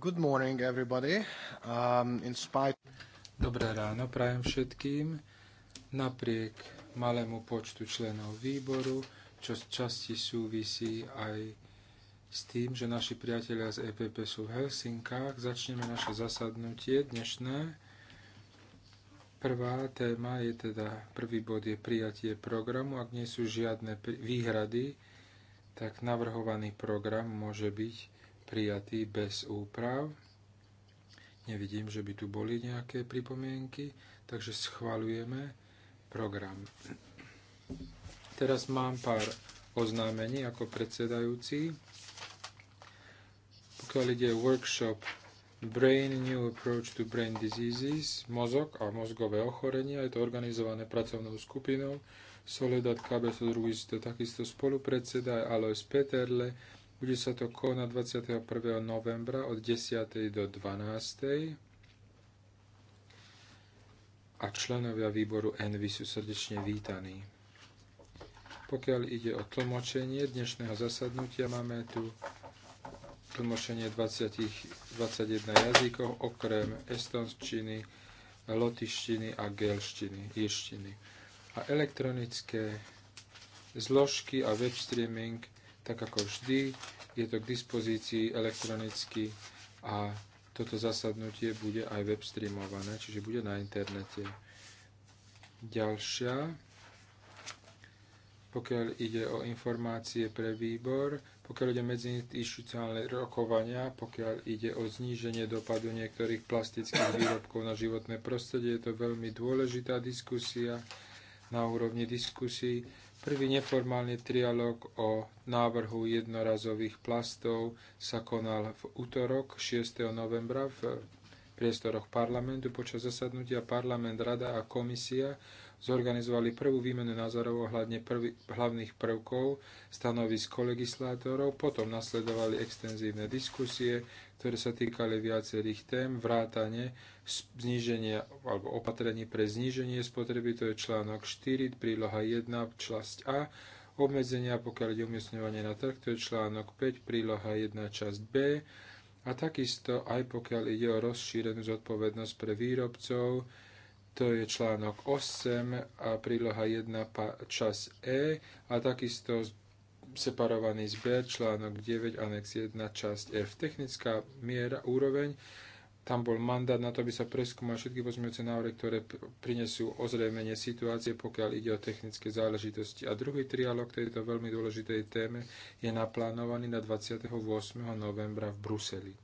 Good morning, everybody. Um, in spite... Dobré ráno prajem všetkým. Napriek malému počtu členov výboru, čo z časti súvisí aj s tým, že naši priatelia z EPP sú v Helsinkách, začneme naše zasadnutie dnešné. Prvá téma je teda, prvý bod je prijatie programu. Ak nie sú žiadne výhrady, tak navrhovaný program môže byť prijatý bez úprav. Nevidím, že by tu boli nejaké pripomienky, takže schvalujeme program. Teraz mám pár oznámení ako predsedajúci. Pokiaľ ide workshop Brain New Approach to Brain Diseases, mozog a mozgové ochorenia. Je to organizované pracovnou skupinou. Soledad Cabezo Ruiz to takisto spolupredseda, Alois Peterle, bude sa to konať 21. novembra od 10. do 12. A členovia výboru Envy sú srdečne vítaní. Pokiaľ ide o tlmočenie dnešného zasadnutia, máme tu tlmočenie 20, 21 jazykov, okrem estonštiny, lotištiny a gelštiny, irštiny. A elektronické zložky a web streaming – tak ako vždy. Je to k dispozícii elektronicky a toto zasadnutie bude aj web streamované, čiže bude na internete. Ďalšia, pokiaľ ide o informácie pre výbor, pokiaľ ide medziinstitucionálne rokovania, pokiaľ ide o zníženie dopadu niektorých plastických výrobkov na životné prostredie, je to veľmi dôležitá diskusia na úrovni diskusí Prvý neformálny trialog o návrhu jednorazových plastov sa konal v útorok 6. novembra v priestoroch parlamentu. Počas zasadnutia parlament, rada a komisia zorganizovali prvú výmenu názorov ohľadne prv, hlavných prvkov stanovisk legislátorov. Potom nasledovali extenzívne diskusie, ktoré sa týkali viacerých tém, vrátane Zníženie alebo opatrenie pre zníženie spotreby, to je článok 4, príloha 1, časť A, obmedzenia, pokiaľ ide umiestňovanie na trh, to je článok 5, príloha 1, časť B, a takisto aj pokiaľ ide o rozšírenú zodpovednosť pre výrobcov, to je článok 8 a príloha 1, časť E, a takisto separovaný zber, článok 9, anex 1, časť F. Technická miera, úroveň, tam bol mandát na to, aby sa preskúmal všetky pozmeňujúce návrhy, ktoré prinesú ozrejmenie situácie, pokiaľ ide o technické záležitosti. A druhý trialog tejto veľmi dôležitej téme je naplánovaný na 28. novembra v Bruseli.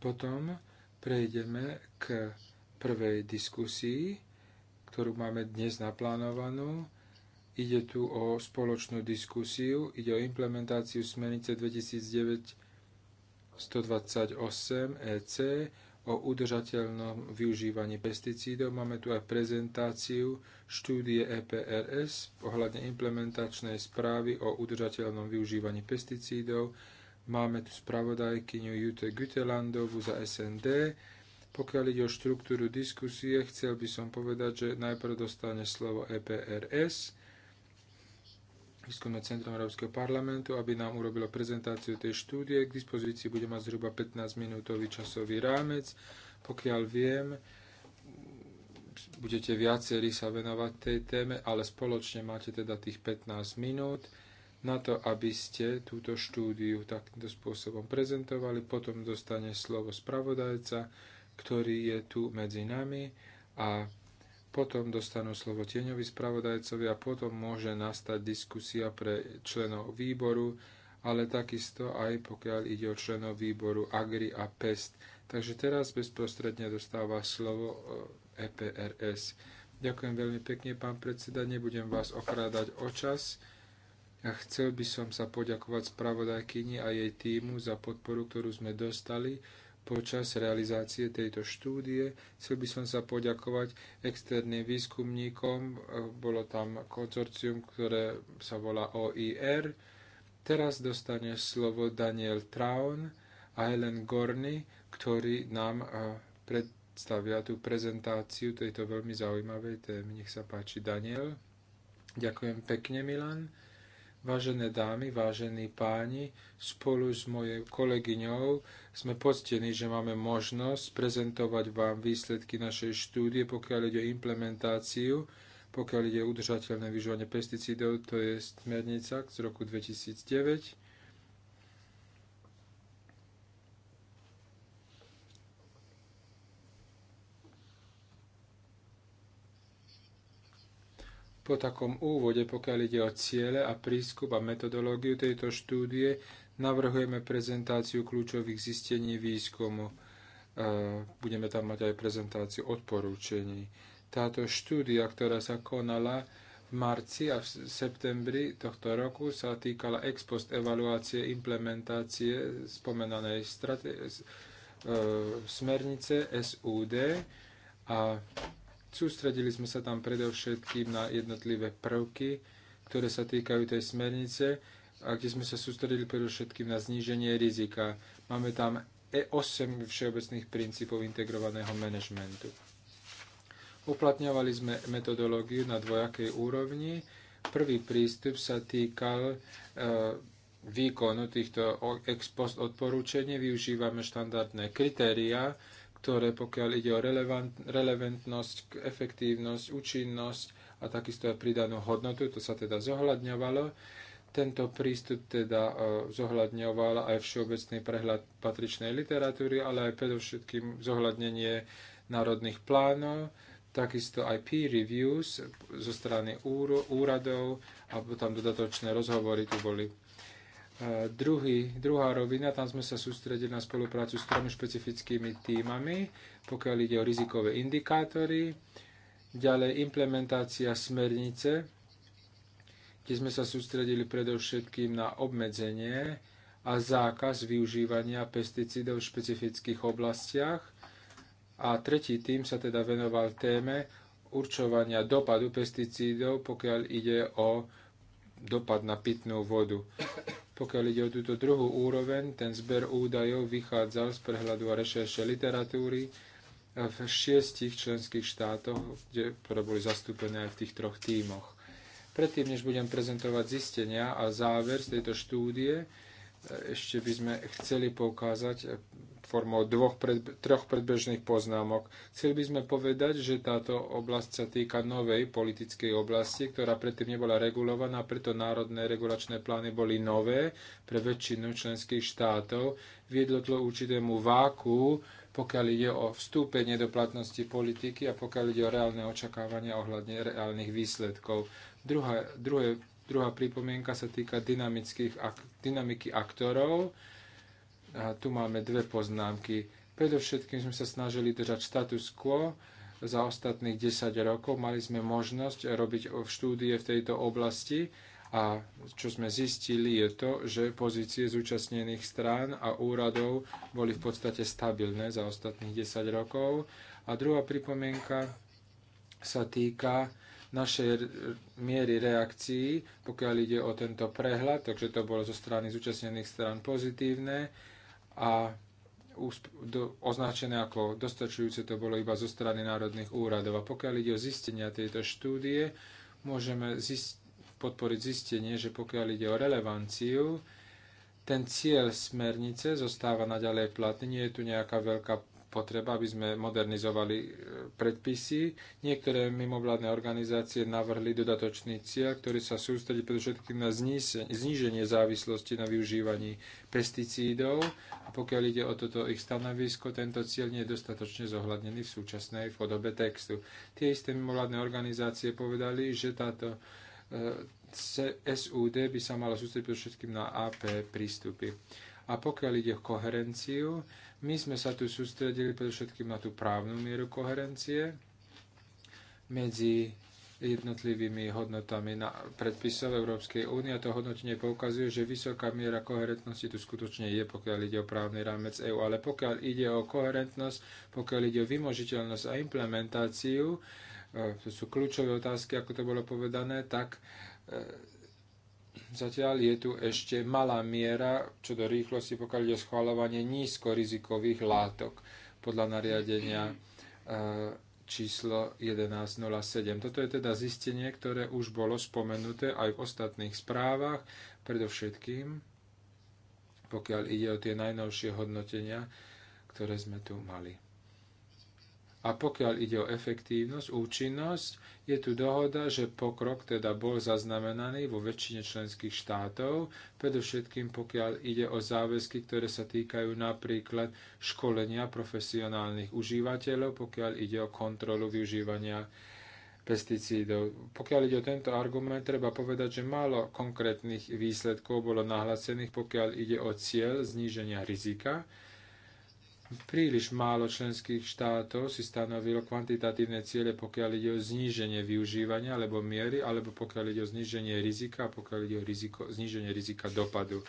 Potom prejdeme k prvej diskusii, ktorú máme dnes naplánovanú Ide tu o spoločnú diskusiu, ide o implementáciu smernice 2009-128-EC e o udržateľnom využívaní pesticídov. Máme tu aj prezentáciu štúdie EPRS ohľadne implementačnej správy o udržateľnom využívaní pesticídov. Máme tu spravodajkyňu Jute Gütelandovu za SND. Pokiaľ ide o štruktúru diskusie, chcel by som povedať, že najprv dostane slovo EPRS, výskumné centrum Európskeho parlamentu, aby nám urobilo prezentáciu tej štúdie. K dispozícii bude mať zhruba 15-minútový časový rámec. Pokiaľ viem, budete viacerí sa venovať tej téme, ale spoločne máte teda tých 15 minút na to, aby ste túto štúdiu takýmto spôsobom prezentovali. Potom dostane slovo spravodajca, ktorý je tu medzi nami a potom dostanú slovo tieňoví spravodajcovi a potom môže nastať diskusia pre členov výboru, ale takisto aj pokiaľ ide o členov výboru Agri a PEST. Takže teraz bezprostredne dostáva slovo EPRS. E Ďakujem veľmi pekne, pán predseda, nebudem vás okrádať o čas. Ja chcel by som sa poďakovať spravodajkyni a jej týmu za podporu, ktorú sme dostali počas realizácie tejto štúdie. Chcel by som sa poďakovať externým výskumníkom. Bolo tam konzorcium, ktoré sa volá OIR. Teraz dostane slovo Daniel Traun a Helen Gorny, ktorí nám eh, predstavia tú prezentáciu tejto veľmi zaujímavej témy. Nech sa páči, Daniel. Ďakujem pekne, Milan. Vážené dámy, vážení páni, spolu s mojou kolegyňou sme poctení, že máme možnosť prezentovať vám výsledky našej štúdie, pokiaľ ide o implementáciu, pokiaľ ide o udržateľné vyžovanie pesticídov, to je smernica z roku 2009 Po takom úvode, pokiaľ ide o ciele a prískup a metodológiu tejto štúdie, navrhujeme prezentáciu kľúčových zistení výskumu. E, budeme tam mať aj prezentáciu odporúčení. Táto štúdia, ktorá sa konala v marci a v septembri tohto roku, sa týkala ex post evaluácie implementácie spomenanej strate- e, smernice SUD a Sústredili sme sa tam predovšetkým na jednotlivé prvky, ktoré sa týkajú tej smernice a kde sme sa sústredili predovšetkým na zníženie rizika. Máme tam E8 všeobecných princípov integrovaného manažmentu. Uplatňovali sme metodológiu na dvojakej úrovni. Prvý prístup sa týkal e, výkonu týchto ex post odporúčení. Využívame štandardné kritéria, ktoré pokiaľ ide o relevant, relevantnosť, efektívnosť, účinnosť a takisto aj pridanú hodnotu, to sa teda zohľadňovalo. Tento prístup teda e, zohľadňoval aj všeobecný prehľad patričnej literatúry, ale aj predovšetkým zohľadnenie národných plánov, takisto aj peer reviews zo strany úradov a potom dodatočné rozhovory tu boli Eh, druhý, druhá rovina, tam sme sa sústredili na spoluprácu s tromi špecifickými týmami, pokiaľ ide o rizikové indikátory. Ďalej implementácia smernice, kde sme sa sústredili predovšetkým na obmedzenie a zákaz využívania pesticídov v špecifických oblastiach. A tretí tým sa teda venoval téme určovania dopadu pesticídov, pokiaľ ide o dopad na pitnú vodu. Pokiaľ ide o túto druhú úroveň, ten zber údajov vychádzal z prehľadu a rešerše literatúry v šiestich členských štátoch, kde boli zastúpené aj v tých troch tímoch. Predtým, než budem prezentovať zistenia a záver z tejto štúdie, ešte by sme chceli poukázať eh, formou dvoch, pred, troch predbežných poznámok. Chceli by sme povedať, že táto oblasť sa týka novej politickej oblasti, ktorá predtým nebola regulovaná, preto národné regulačné plány boli nové pre väčšinu členských štátov. Viedlo to určitému váku, pokiaľ ide o vstúpenie do platnosti politiky a pokiaľ ide o reálne očakávania ohľadne reálnych výsledkov. Druhá, druhé Druhá pripomienka sa týka ak, dynamiky aktorov. A tu máme dve poznámky. Predovšetkým sme sa snažili držať status quo za ostatných 10 rokov. Mali sme možnosť robiť štúdie v tejto oblasti a čo sme zistili je to, že pozície zúčastnených strán a úradov boli v podstate stabilné za ostatných 10 rokov. A druhá pripomienka sa týka našej miery reakcií, pokiaľ ide o tento prehľad, takže to bolo zo strany zúčastnených stran pozitívne a označené ako dostačujúce to bolo iba zo strany národných úradov. A pokiaľ ide o zistenia tejto štúdie, môžeme zist- podporiť zistenie, že pokiaľ ide o relevanciu, ten cieľ smernice zostáva naďalej platný, nie je tu nejaká veľká potreba, aby sme modernizovali e, predpisy. Niektoré mimovládne organizácie navrhli dodatočný cieľ, ktorý sa sústredí predovšetkým na zníženie závislosti na využívaní pesticídov. A pokiaľ ide o toto ich stanovisko, tento cieľ nie je dostatočne zohľadnený v súčasnej podobe textu. Tie isté mimovládne organizácie povedali, že táto e, SUD by sa mala sústrediť predovšetkým na AP prístupy. A pokiaľ ide o koherenciu, my sme sa tu sústredili predovšetkým na tú právnu mieru koherencie medzi jednotlivými hodnotami na predpisov Európskej únie a to hodnotenie poukazuje, že vysoká miera koherentnosti tu skutočne je, pokiaľ ide o právny rámec EÚ, ale pokiaľ ide o koherentnosť, pokiaľ ide o vymožiteľnosť a implementáciu, e, to sú kľúčové otázky, ako to bolo povedané, tak e, Zatiaľ je tu ešte malá miera, čo do rýchlosti, pokiaľ ide o schváľovanie nízkorizikových látok podľa nariadenia e, číslo 1107. Toto je teda zistenie, ktoré už bolo spomenuté aj v ostatných správach, predovšetkým pokiaľ ide o tie najnovšie hodnotenia, ktoré sme tu mali. A pokiaľ ide o efektívnosť, účinnosť, je tu dohoda, že pokrok teda bol zaznamenaný vo väčšine členských štátov, predovšetkým pokiaľ ide o záväzky, ktoré sa týkajú napríklad školenia profesionálnych užívateľov, pokiaľ ide o kontrolu využívania pesticídov. Pokiaľ ide o tento argument, treba povedať, že málo konkrétnych výsledkov bolo nahlasených, pokiaľ ide o cieľ zníženia rizika, Príliš málo členských štátov si stanovilo kvantitatívne ciele, pokiaľ ide o zníženie využívania alebo miery, alebo pokiaľ ide o zníženie rizika a pokiaľ ide o riziko, zníženie rizika dopadu.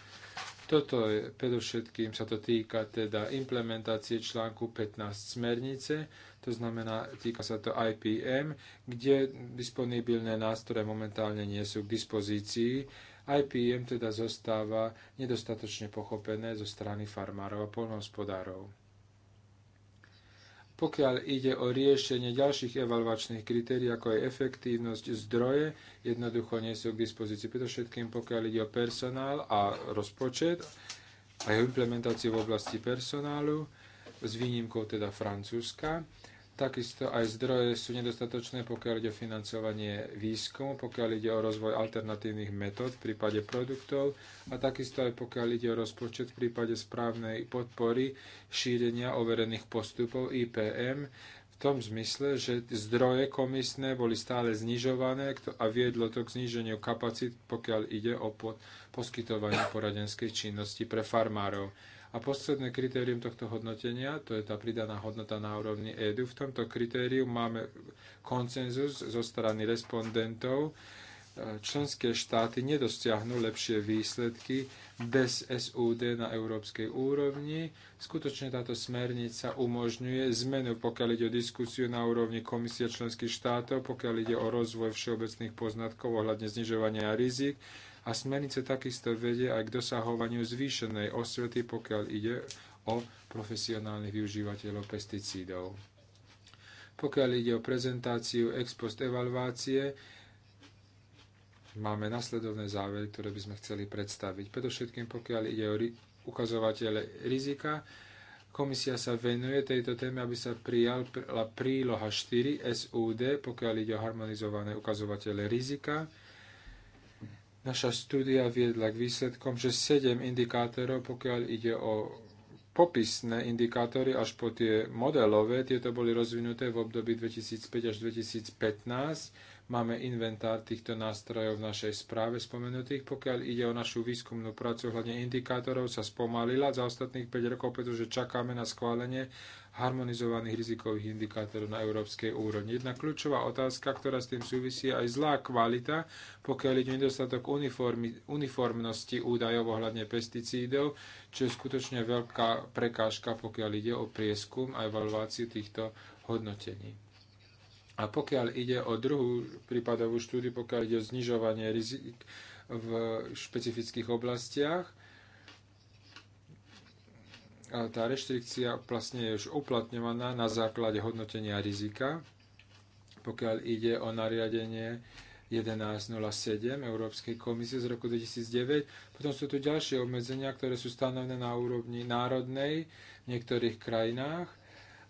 Toto je, predovšetkým sa to týka teda implementácie článku 15 smernice, to znamená, týka sa to IPM, kde disponibilné nástroje momentálne nie sú k dispozícii. IPM teda zostáva nedostatočne pochopené zo strany farmárov a polnohospodárov. Pokiaľ ide o riešenie ďalších evaluačných kritérií, ako je efektívnosť zdroje, jednoducho nie sú k dispozícii. všetkým, pokiaľ ide o personál a rozpočet a jeho implementáciu v oblasti personálu, s výnimkou teda Francúzska. Takisto aj zdroje sú nedostatočné, pokiaľ ide o financovanie výskumu, pokiaľ ide o rozvoj alternatívnych metód v prípade produktov a takisto aj pokiaľ ide o rozpočet v prípade správnej podpory šírenia overených postupov IPM, v tom zmysle, že zdroje komisné boli stále znižované a viedlo to k zníženiu kapacít, pokiaľ ide o poskytovanie poradenskej činnosti pre farmárov. A posledné kritérium tohto hodnotenia, to je tá pridaná hodnota na úrovni EDU, v tomto kritériu máme koncenzus zo strany respondentov, členské štáty nedosiahnu lepšie výsledky bez SUD na európskej úrovni. Skutočne táto smernica umožňuje zmenu, pokiaľ ide o diskusiu na úrovni komisie členských štátov, pokiaľ ide o rozvoj všeobecných poznatkov ohľadne znižovania rizik, a smernice takisto vedie aj k dosahovaniu zvýšenej osvety, pokiaľ ide o profesionálnych využívateľov pesticídov. Pokiaľ ide o prezentáciu ex post evaluácie, máme nasledovné závery, ktoré by sme chceli predstaviť. Predovšetkým pokiaľ ide o ukazovatele rizika, komisia sa venuje tejto téme, aby sa prijala príloha 4 SUD, pokiaľ ide o harmonizované ukazovatele rizika. Naša štúdia viedla k výsledkom, že 7 indikátorov, pokiaľ ide o popisné indikátory až po tie modelové, tieto boli rozvinuté v období 2005 až 2015 Máme inventár týchto nástrojov v našej správe spomenutých. Pokiaľ ide o našu výskumnú prácu hľadne indikátorov, sa spomalila za ostatných 5 rokov, pretože čakáme na schválenie harmonizovaných rizikových indikátorov na európskej úrovni. Jedna kľúčová otázka, ktorá s tým súvisí, aj zlá kvalita, pokiaľ ide nedostatok uniformi, uniformnosti údajov ohľadne pesticídov, čo je skutočne veľká prekážka, pokiaľ ide o prieskum a evaluáciu týchto hodnotení. A pokiaľ ide o druhú prípadovú štúdiu, pokiaľ ide o znižovanie rizik v špecifických oblastiach, tá reštrikcia vlastne je už uplatňovaná na základe hodnotenia rizika, pokiaľ ide o nariadenie 1107 Európskej komisie z roku 2009. Potom sú tu ďalšie obmedzenia, ktoré sú stanovené na úrovni národnej v niektorých krajinách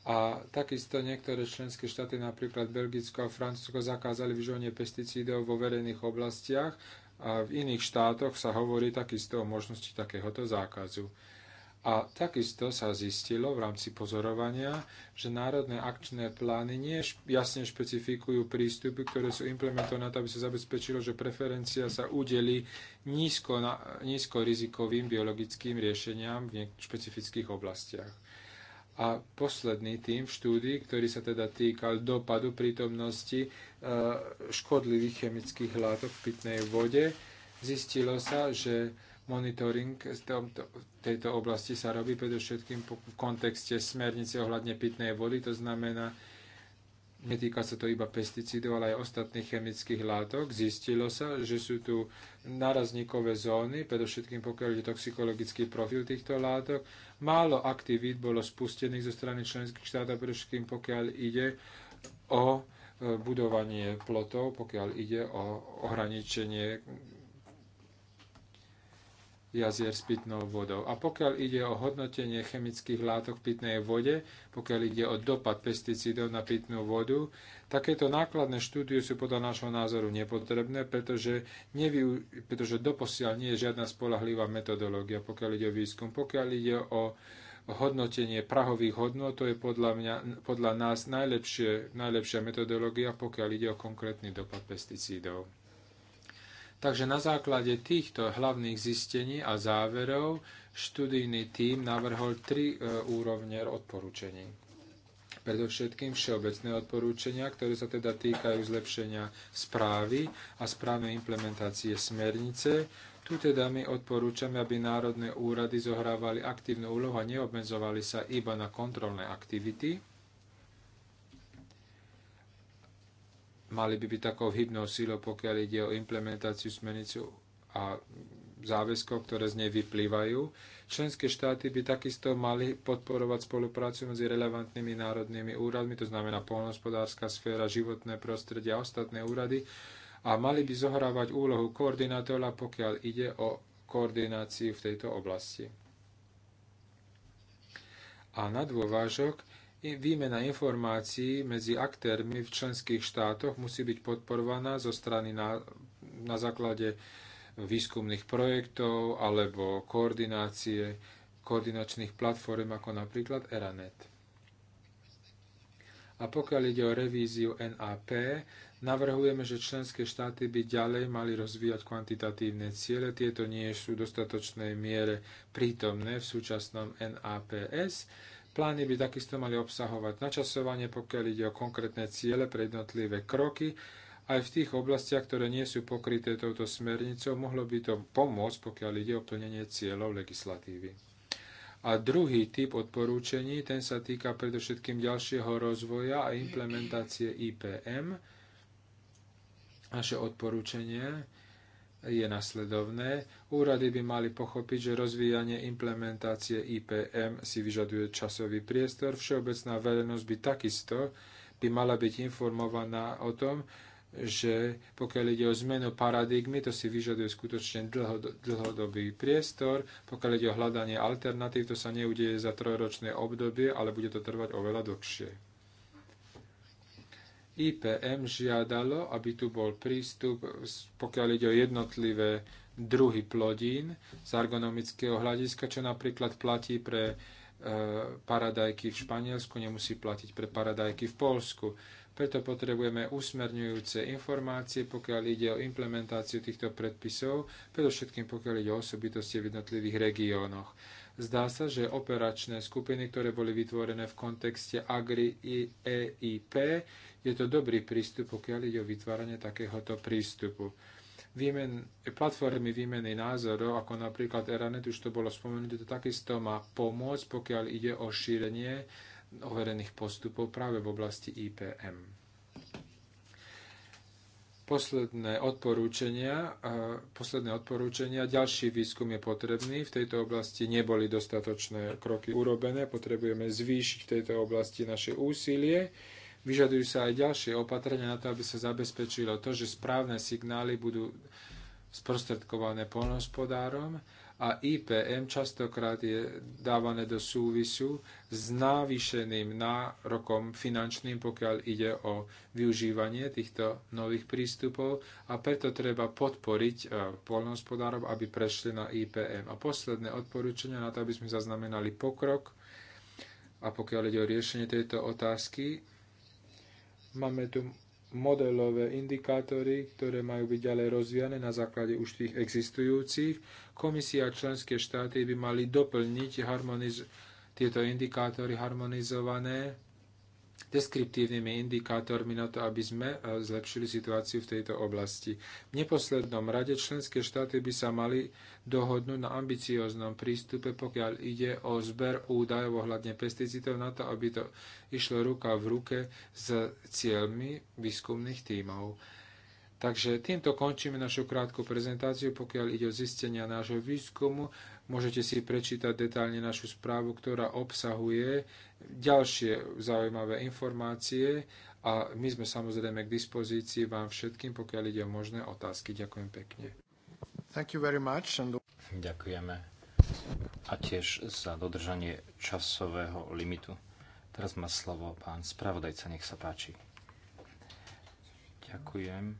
a takisto niektoré členské štáty, napríklad Belgicko a Francúzsko, zakázali vyžovanie pesticídov vo verejných oblastiach a v iných štátoch sa hovorí takisto o možnosti takéhoto zákazu. A takisto sa zistilo v rámci pozorovania, že národné akčné plány nie jasne špecifikujú prístupy, ktoré sú implementované, aby sa zabezpečilo, že preferencia sa udeli nízko, na, nízko rizikovým biologickým riešeniam v špecifických oblastiach a posledný tým v štúdii, ktorý sa teda týkal dopadu prítomnosti e, škodlivých chemických látok v pitnej vode, zistilo sa, že monitoring v tejto oblasti sa robí predovšetkým v kontexte smernice ohľadne pitnej vody, to znamená, netýka sa to iba pesticídov, ale aj ostatných chemických látok, zistilo sa, že sú tu narazníkové zóny, predovšetkým pokiaľ je toxikologický profil týchto látok. Málo aktivít bolo spustených zo strany členských štátov, predovšetkým pokiaľ ide o e, budovanie plotov, pokiaľ ide o ohraničenie jazier s pitnou vodou. A pokiaľ ide o hodnotenie chemických látok v pitnej vode, pokiaľ ide o dopad pesticídov na pitnú vodu, takéto nákladné štúdie sú podľa nášho názoru nepotrebné, pretože, nevyu, pretože doposiaľ nie je žiadna spolahlivá metodológia, pokiaľ ide o výskum. Pokiaľ ide o hodnotenie prahových hodnot, to je podľa, mňa, podľa nás najlepšie, najlepšia metodológia, pokiaľ ide o konkrétny dopad pesticídov. Takže na základe týchto hlavných zistení a záverov študijný tím navrhol tri e, úrovne odporúčení. Predovšetkým všeobecné odporúčania, ktoré sa teda týkajú zlepšenia správy a správnej implementácie smernice. Tu teda my odporúčame, aby národné úrady zohrávali aktívnu úlohu a neobmedzovali sa iba na kontrolné aktivity. mali by byť takou hybnou síľou, pokiaľ ide o implementáciu smernicu a záväzkov, ktoré z nej vyplývajú. Členské štáty by takisto mali podporovať spoluprácu medzi relevantnými národnými úradmi, to znamená polnohospodárska sféra, životné prostredie a ostatné úrady, a mali by zohrávať úlohu koordinátora, pokiaľ ide o koordináciu v tejto oblasti. A na dôvážok Výmena informácií medzi aktérmi v členských štátoch musí byť podporovaná zo strany na, na základe výskumných projektov alebo koordinácie koordinačných platform ako napríklad Eranet. A pokiaľ ide o revíziu NAP, navrhujeme, že členské štáty by ďalej mali rozvíjať kvantitatívne ciele. Tieto nie sú v dostatočnej miere prítomné v súčasnom NAPS Plány by takisto mali obsahovať načasovanie, pokiaľ ide o konkrétne ciele pre jednotlivé kroky. Aj v tých oblastiach, ktoré nie sú pokryté touto smernicou, mohlo by to pomôcť, pokiaľ ide o plnenie cieľov legislatívy. A druhý typ odporúčení, ten sa týka predovšetkým ďalšieho rozvoja a implementácie IPM. Naše odporúčanie je nasledovné. Úrady by mali pochopiť, že rozvíjanie implementácie IPM si vyžaduje časový priestor. Všeobecná verejnosť by takisto by mala byť informovaná o tom, že pokiaľ ide o zmenu paradigmy, to si vyžaduje skutočne dlho, dlhodobý priestor. Pokiaľ ide o hľadanie alternatív, to sa neudeje za trojročné obdobie, ale bude to trvať oveľa dlhšie. IPM žiadalo, aby tu bol prístup, pokiaľ ide o jednotlivé druhy plodín z ergonomického hľadiska, čo napríklad platí pre e, paradajky v Španielsku, nemusí platiť pre paradajky v Polsku. Preto potrebujeme usmerňujúce informácie, pokiaľ ide o implementáciu týchto predpisov, predovšetkým pokiaľ ide o osobitosti v jednotlivých regiónoch. Zdá sa, že operačné skupiny, ktoré boli vytvorené v kontexte Agri i EIP, je to dobrý prístup, pokiaľ ide o vytváranie takéhoto prístupu. Výmen, platformy výmeny názorov, ako napríklad Eranet, už to bolo spomenuté, to takisto má pomôcť, pokiaľ ide o šírenie overených postupov práve v oblasti IPM posledné odporúčania, posledné odporúčania, ďalší výskum je potrebný. V tejto oblasti neboli dostatočné kroky urobené. Potrebujeme zvýšiť v tejto oblasti naše úsilie. Vyžadujú sa aj ďalšie opatrenia na to, aby sa zabezpečilo to, že správne signály budú sprostredkované polnohospodárom a IPM častokrát je dávané do súvisu s návyšeným nárokom finančným, pokiaľ ide o využívanie týchto nových prístupov a preto treba podporiť e, poľnohospodárov, aby prešli na IPM. A posledné odporúčania na to, aby sme zaznamenali pokrok a pokiaľ ide o riešenie tejto otázky, máme tu modelové indikátory, ktoré majú byť ďalej rozvíjane na základe už tých existujúcich. Komisia a členské štáty by mali doplniť harmoniz- tieto indikátory harmonizované deskriptívnymi indikátormi na to, aby sme e, zlepšili situáciu v tejto oblasti. V neposlednom rade členské štáty by sa mali dohodnúť na ambicióznom prístupe, pokiaľ ide o zber údajov ohľadne pesticidov na to, aby to išlo ruka v ruke s cieľmi výskumných tímov. Takže týmto končíme našu krátku prezentáciu, pokiaľ ide o zistenia nášho výskumu. Môžete si prečítať detálne našu správu, ktorá obsahuje ďalšie zaujímavé informácie a my sme samozrejme k dispozícii vám všetkým, pokiaľ ide o možné otázky. Ďakujem pekne. Thank you very much and... Ďakujeme a tiež za dodržanie časového limitu. Teraz má slovo pán spravodajca, nech sa páči. Ďakujem.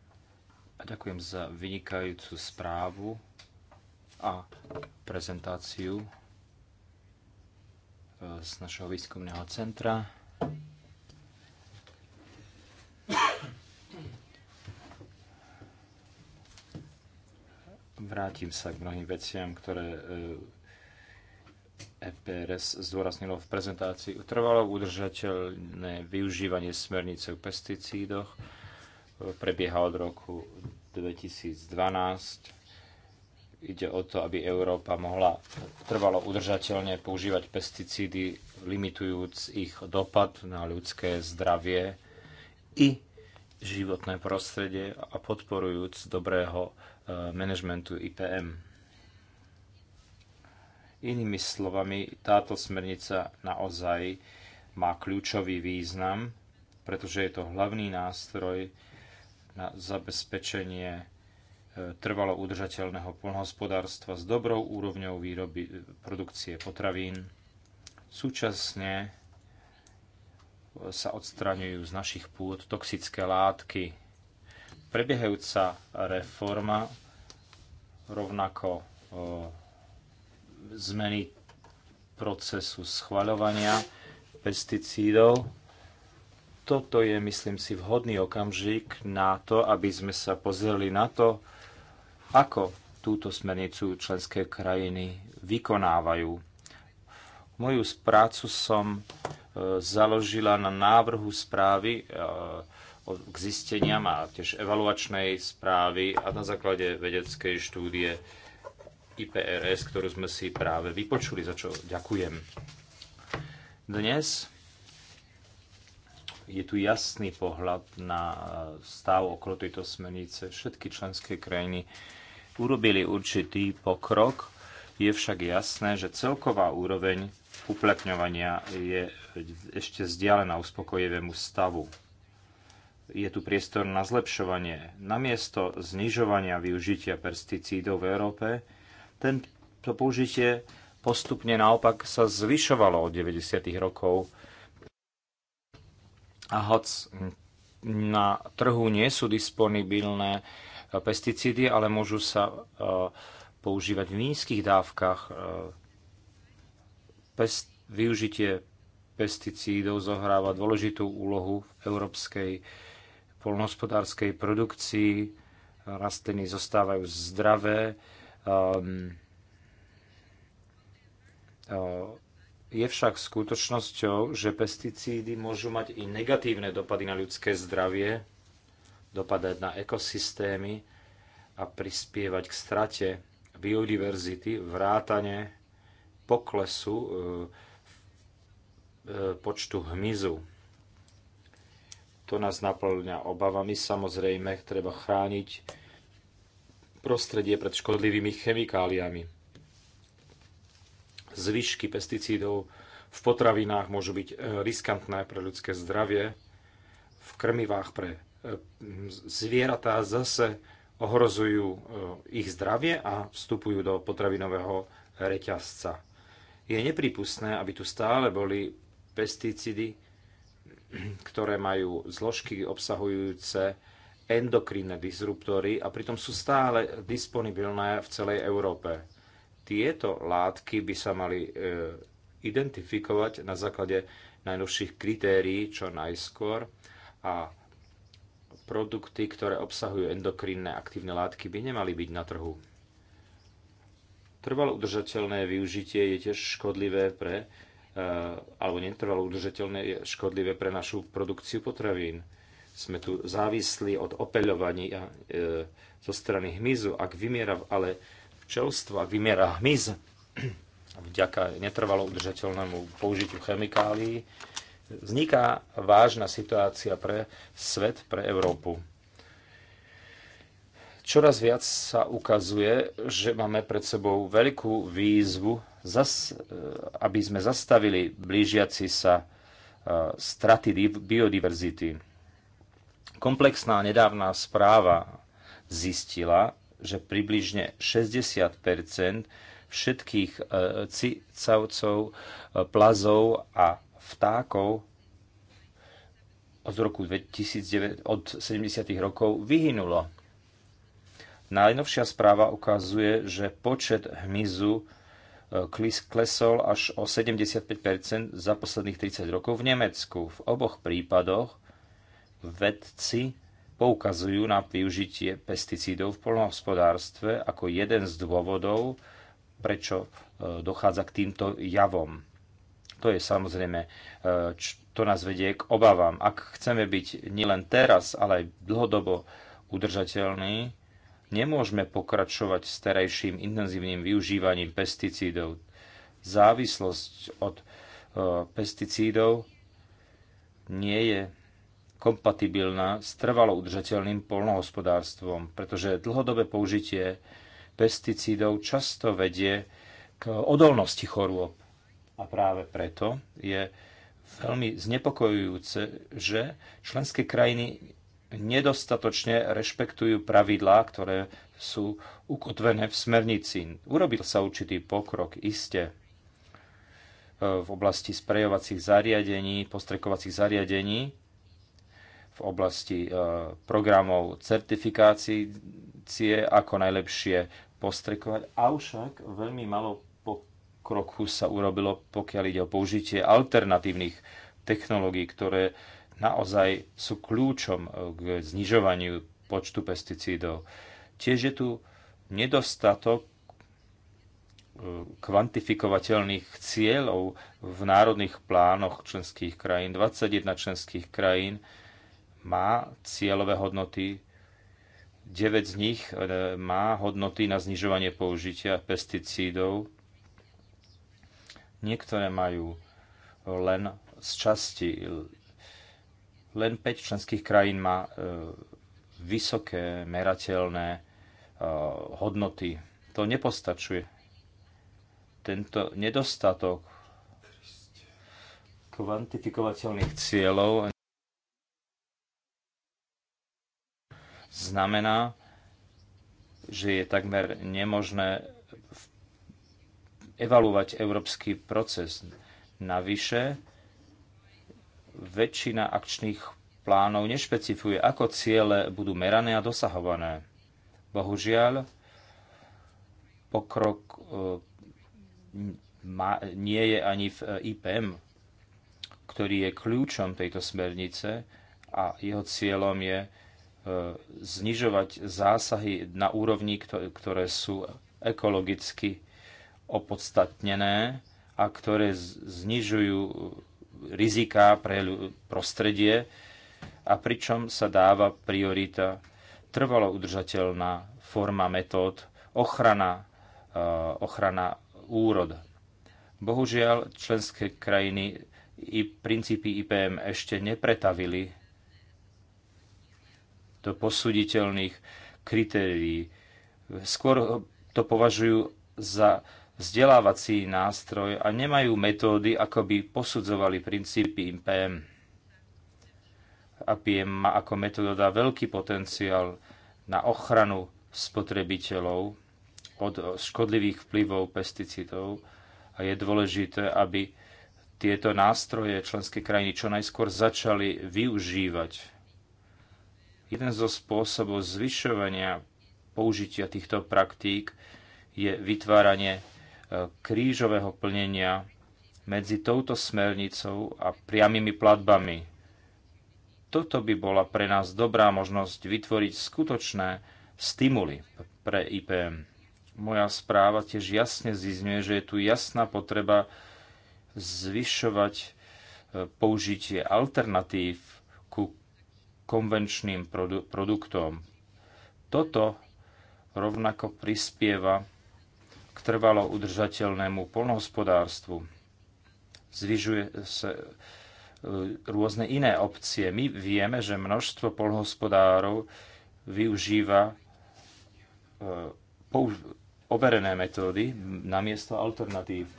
A ďakujem za vynikajúcu správu a prezentáciu e, z našeho výskumného centra. Vrátim sa k mnohým veciam, ktoré EPRS e zdôraznilo v prezentácii. Trvalo udržateľné využívanie smernice o pesticídoch e, prebieha od roku 2012 Ide o to, aby Európa mohla trvalo udržateľne používať pesticídy, limitujúc ich dopad na ľudské zdravie i životné prostredie a podporujúc dobrého e, manažmentu IPM. Inými slovami, táto smernica naozaj má kľúčový význam, pretože je to hlavný nástroj na zabezpečenie trvalo udržateľného poľnohospodárstva s dobrou úrovňou výroby e, produkcie potravín. Súčasne sa odstraňujú z našich pôd toxické látky. Prebiehajúca reforma rovnako e, zmeny procesu schvaľovania pesticídov. Toto je, myslím si, vhodný okamžik na to, aby sme sa pozreli na to, ako túto smernicu členské krajiny vykonávajú. Moju prácu som e, založila na návrhu správy e, k zisteniam a tiež evaluačnej správy a na základe vedeckej štúdie IPRS, ktorú sme si práve vypočuli, za čo ďakujem. Dnes je tu jasný pohľad na e, stav okolo tejto smernice. Všetky členské krajiny urobili určitý pokrok, je však jasné, že celková úroveň uplatňovania je ešte vzdialená uspokojivému stavu. Je tu priestor na zlepšovanie. Namiesto znižovania využitia pesticídov v Európe, tento použitie postupne naopak sa zvyšovalo od 90. rokov. A hoc na trhu nie sú disponibilné pesticídy, ale môžu sa e, používať v nízkych dávkach. E, využitie pesticídov zohráva dôležitú úlohu v európskej polnohospodárskej produkcii. Rastliny zostávajú zdravé. Ehm, e, je však skutočnosťou, že pesticídy môžu mať i negatívne dopady na ľudské zdravie, dopadať na ekosystémy a prispievať k strate biodiverzity, vrátane poklesu e, e, počtu hmyzu. To nás naplňa obavami. Samozrejme, treba chrániť prostredie pred škodlivými chemikáliami. Zvyšky pesticídov v potravinách môžu byť e, riskantné pre ľudské zdravie, v krmivách pre zvieratá zase ohrozujú e, ich zdravie a vstupujú do potravinového reťazca. Je nepripustné, aby tu stále boli pesticídy, ktoré majú zložky obsahujúce endokrinné disruptory a pritom sú stále disponibilné v celej Európe. Tieto látky by sa mali e, identifikovať na základe najnovších kritérií čo najskôr a produkty, ktoré obsahujú endokrinné aktívne látky, by nemali byť na trhu. Trvalo udržateľné využitie je tiež škodlivé pre, e, alebo netrvalo udržateľné je škodlivé pre našu produkciu potravín. Sme tu závislí od opeľovania e, zo strany hmyzu. Ak vymiera ale včelstvo, ak vymiera hmyz, vďaka netrvalo udržateľnému použitiu chemikálií, vzniká vážna situácia pre svet, pre Európu. Čoraz viac sa ukazuje, že máme pred sebou veľkú výzvu, eh, aby sme zastavili blížiaci sa eh, straty biodiverzity. Komplexná nedávna správa zistila, že približne 60 všetkých eh, cicavcov, plazov a vtákov od roku 2009, od 70. rokov vyhynulo. Najnovšia správa ukazuje, že počet hmyzu e, klesol až o 75 za posledných 30 rokov v Nemecku. V oboch prípadoch vedci poukazujú na využitie pesticídov v polnohospodárstve ako jeden z dôvodov, prečo e, dochádza k týmto javom. To je samozrejme, e, to nás vedie k obavám. Ak chceme byť nielen teraz, ale aj dlhodobo udržateľní, nemôžeme pokračovať s terajším intenzívnym využívaním pesticídov. Závislosť od e, pesticídov nie je kompatibilná s trvalo udržateľným polnohospodárstvom, pretože dlhodobé použitie pesticídov často vedie k odolnosti chorôb. A práve preto je veľmi znepokojujúce, že členské krajiny nedostatočne rešpektujú pravidlá, ktoré sú ukotvené v smernici. Urobil sa určitý pokrok, iste, e, v oblasti sprejovacích zariadení, postrekovacích zariadení, v oblasti e, programov certifikácie, ako najlepšie postrekovať, avšak veľmi malo kroku sa urobilo, pokiaľ ide o použitie alternatívnych technológií, ktoré naozaj sú kľúčom k znižovaniu počtu pesticídov. Tiež je tu nedostatok eh, kvantifikovateľných cieľov v národných plánoch členských krajín. 21 členských krajín má cieľové hodnoty, 9 z nich eh, má hodnoty na znižovanie použitia pesticídov Niektoré majú len z časti, len 5 členských krajín má e, vysoké merateľné e, hodnoty. To nepostačuje. Tento nedostatok kvantifikovateľných cieľov znamená, že je takmer nemožné evaluovať európsky proces. Navyše, väčšina akčných plánov nešpecifuje, ako ciele budú merané a dosahované. Bohužiaľ, pokrok e, nie je ani v e, IPM, ktorý je kľúčom tejto smernice a jeho cieľom je e, znižovať zásahy na úrovni, ktoré sú ekologicky opodstatnené a ktoré znižujú rizika pre prostredie a pričom sa dáva priorita trvalo udržateľná forma metód ochrana, eh, ochrana úrod. Bohužiaľ, členské krajiny i princípy IPM ešte nepretavili do posuditeľných kritérií. Skôr to považujú za vzdelávací nástroj a nemajú metódy, ako by posudzovali princípy IPM. APM má ako metóda veľký potenciál na ochranu spotrebiteľov od škodlivých vplyvov pesticídov a je dôležité, aby tieto nástroje členské krajiny čo najskôr začali využívať. Jeden zo spôsobov zvyšovania použitia týchto praktík je vytváranie krížového plnenia medzi touto smernicou a priamými platbami. Toto by bola pre nás dobrá možnosť vytvoriť skutočné stimuly pre IPM. Moja správa tiež jasne zizňuje, že je tu jasná potreba zvyšovať e, použitie alternatív ku konvenčným produ- produktom. Toto rovnako prispieva k trvalo udržateľnému polnohospodárstvu. Zvyžuje sa e, rôzne iné opcie. My vieme, že množstvo polnohospodárov využíva e, overené metódy miesto alternatív.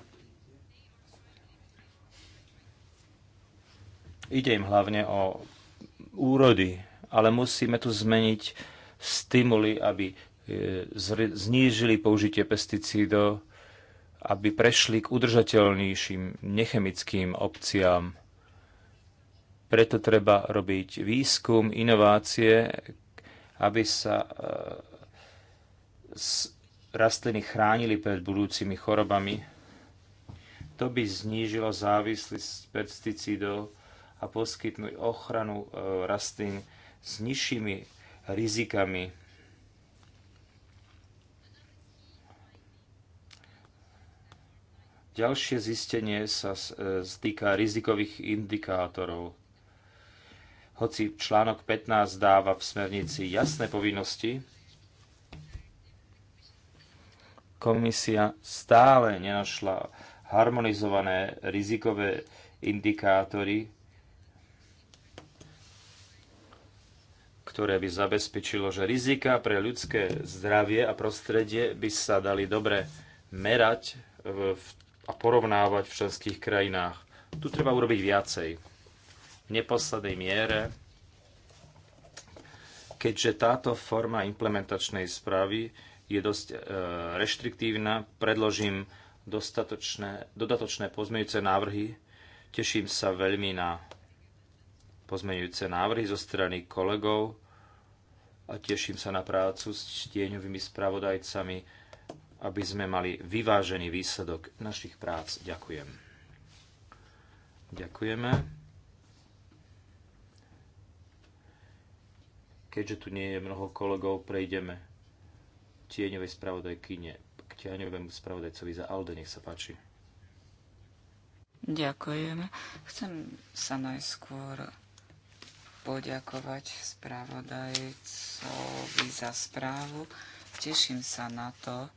Ide im hlavne o úrody, ale musíme tu zmeniť stimuly, aby E, znížili použitie pesticídov, aby prešli k udržateľnejším nechemickým opciám. Preto treba robiť výskum, inovácie, aby sa e, rastliny chránili pred budúcimi chorobami. To by znížilo závislosť pesticídov a poskytnúť ochranu e, rastlín s nižšími rizikami Ďalšie zistenie sa e, stýka rizikových indikátorov. Hoci článok 15 dáva v smernici jasné povinnosti, komisia stále nenašla harmonizované rizikové indikátory, ktoré by zabezpečilo, že rizika pre ľudské zdravie a prostredie by sa dali dobre merať v, v a porovnávať v členských krajinách. Tu treba urobiť viacej. V neposlednej miere, keďže táto forma implementačnej správy je dosť e, reštriktívna, predložím dostatočné, dodatočné pozmeňujúce návrhy. Teším sa veľmi na pozmeňujúce návrhy zo strany kolegov a teším sa na prácu s tieňovými spravodajcami aby sme mali vyvážený výsledok našich prác. Ďakujem. Ďakujeme. Keďže tu nie je mnoho kolegov, prejdeme tieňovej spravodajkyne k tieňovému spravodajcovi za Alde. Nech sa páči. Ďakujem. Chcem sa najskôr poďakovať spravodajcovi za správu. Teším sa na to,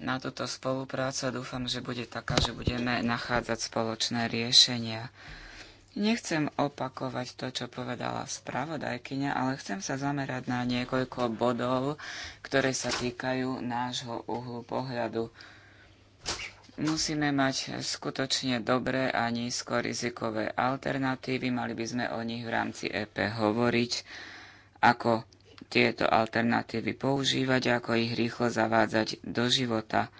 na túto spoluprácu a dúfam, že bude taká, že budeme nachádzať spoločné riešenia. Nechcem opakovať to, čo povedala spravodajkyňa, ale chcem sa zamerať na niekoľko bodov, ktoré sa týkajú nášho uhlu pohľadu. Musíme mať skutočne dobré a nízkorizikové alternatívy, mali by sme o nich v rámci EP hovoriť, ako tieto alternatívy používať ako ich rýchlo zavádzať do života.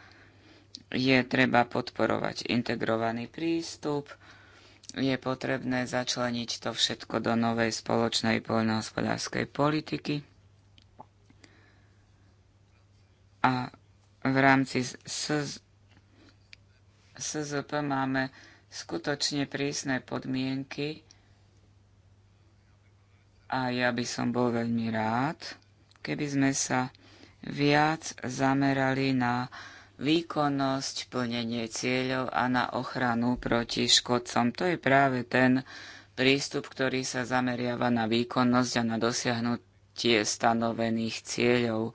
Je treba podporovať integrovaný prístup, je potrebné začleniť to všetko do novej spoločnej poľnohospodárskej politiky a v rámci SZP máme skutočne prísne podmienky a ja by som bol veľmi rád, keby sme sa viac zamerali na výkonnosť, plnenie cieľov a na ochranu proti škodcom. To je práve ten prístup, ktorý sa zameriava na výkonnosť a na dosiahnutie stanovených cieľov.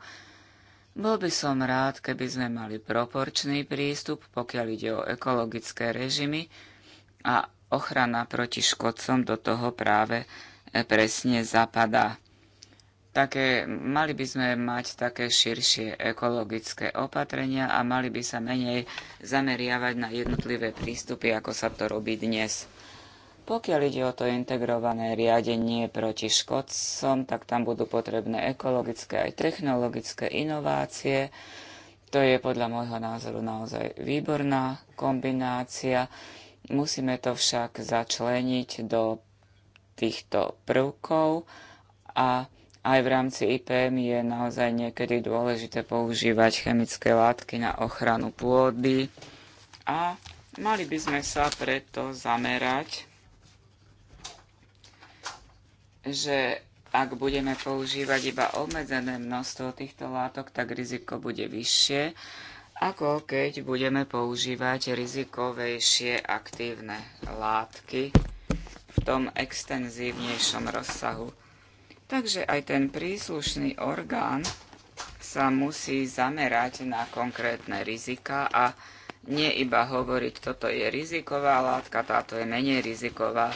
Bol by som rád, keby sme mali proporčný prístup, pokiaľ ide o ekologické režimy a ochrana proti škodcom do toho práve presne zapadá. Také, mali by sme mať také širšie ekologické opatrenia a mali by sa menej zameriavať na jednotlivé prístupy, ako sa to robí dnes. Pokiaľ ide o to integrované riadenie proti škodcom, tak tam budú potrebné ekologické aj technologické inovácie. To je podľa môjho názoru naozaj výborná kombinácia. Musíme to však začleniť do týchto prvkov a aj v rámci IPM je naozaj niekedy dôležité používať chemické látky na ochranu pôdy a mali by sme sa preto zamerať, že ak budeme používať iba obmedzené množstvo týchto látok, tak riziko bude vyššie, ako keď budeme používať rizikovejšie aktívne látky v tom extenzívnejšom rozsahu. Takže aj ten príslušný orgán sa musí zamerať na konkrétne rizika a nie iba hovoriť, toto je riziková látka, táto je menej riziková.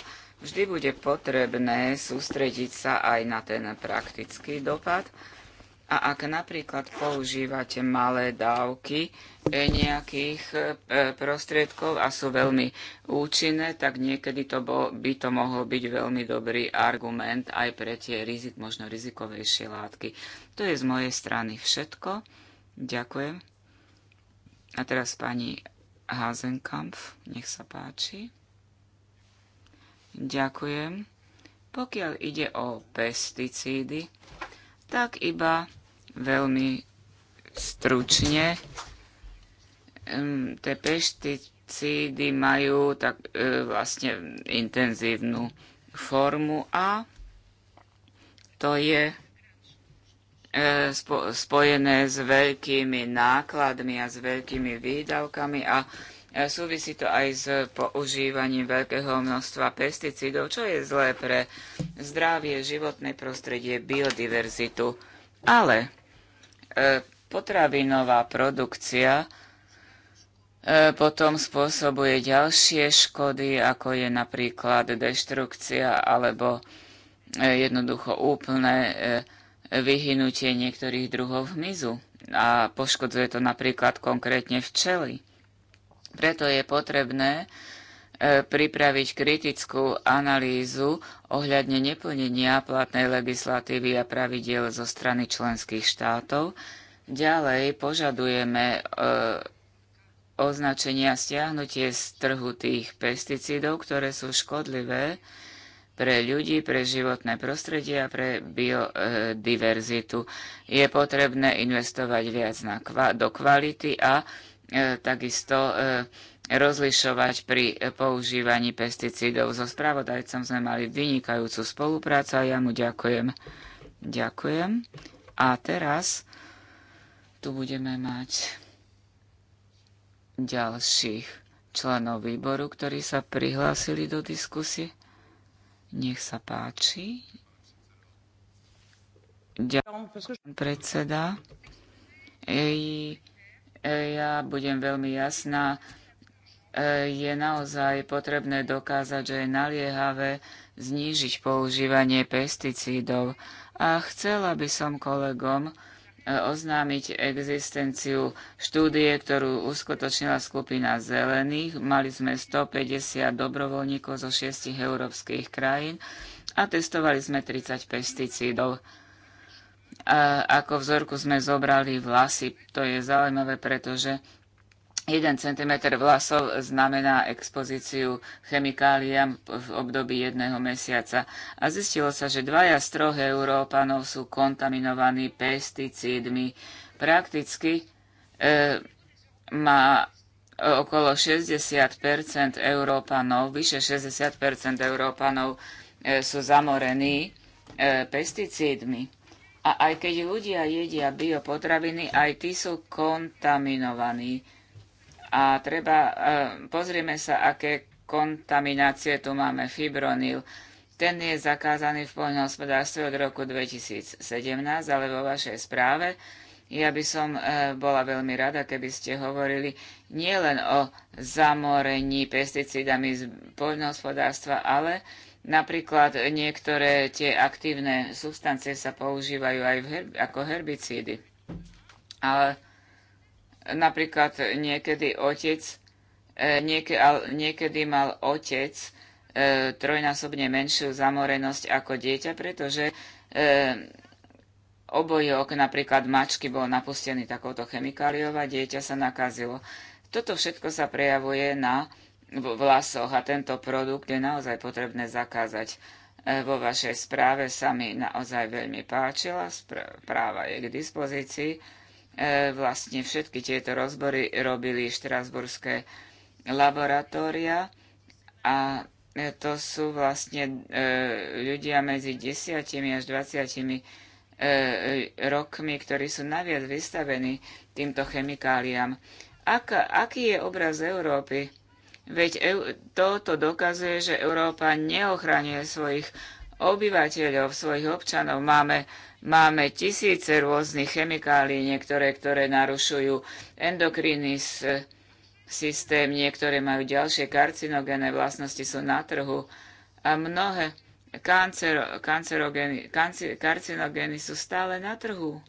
Vždy bude potrebné sústrediť sa aj na ten praktický dopad, a ak napríklad používate malé dávky e, nejakých e, e, prostriedkov a sú veľmi účinné, tak niekedy to bol, by to mohol byť veľmi dobrý argument aj pre tie rizik, možno rizikovejšie látky. To je z mojej strany všetko. Ďakujem. A teraz pani Hazenkampf, nech sa páči. Ďakujem. Pokiaľ ide o pesticídy, tak iba veľmi stručne. Tie pesticídy majú tak e, vlastne intenzívnu formu a to je e, spojené s veľkými nákladmi a s veľkými výdavkami a e, súvisí to aj s používaním veľkého množstva pesticídov, čo je zlé pre zdravie, životné prostredie, biodiverzitu. Ale E, potravinová produkcia e, potom spôsobuje ďalšie škody, ako je napríklad deštrukcia alebo e, jednoducho úplné vyhynutie niektorých druhov hmyzu. A poškodzuje to napríklad konkrétne včely. Preto je potrebné E, pripraviť kritickú analýzu ohľadne neplnenia platnej legislatívy a pravidiel zo strany členských štátov. Ďalej požadujeme e, označenia stiahnutie z trhu tých pesticídov, ktoré sú škodlivé pre ľudí, pre životné prostredie a pre biodiverzitu. Je potrebné investovať viac na, do kvality a e, takisto e, rozlišovať pri používaní pesticídov. So spravodajcom sme mali vynikajúcu spoluprácu a ja mu ďakujem. Ďakujem. A teraz tu budeme mať ďalších členov výboru, ktorí sa prihlásili do diskusie. Nech sa páči. Ďakujem, predseda. Ej, ja budem veľmi jasná je naozaj potrebné dokázať, že je naliehavé znížiť používanie pesticídov. A chcela by som kolegom e, oznámiť existenciu štúdie, ktorú uskutočnila skupina zelených. Mali sme 150 dobrovoľníkov zo šiestich európskych krajín a testovali sme 30 pesticídov. A ako vzorku sme zobrali vlasy. To je zaujímavé, pretože 1 cm vlasov znamená expozíciu chemikáliám v období jedného mesiaca. A zistilo sa, že dvaja z troch Európanov sú kontaminovaní pesticídmi. Prakticky e, má e, okolo 60 Európanov, vyše 60 Európanov e, sú zamorení e, pesticídmi. A aj keď ľudia jedia biopotraviny, aj tí sú kontaminovaní a treba, e, pozrieme sa, aké kontaminácie tu máme. Fibronil, ten je zakázaný v poľnohospodárstve od roku 2017, ale vo vašej správe ja by som e, bola veľmi rada, keby ste hovorili nielen o zamorení pesticídami z poľnohospodárstva, ale napríklad niektoré tie aktívne substancie sa používajú aj her, ako herbicídy. Ale Napríklad niekedy otec, e, niekedy mal otec e, trojnásobne menšiu zamorenosť ako dieťa, pretože e, obojok napríklad mačky bol napustený takouto chemikáliou a dieťa sa nakazilo. Toto všetko sa prejavuje na vlasoch a tento produkt je naozaj potrebné zakázať. Vo vašej správe sa mi naozaj veľmi páčila, správa je k dispozícii E, vlastne všetky tieto rozbory robili štrasburské laboratória a e, to sú vlastne e, ľudia medzi 10 až 20 rokmi, ktorí sú naviac vystavení týmto chemikáliám. Ak, aký je obraz Európy? Veď toto dokazuje, že Európa neochraňuje svojich obyvateľov, svojich občanov. Máme, máme tisíce rôznych chemikálií, niektoré, ktoré narušujú endokrinný systém, niektoré majú ďalšie karcinogénne vlastnosti, sú na trhu a mnohé kancer, kancerogény, kancer, karcinogény sú stále na trhu.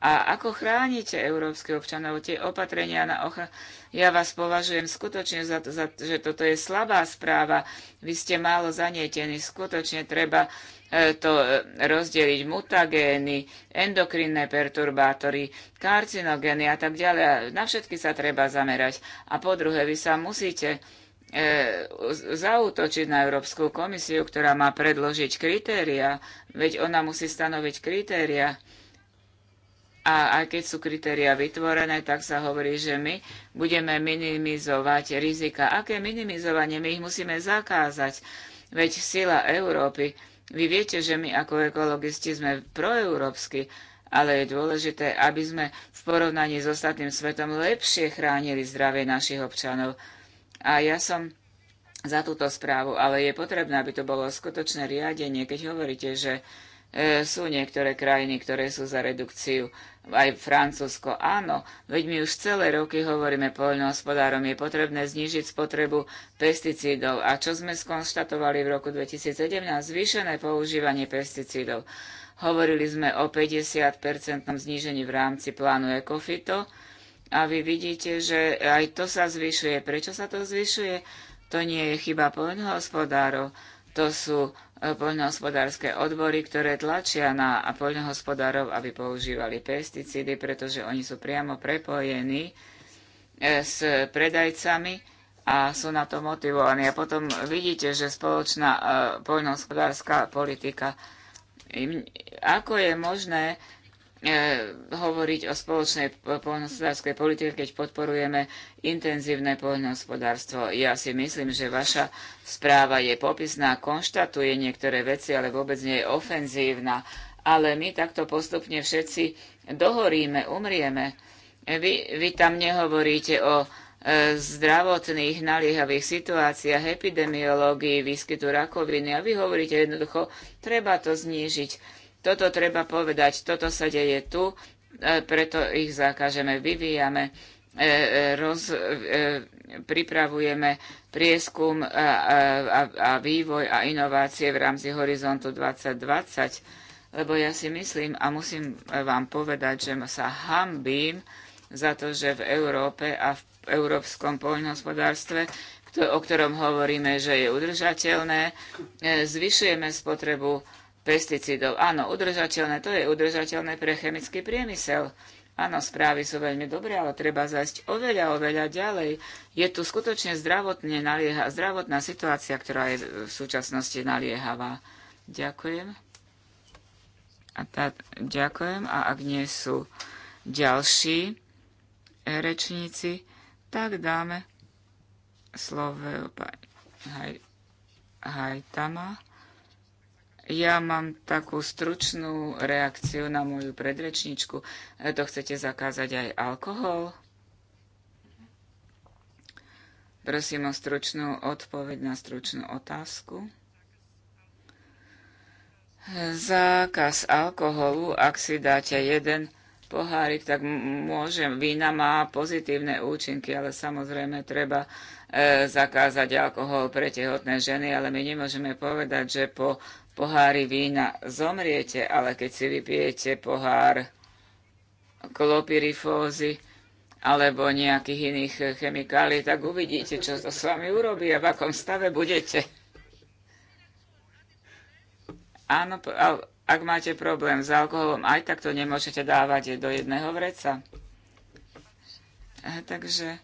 A ako chránite európske občanov tie opatrenia na ocha? Ja vás považujem skutočne za to, za, že toto je slabá správa. Vy ste málo zanietení. Skutočne treba e, to e, rozdeliť mutagény, endokrinné perturbátory, karcinogény a tak ďalej. Na všetky sa treba zamerať. A po druhé, vy sa musíte e, zautočiť na Európsku komisiu, ktorá má predložiť kritéria, veď ona musí stanoviť kritéria a aj keď sú kritéria vytvorené, tak sa hovorí, že my budeme minimizovať rizika. Aké minimizovanie? My ich musíme zakázať. Veď sila Európy. Vy viete, že my ako ekologisti sme proeurópsky, ale je dôležité, aby sme v porovnaní s ostatným svetom lepšie chránili zdravie našich občanov. A ja som za túto správu, ale je potrebné, aby to bolo skutočné riadenie, keď hovoríte, že e, sú niektoré krajiny, ktoré sú za redukciu aj Francúzsko. Áno, veď my už celé roky hovoríme poľnohospodárom, je potrebné znižiť spotrebu pesticídov. A čo sme skonštatovali v roku 2017? Zvýšené používanie pesticídov. Hovorili sme o 50-percentnom znížení v rámci plánu Ecofito a vy vidíte, že aj to sa zvyšuje. Prečo sa to zvyšuje? To nie je chyba poľnohospodárov to sú e, poľnohospodárske odbory, ktoré tlačia na poľnohospodárov, aby používali pesticídy, pretože oni sú priamo prepojení e, s predajcami a sú na to motivovaní. A potom vidíte, že spoločná e, poľnohospodárska politika. Ako je možné E, hovoriť o spoločnej poľnohospodárskej politike, keď podporujeme intenzívne poľnohospodárstvo. Ja si myslím, že vaša správa je popisná, konštatuje niektoré veci, ale vôbec nie je ofenzívna. Ale my takto postupne všetci dohoríme, umrieme. Vy, vy tam nehovoríte o e, zdravotných naliehavých situáciách, epidemiológii, výskytu rakoviny a vy hovoríte jednoducho, treba to znížiť toto treba povedať, toto sa deje tu, e, preto ich zakážeme, vyvíjame, e, e, roz, pripravujeme prieskum a, a, a vývoj a inovácie v rámci Horizontu 2020, lebo ja si myslím a musím vám povedať, že sa hambím za to, že v Európe a v európskom poľnohospodárstve, o ktorom hovoríme, že je udržateľné, zvyšujeme spotrebu pesticídov. Áno, udržateľné, to je udržateľné pre chemický priemysel. Áno, správy sú veľmi dobré, ale treba zajsť oveľa, oveľa ďalej. Je tu skutočne zdravotne nalieha, zdravotná situácia, ktorá je v súčasnosti naliehavá. Ďakujem. A tá, ďakujem. A ak nie sú ďalší rečníci, tak dáme slovo pani Hajtama. Haj ja mám takú stručnú reakciu na moju predrečničku. E, to chcete zakázať aj alkohol? Prosím o stručnú odpoveď na stručnú otázku. Zákaz alkoholu, ak si dáte jeden pohárik, tak môže, vína má pozitívne účinky, ale samozrejme treba e, zakázať alkohol pre tehotné ženy, ale my nemôžeme povedať, že po pohári vína zomriete, ale keď si vypijete pohár klopyrifózy alebo nejakých iných chemikálií, tak uvidíte, čo to s vami urobí a v akom stave budete. Áno, ak máte problém s alkoholom, aj tak to nemôžete dávať do jedného vreca. Takže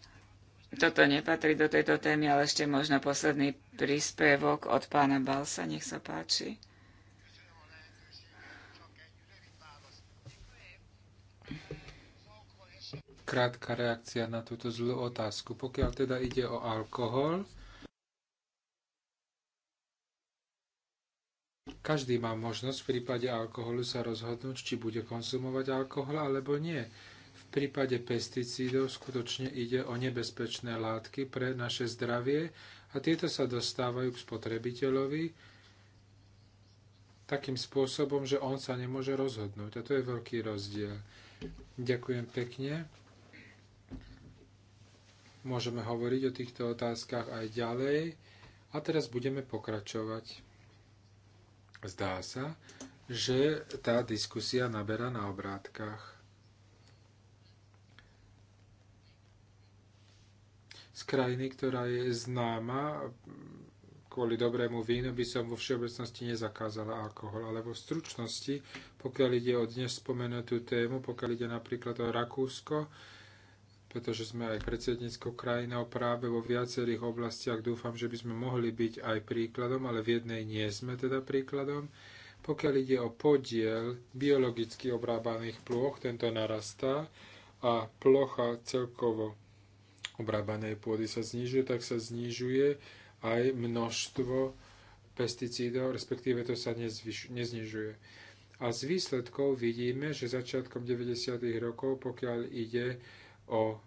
toto nepatrí do tejto témy, ale ešte možno posledný príspevok od pána Balsa, nech sa páči. krátka reakcia na túto zlú otázku. Pokiaľ teda ide o alkohol, každý má možnosť v prípade alkoholu sa rozhodnúť, či bude konzumovať alkohol alebo nie. V prípade pesticídov skutočne ide o nebezpečné látky pre naše zdravie a tieto sa dostávajú k spotrebiteľovi takým spôsobom, že on sa nemôže rozhodnúť. A to je veľký rozdiel. Ďakujem pekne. Môžeme hovoriť o týchto otázkach aj ďalej. A teraz budeme pokračovať. Zdá sa, že tá diskusia naberá na obrátkach. Z krajiny, ktorá je známa kvôli dobrému vínu by som vo všeobecnosti nezakázala alkohol, ale vo stručnosti, pokiaľ ide o dnes spomenutú tému, pokiaľ ide napríklad o Rakúsko, pretože sme aj predsedníckou krajinou práve vo viacerých oblastiach. Dúfam, že by sme mohli byť aj príkladom, ale v jednej nie sme teda príkladom. Pokiaľ ide o podiel biologicky obrábaných plôch, tento narastá a plocha celkovo obrábanej pôdy sa znižuje, tak sa znižuje aj množstvo pesticídov, respektíve to sa nezvyš- neznižuje. A z výsledkov vidíme, že začiatkom 90. rokov, pokiaľ ide o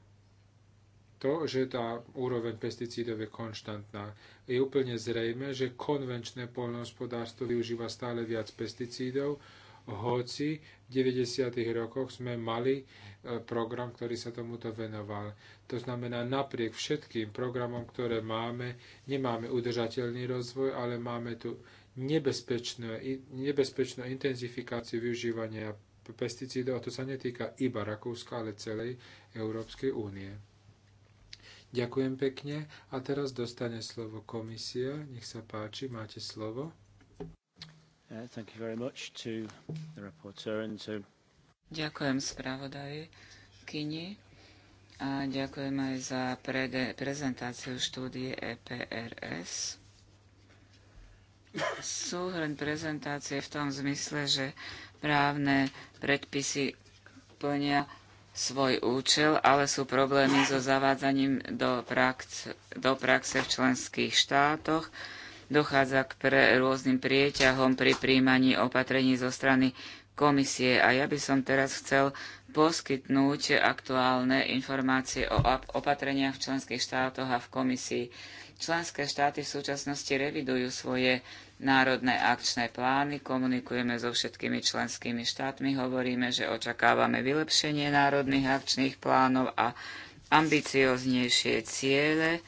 to, že tá úroveň pesticídov je konštantná. Je úplne zrejme, že konvenčné poľnohospodárstvo využíva stále viac pesticídov, hoci v 90. rokoch sme mali e, program, ktorý sa tomuto venoval. To znamená, napriek všetkým programom, ktoré máme, nemáme udržateľný rozvoj, ale máme tu nebezpečnú, nebezpečnú intenzifikáciu využívania pesticídov, a to sa netýka iba Rakúska, ale celej Európskej únie. Ďakujem pekne a teraz dostane slovo komisia. Nech sa páči, máte slovo. Uh, ďakujem spravodaj Kini a ďakujem aj za prede, prezentáciu štúdie EPRS. Súhrn prezentácie v tom zmysle, že právne predpisy plnia svoj účel, ale sú problémy so zavádzaním do, prax, do praxe v členských štátoch. Dochádza k pre rôznym prieťahom pri príjmaní opatrení zo strany komisie. A ja by som teraz chcel poskytnúť aktuálne informácie o opatreniach v členských štátoch a v komisii. Členské štáty v súčasnosti revidujú svoje národné akčné plány, komunikujeme so všetkými členskými štátmi, hovoríme, že očakávame vylepšenie národných akčných plánov a ambicioznejšie ciele,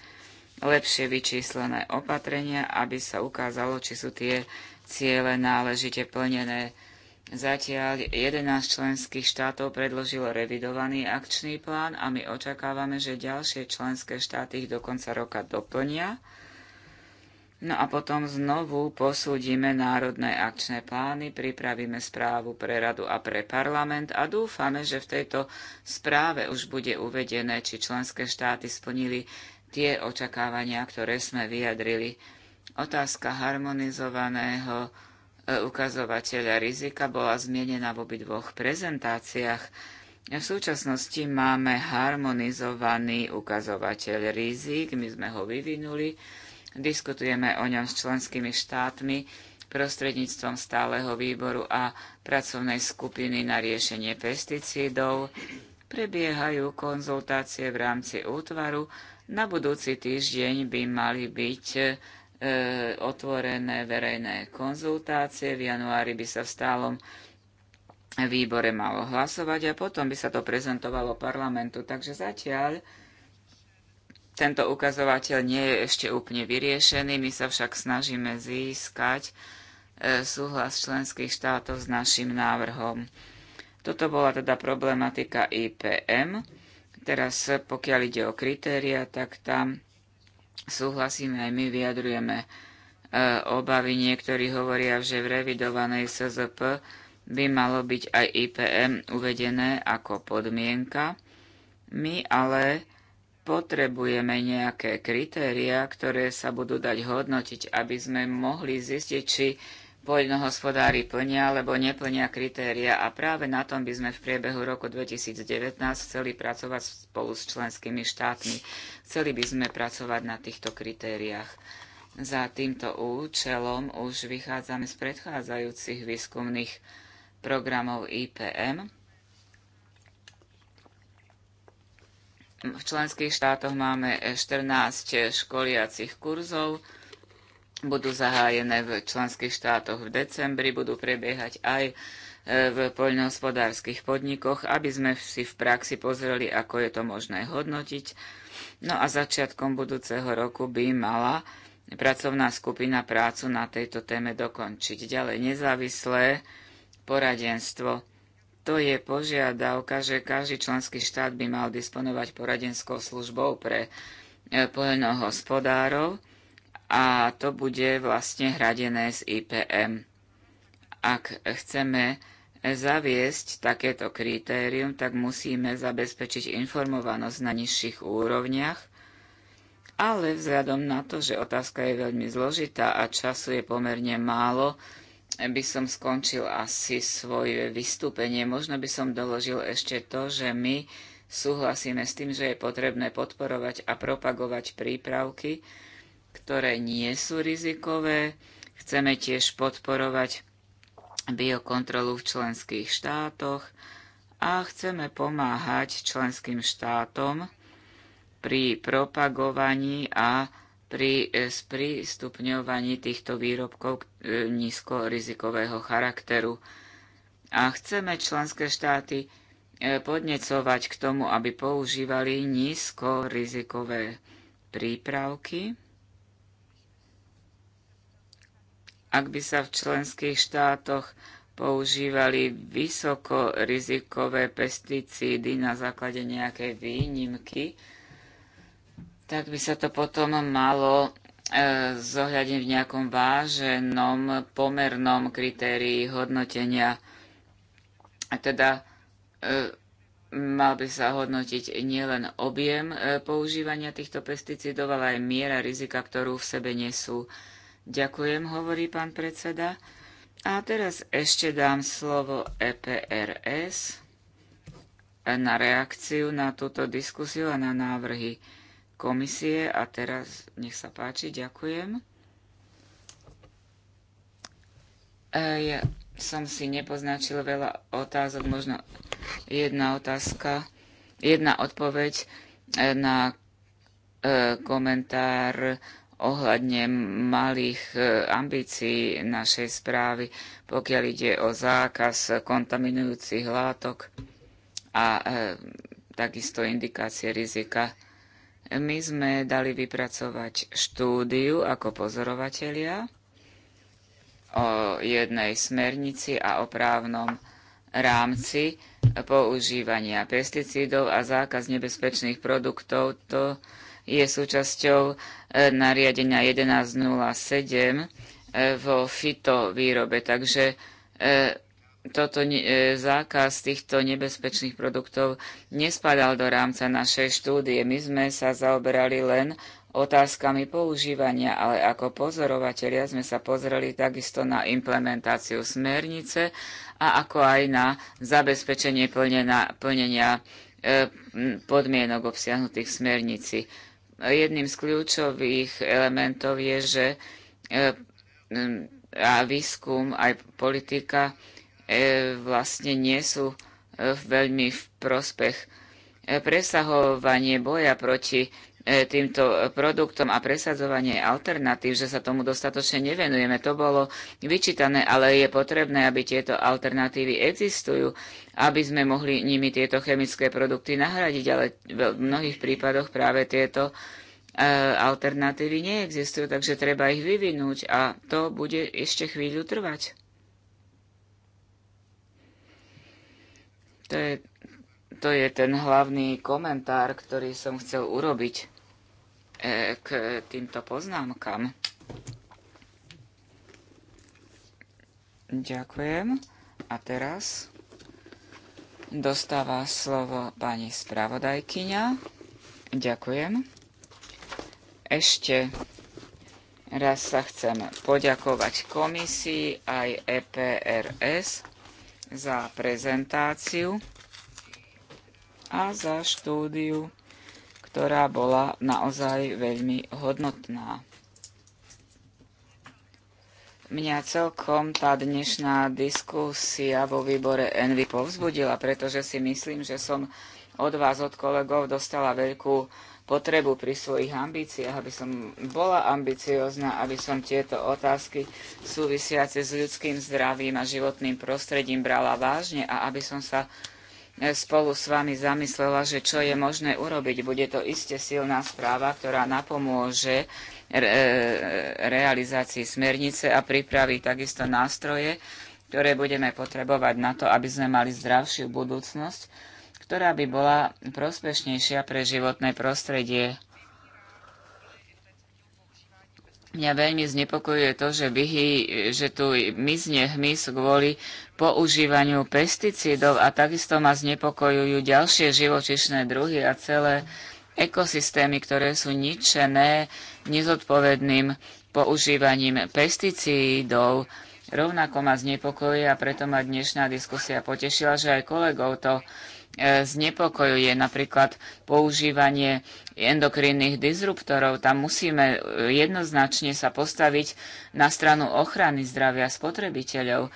lepšie vyčíslené opatrenia, aby sa ukázalo, či sú tie ciele náležite plnené. Zatiaľ 11 členských štátov predložilo revidovaný akčný plán a my očakávame, že ďalšie členské štáty ich do konca roka doplnia No a potom znovu posúdime národné akčné plány, pripravíme správu pre radu a pre parlament a dúfame, že v tejto správe už bude uvedené, či členské štáty splnili tie očakávania, ktoré sme vyjadrili. Otázka harmonizovaného e, ukazovateľa rizika bola zmienená v obidvoch prezentáciách. V súčasnosti máme harmonizovaný ukazovateľ rizik, my sme ho vyvinuli Diskutujeme o ňom s členskými štátmi prostredníctvom stáleho výboru a pracovnej skupiny na riešenie pesticídov. Prebiehajú konzultácie v rámci útvaru. Na budúci týždeň by mali byť e, otvorené verejné konzultácie. V januári by sa v stálom výbore malo hlasovať a potom by sa to prezentovalo parlamentu. Takže zatiaľ tento ukazovateľ nie je ešte úplne vyriešený, my sa však snažíme získať e, súhlas členských štátov s našim návrhom. Toto bola teda problematika IPM. Teraz pokiaľ ide o kritéria, tak tam súhlasíme aj my, vyjadrujeme e, obavy. Niektorí hovoria, že v revidovanej SZP by malo byť aj IPM uvedené ako podmienka. My ale potrebujeme nejaké kritériá, ktoré sa budú dať hodnotiť, aby sme mohli zistiť, či poľnohospodári plnia alebo neplnia kritéria a práve na tom by sme v priebehu roku 2019 chceli pracovať spolu s členskými štátmi. Chceli by sme pracovať na týchto kritériách. Za týmto účelom už vychádzame z predchádzajúcich výskumných programov IPM, V členských štátoch máme 14 e, e, školiacich kurzov. Budú zahájené v členských štátoch v decembri, budú prebiehať aj e, v poľnohospodárskych podnikoch, aby sme si v praxi pozreli, ako je to možné hodnotiť. No a začiatkom budúceho roku by mala pracovná skupina prácu na tejto téme dokončiť. Ďalej nezávislé poradenstvo. To je požiadavka, že každý členský štát by mal disponovať poradenskou službou pre e, poľnohospodárov a to bude vlastne hradené z IPM. Ak chceme zaviesť takéto kritérium, tak musíme zabezpečiť informovanosť na nižších úrovniach, ale vzhľadom na to, že otázka je veľmi zložitá a času je pomerne málo, by som skončil asi svoje vystúpenie. Možno by som doložil ešte to, že my súhlasíme s tým, že je potrebné podporovať a propagovať prípravky, ktoré nie sú rizikové. Chceme tiež podporovať biokontrolu v členských štátoch a chceme pomáhať členským štátom pri propagovaní a pri e, sprístupňovaní týchto výrobkov e, nízkorizikového charakteru. A chceme členské štáty e, podnecovať k tomu, aby používali nízkorizikové prípravky. Ak by sa v členských štátoch používali vysokorizikové pesticídy na základe nejakej výnimky, tak by sa to potom malo e, zohľadniť v nejakom váženom, pomernom kritérii hodnotenia. A teda e, mal by sa hodnotiť nielen objem e, používania týchto pesticídov, ale aj miera rizika, ktorú v sebe nesú. Ďakujem, hovorí pán predseda. A teraz ešte dám slovo EPRS na reakciu na túto diskusiu a na návrhy komisie a teraz nech sa páči, ďakujem. E, ja som si nepoznačil veľa otázok, možno jedna otázka, jedna odpoveď e, na e, komentár ohľadne malých ambícií našej správy, pokiaľ ide o zákaz kontaminujúcich látok a takisto indikácie rizika my sme dali vypracovať štúdiu ako pozorovatelia o jednej smernici a o právnom rámci používania pesticídov a zákaz nebezpečných produktov. To je súčasťou eh, nariadenia 1107 eh, vo fitovýrobe. Takže eh, toto e, zákaz týchto nebezpečných produktov nespadal do rámca našej štúdie. My sme sa zaoberali len otázkami používania, ale ako pozorovateľia sme sa pozreli takisto na implementáciu smernice a ako aj na zabezpečenie plnenia, e, podmienok obsiahnutých v smernici. Jedným z kľúčových elementov je, že e, a výskum aj politika E, vlastne nie sú e, veľmi v prospech. E, presahovanie boja proti týmto produktom a presadzovanie alternatív, že sa tomu dostatočne nevenujeme. To bolo vyčítané, ale je potrebné, aby tieto alternatívy existujú, aby sme mohli nimi tieto chemické produkty nahradiť, ale v mnohých prípadoch práve tieto alternatívy neexistujú, takže treba ich vyvinúť a to bude ešte chvíľu trvať. To je, to je ten hlavný komentár, ktorý som chcel urobiť e, k týmto poznámkam. Ďakujem. A teraz dostáva slovo pani spravodajkyňa. Ďakujem. Ešte raz sa chcem poďakovať komisii aj EPRS za prezentáciu a za štúdiu, ktorá bola naozaj veľmi hodnotná. Mňa celkom tá dnešná diskusia vo výbore Envy povzbudila, pretože si myslím, že som od vás, od kolegov, dostala veľkú potrebu pri svojich ambíciách, aby som bola ambiciozná, aby som tieto otázky súvisiace s ľudským zdravím a životným prostredím brala vážne a aby som sa e, spolu s vami zamyslela, že čo je možné urobiť. Bude to iste silná správa, ktorá napomôže re- e, realizácii smernice a pripraví takisto nástroje, ktoré budeme potrebovať na to, aby sme mali zdravšiu budúcnosť ktorá by bola prospešnejšia pre životné prostredie. Mňa veľmi znepokojuje to, že, byhy, že tu mizne hmyz kvôli používaniu pesticídov a takisto ma znepokojujú ďalšie živočišné druhy a celé ekosystémy, ktoré sú ničené nezodpovedným používaním pesticídov. Rovnako ma znepokojuje a preto ma dnešná diskusia potešila, že aj kolegov to E, znepokojuje, napríklad používanie endokrinných disruptorov. Tam musíme e, jednoznačne sa postaviť na stranu ochrany zdravia spotrebiteľov.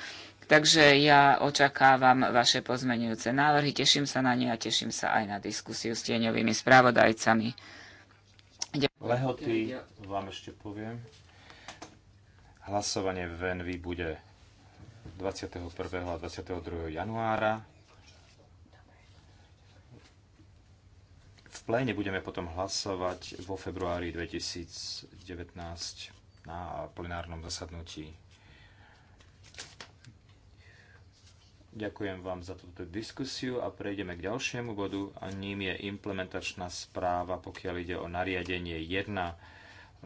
Takže ja očakávam vaše pozmenujúce návrhy, teším sa na ne a teším sa aj na diskusiu s tieňovými správodajcami. Lehoty vám ešte poviem. Hlasovanie v Envy bude 21. a 22. januára pléne budeme potom hlasovať vo februári 2019 na plenárnom zasadnutí. Ďakujem vám za túto diskusiu a prejdeme k ďalšiemu bodu a ním je implementačná správa, pokiaľ ide o nariadenie 1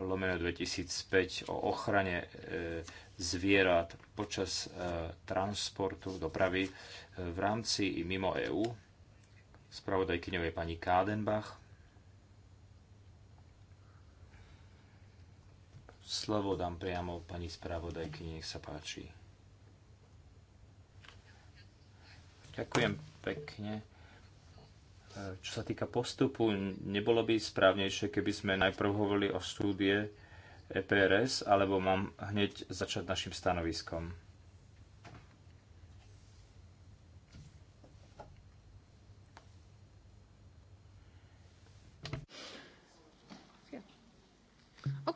lomeno 2005 o ochrane e, zvierat počas e, transportu, dopravy e, v rámci i mimo EÚ Spravodajkyňou je pani Kádenbach. Slovo dám priamo pani spravodajky, nech sa páči. Ďakujem pekne. Čo sa týka postupu, nebolo by správnejšie, keby sme najprv hovorili o štúdie EPRS, alebo mám hneď začať našim stanoviskom.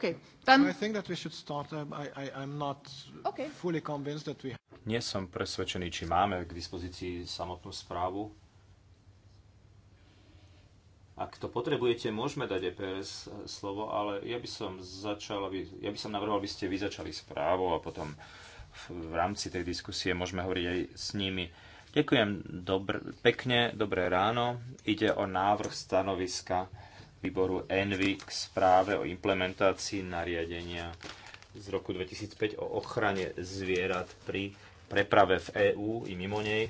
Okay. Then... I think that we should start. Um, I, I, I'm not okay. fully convinced that we... Nie som presvedčený, či máme k dispozícii samotnú správu. Ak to potrebujete, môžeme dať EPRS e, slovo, ale ja by som začal, aby, ja by som navrhoval, aby ste vy začali správou a potom v, v rámci tej diskusie môžeme hovoriť aj s nimi. Ďakujem dobr, pekne, dobré ráno. Ide o návrh stanoviska výboru ENVY k správe o implementácii nariadenia z roku 2005 o ochrane zvierat pri preprave v EÚ i mimo nej.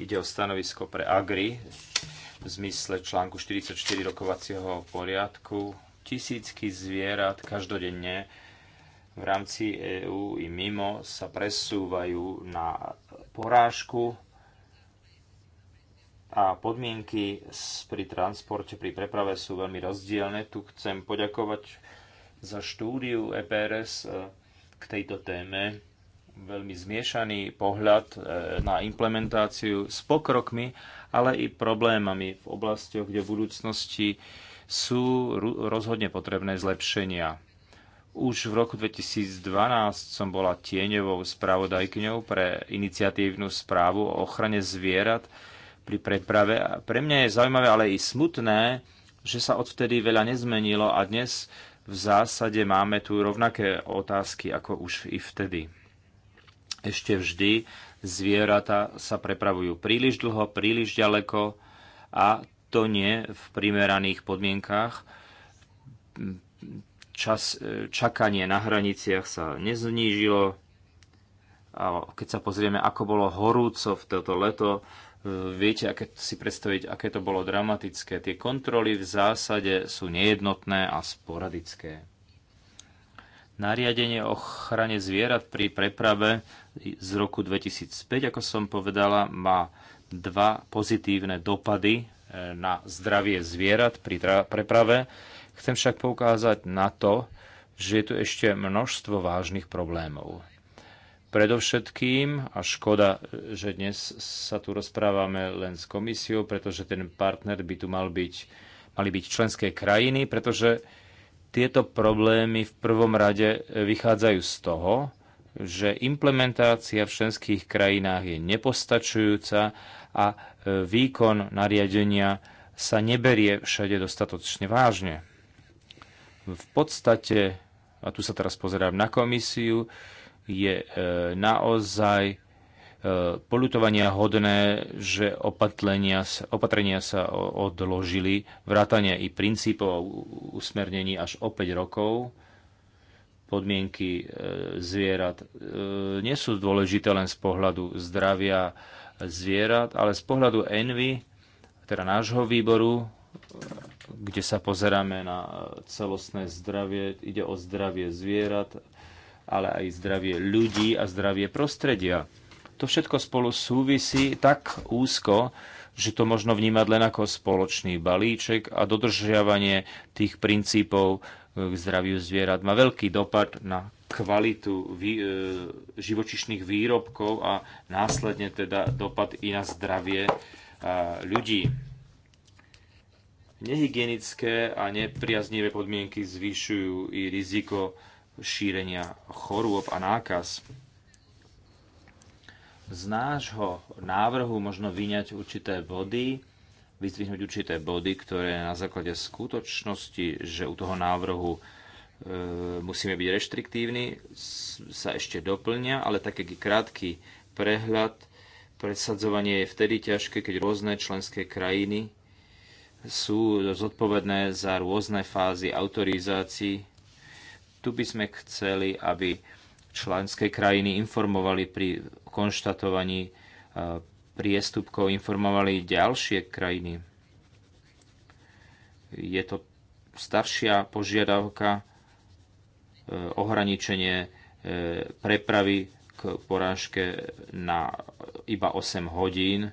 Ide o stanovisko pre Agri v zmysle článku 44 rokovacieho poriadku. Tisícky zvierat každodenne v rámci EÚ i mimo sa presúvajú na porážku a podmienky pri transporte, pri preprave sú veľmi rozdielne. Tu chcem poďakovať za štúdiu EPRS e, k tejto téme. Veľmi zmiešaný pohľad e, na implementáciu s pokrokmi, ale i problémami v oblastiach, kde v budúcnosti sú rozhodne potrebné zlepšenia. Už v roku 2012 som bola tieňovou spravodajkňou pre iniciatívnu správu o ochrane zvierat, pri preprave. A pre mňa je zaujímavé, ale i smutné, že sa odvtedy veľa nezmenilo a dnes v zásade máme tu rovnaké otázky ako už i vtedy. Ešte vždy zvieratá sa prepravujú príliš dlho, príliš ďaleko a to nie v primeraných podmienkách. Čas, čakanie na hraniciach sa neznížilo. A keď sa pozrieme, ako bolo horúco v toto leto, Viete, aké, si predstaviť, aké to bolo dramatické. Tie kontroly v zásade sú nejednotné a sporadické. Nariadenie o ochrane zvierat pri preprave z roku 2005, ako som povedala, má dva pozitívne dopady eh, na zdravie zvierat pri preprave. Chcem však poukázať na to, že je tu ešte množstvo vážnych problémov predovšetkým, a škoda, že dnes sa tu rozprávame len s komisiou, pretože ten partner by tu mal byť, mali byť členské krajiny, pretože tieto problémy v prvom rade vychádzajú z toho, že implementácia v členských krajinách je nepostačujúca a e, výkon nariadenia sa neberie všade dostatočne vážne. V podstate, a tu sa teraz pozerám na komisiu, je e, naozaj e, polutovania hodné, že opatrenia, opatrenia sa odložili, vrátania i princípov usmernení až o 5 rokov. Podmienky e, zvierat nie sú dôležité len z pohľadu zdravia zvierat, ale z pohľadu envy, teda nášho výboru, kde sa pozeráme na celostné zdravie, ide o zdravie zvierat, ale aj zdravie ľudí a zdravie prostredia. To všetko spolu súvisí tak úzko, že to možno vnímať len ako spoločný balíček a dodržiavanie tých princípov e, k zdraviu zvierat má veľký dopad na kvalitu e, živočišných výrobkov a následne teda dopad i na zdravie e, ľudí. Nehygienické a nepriaznivé podmienky zvyšujú i riziko šírenia chorôb a nákaz. Z nášho návrhu možno vyňať určité body, vyzdvihnúť určité body, ktoré na základe skutočnosti, že u toho návrhu e, musíme byť reštriktívni, sa ešte doplňa, ale taký krátky prehľad. Presadzovanie je vtedy ťažké, keď rôzne členské krajiny sú zodpovedné za rôzne fázy autorizácií tu by sme chceli, aby členské krajiny informovali pri konštatovaní e, priestupkov, informovali ďalšie krajiny. Je to staršia požiadavka e, ohraničenie e, prepravy k porážke na iba 8 hodín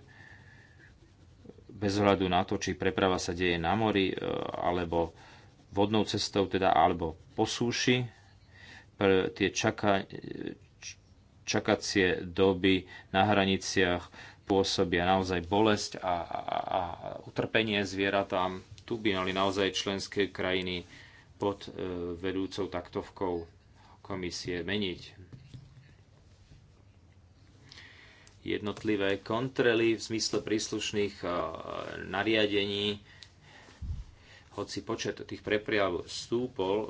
bez hľadu na to, či preprava sa deje na mori alebo vodnou cestou, teda alebo po súši, pre tie čaka, čakacie doby na hraniciach pôsobia naozaj bolesť a, a, a utrpenie zvieratám. Tu by mali naozaj členské krajiny pod e, vedúcou taktovkou komisie meniť. Jednotlivé kontroly v zmysle príslušných e, nariadení hoci počet tých prepriav stúpol, e,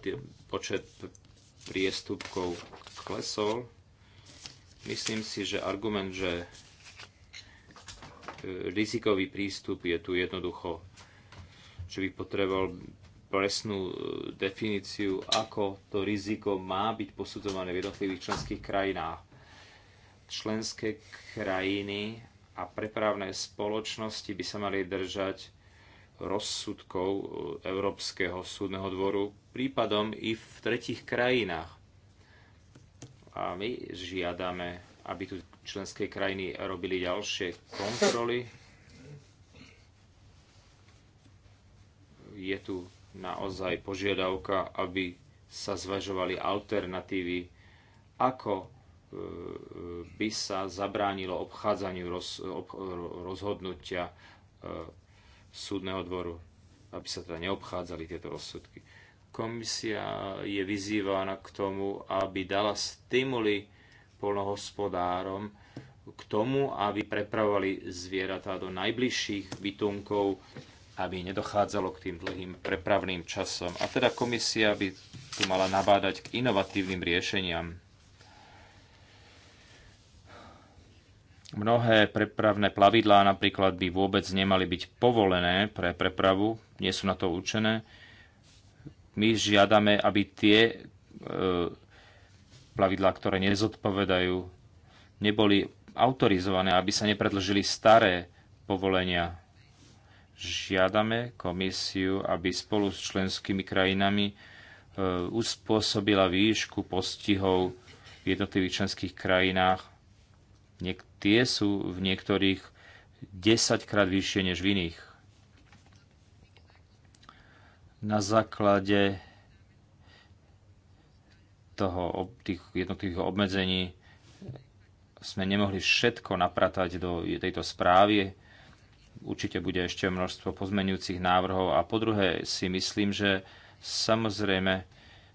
tie počet priestupkov klesol, myslím si, že argument, že e, rizikový prístup je tu jednoducho, že by potreboval presnú e, definíciu, ako to riziko má byť posudzované v jednotlivých členských krajinách. Členské krajiny a prepravné spoločnosti by sa mali držať rozsudkov e, Európskeho súdneho dvoru prípadom i v tretich krajinách. A my žiadame, aby tu členské krajiny robili ďalšie kontroly. Je tu naozaj požiadavka, aby sa zvažovali alternatívy, ako e, e, by sa zabránilo obchádzaniu roz, ob, rozhodnutia súdneho dvoru, aby sa teda neobchádzali tieto rozsudky. Komisia je vyzývaná k tomu, aby dala stimuly polnohospodárom k tomu, aby prepravovali zvieratá do najbližších bytunkov, aby nedochádzalo k tým dlhým prepravným časom. A teda komisia by tu mala nabádať k inovatívnym riešeniam Mnohé prepravné plavidlá napríklad by vôbec nemali byť povolené pre prepravu, nie sú na to určené. My žiadame, aby tie e, plavidlá, ktoré nezodpovedajú, neboli autorizované, aby sa nepredlžili staré povolenia. Žiadame komisiu, aby spolu s členskými krajinami e, uspôsobila výšku postihov v jednotlivých členských krajinách niek- tie sú v niektorých 10 krát vyššie než v iných. Na základe toho, tých jednotlivých obmedzení sme nemohli všetko napratať do tejto správy. Určite bude ešte množstvo pozmenujúcich návrhov. A po druhé si myslím, že samozrejme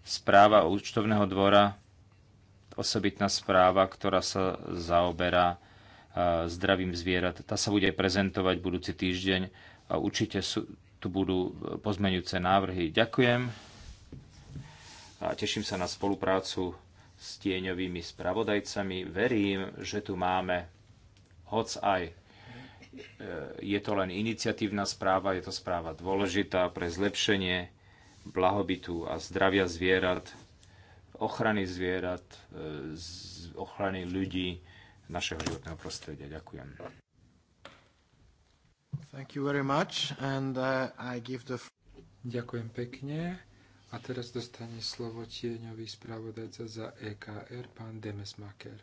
správa účtovného dvora, osobitná správa, ktorá sa zaoberá zdravím zvierat. Tá sa bude aj prezentovať budúci týždeň a určite sú, tu budú pozmeňujúce návrhy. Ďakujem a teším sa na spoluprácu s tieňovými spravodajcami. Verím, že tu máme, hoc aj e, je to len iniciatívna správa, je to správa dôležitá pre zlepšenie blahobytu a zdravia zvierat, ochrany zvierat, e, ochrany ľudí, našeho životného prostredia. Ďakujem. Thank you very much and uh, I give the... Ďakujem pekne. A teraz dostane slovo tieňový spravodajca za EKR, pán Demesmaker.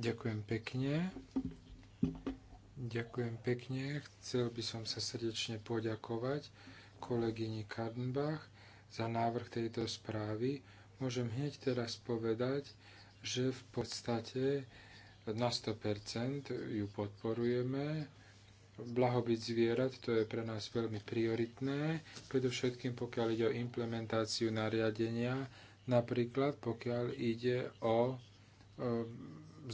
Ďakujem pekne. Ďakujem pekne. Chcel by som sa srdečne poďakovať kolegyni Kardenbach za návrh tejto správy môžem hneď teraz povedať, že v podstate na 100% ju podporujeme. Blahobyt zvierat, to je pre nás veľmi prioritné, predovšetkým pokiaľ ide o implementáciu nariadenia, napríklad pokiaľ ide o, e,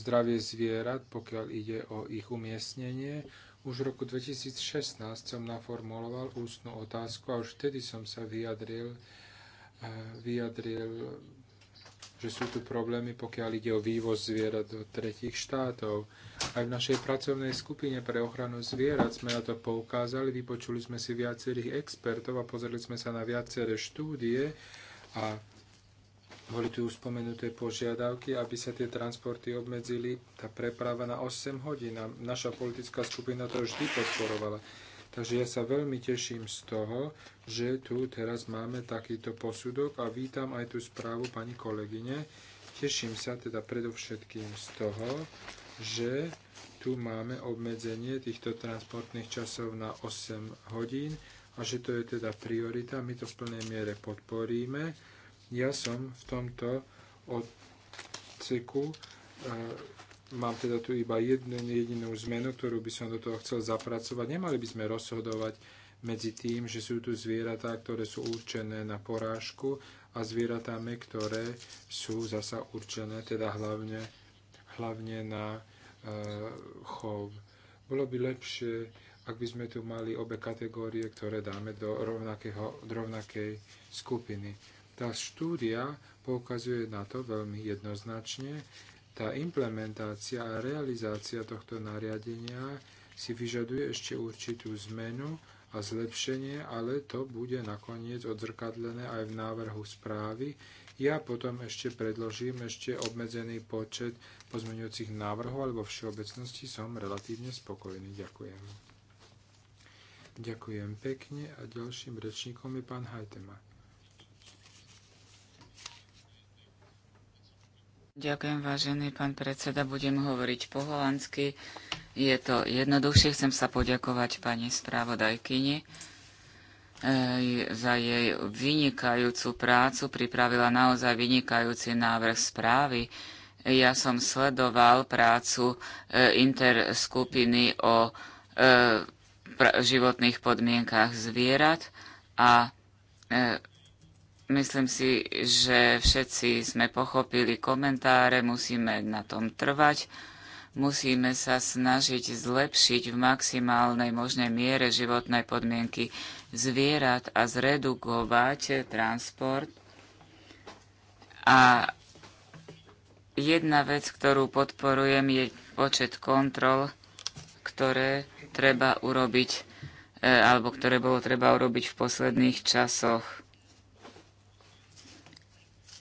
zdravie zvierat, pokiaľ ide o ich umiestnenie. Už v roku 2016 som naformuloval ústnu otázku a už vtedy som sa vyjadril, vyjadril, že sú tu problémy, pokiaľ ide o vývoz zvierat do tretich štátov. Aj v našej pracovnej skupine pre ochranu zvierat sme na to poukázali, vypočuli sme si viacerých expertov a pozreli sme sa na viaceré štúdie a boli tu spomenuté požiadavky, aby sa tie transporty obmedzili, tá preprava na 8 hodín. Naša politická skupina to vždy podporovala. Takže ja sa veľmi teším z toho, že tu teraz máme takýto posudok a vítam aj tú správu pani kolegyne. Teším sa teda predovšetkým z toho, že tu máme obmedzenie týchto transportných časov na 8 hodín a že to je teda priorita. My to v plnej miere podporíme. Ja som v tomto odseku e, Mám teda tu iba jednu jedinú zmenu, ktorú by som do toho chcel zapracovať. Nemali by sme rozhodovať medzi tým, že sú tu zvieratá, ktoré sú určené na porážku a zvieratáme, ktoré sú zasa určené teda hlavne, hlavne na e, chov. Bolo by lepšie, ak by sme tu mali obe kategórie, ktoré dáme do, rovnakého, do rovnakej skupiny. Tá štúdia poukazuje na to veľmi jednoznačne, tá implementácia a realizácia tohto nariadenia si vyžaduje ešte určitú zmenu a zlepšenie, ale to bude nakoniec odzrkadlené aj v návrhu správy. Ja potom ešte predložím ešte obmedzený počet pozmeňujúcich návrhov, alebo všeobecnosti som relatívne spokojný. Ďakujem. Ďakujem pekne a ďalším rečníkom je pán Hajtema. Ďakujem, vážený pán predseda. Budem hovoriť po holandsky. Je to jednoduchšie. Chcem sa poďakovať pani správodajkyni e, za jej vynikajúcu prácu. Pripravila naozaj vynikajúci návrh správy. Ja som sledoval prácu e, interskupiny o e, životných podmienkách zvierat a Myslím si, že všetci sme pochopili komentáre, musíme na tom trvať, musíme sa snažiť zlepšiť v maximálnej možnej miere životné podmienky zvierat a zredukovať transport. A jedna vec, ktorú podporujem, je počet kontrol, ktoré treba urobiť, e, alebo ktoré bolo treba urobiť v posledných časoch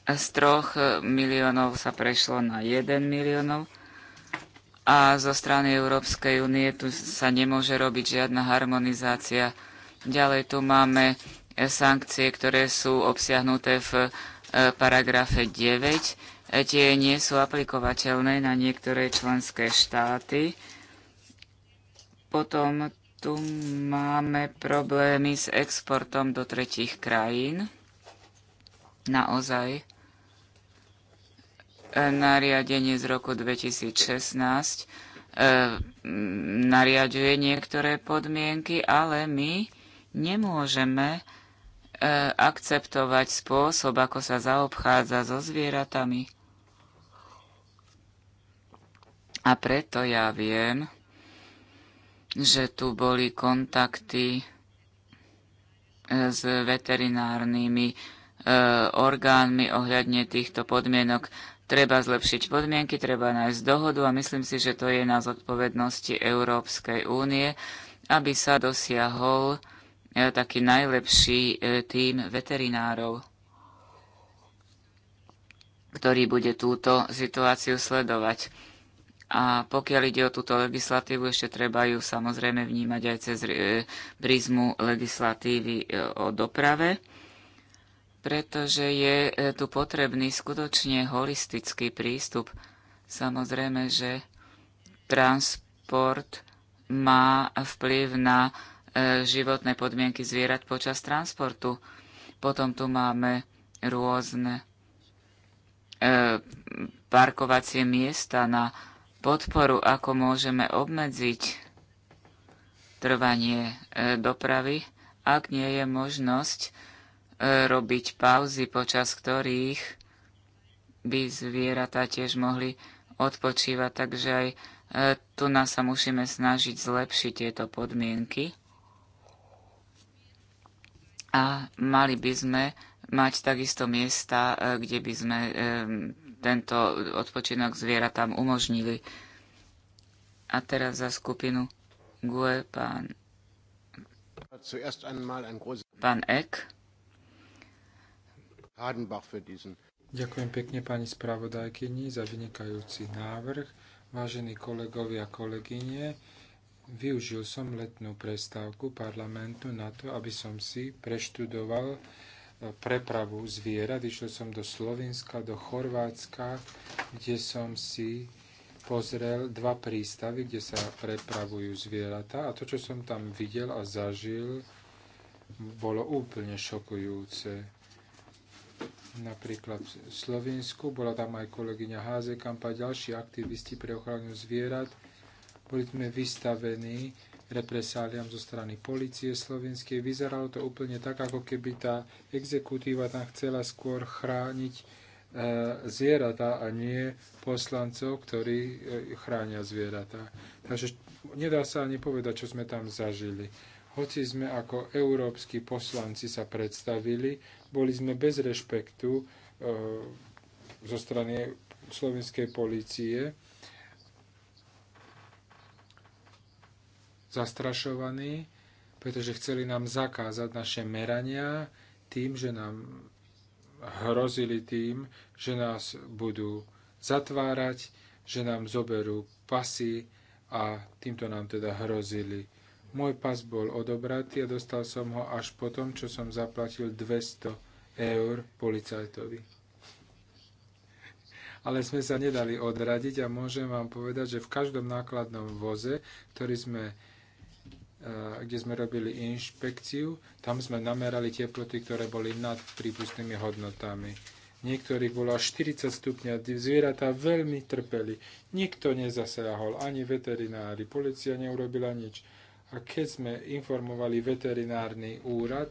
z 3 e, miliónov sa prešlo na 1 miliónov a zo strany Európskej únie tu sa nemôže robiť žiadna harmonizácia. Ďalej tu máme e, sankcie, ktoré sú obsiahnuté v e, paragrafe 9. Tie nie sú aplikovateľné na niektoré členské štáty. Potom tu máme problémy s exportom do tretich krajín. Naozaj nariadenie z roku 2016 e, nariaduje niektoré podmienky, ale my nemôžeme e, akceptovať spôsob, ako sa zaobchádza so zvieratami. A preto ja viem, že tu boli kontakty e, s veterinárnymi orgánmi ohľadne týchto podmienok. Treba zlepšiť podmienky, treba nájsť dohodu a myslím si, že to je na zodpovednosti Európskej únie, aby sa dosiahol e, taký najlepší e, tím veterinárov, ktorý bude túto situáciu sledovať. A pokiaľ ide o túto legislatívu, ešte treba ju samozrejme vnímať aj cez e, prízmu legislatívy o doprave pretože je e, tu potrebný skutočne holistický prístup. Samozrejme, že transport má vplyv na e, životné podmienky zvierat počas transportu. Potom tu máme rôzne e, parkovacie miesta na podporu, ako môžeme obmedziť trvanie dopravy, ak nie je možnosť E, robiť pauzy, počas ktorých by zvieratá tiež mohli odpočívať. Takže aj e, tu nás sa musíme snažiť zlepšiť tieto podmienky. A mali by sme mať takisto miesta, e, kde by sme tento odpočinok zvieratám umožnili. A teraz za skupinu GUE pán, pán Ek. Ďakujem pekne pani spravodajkyni za vynikajúci návrh. Vážení kolegovia a kolegyne, využil som letnú prestávku parlamentu na to, aby som si preštudoval e, prepravu zvierat. Išiel som do Slovenska, do Chorvátska, kde som si pozrel dva prístavy, kde sa prepravujú zvieratá a to, čo som tam videl a zažil, bolo úplne šokujúce napríklad v Slovensku, bola tam aj kolegyňa Házekampa a ďalší aktivisti pre ochranu zvierat. Boli sme vystavení represáliám zo strany policie slovenskej. Vyzeralo to úplne tak, ako keby tá exekutíva tam chcela skôr chrániť e, zvieratá a nie poslancov, ktorí e, chránia zvieratá. Takže nedá sa ani povedať, čo sme tam zažili. Hoci sme ako európsky poslanci sa predstavili, boli sme bez rešpektu e, zo strany slovenskej policie zastrašovaní, pretože chceli nám zakázať naše merania tým, že nám hrozili tým, že nás budú zatvárať, že nám zoberú pasy a týmto nám teda hrozili môj pas bol odobratý a dostal som ho až po tom, čo som zaplatil 200 eur policajtovi. Ale sme sa nedali odradiť a môžem vám povedať, že v každom nákladnom voze, ktorý sme kde sme robili inšpekciu, tam sme namerali teploty, ktoré boli nad prípustnými hodnotami. Niektorých bolo až 40 stupňov, zvieratá veľmi trpeli. Nikto nezasiahol, ani veterinári, policia neurobila nič. A keď sme informovali veterinárny úrad,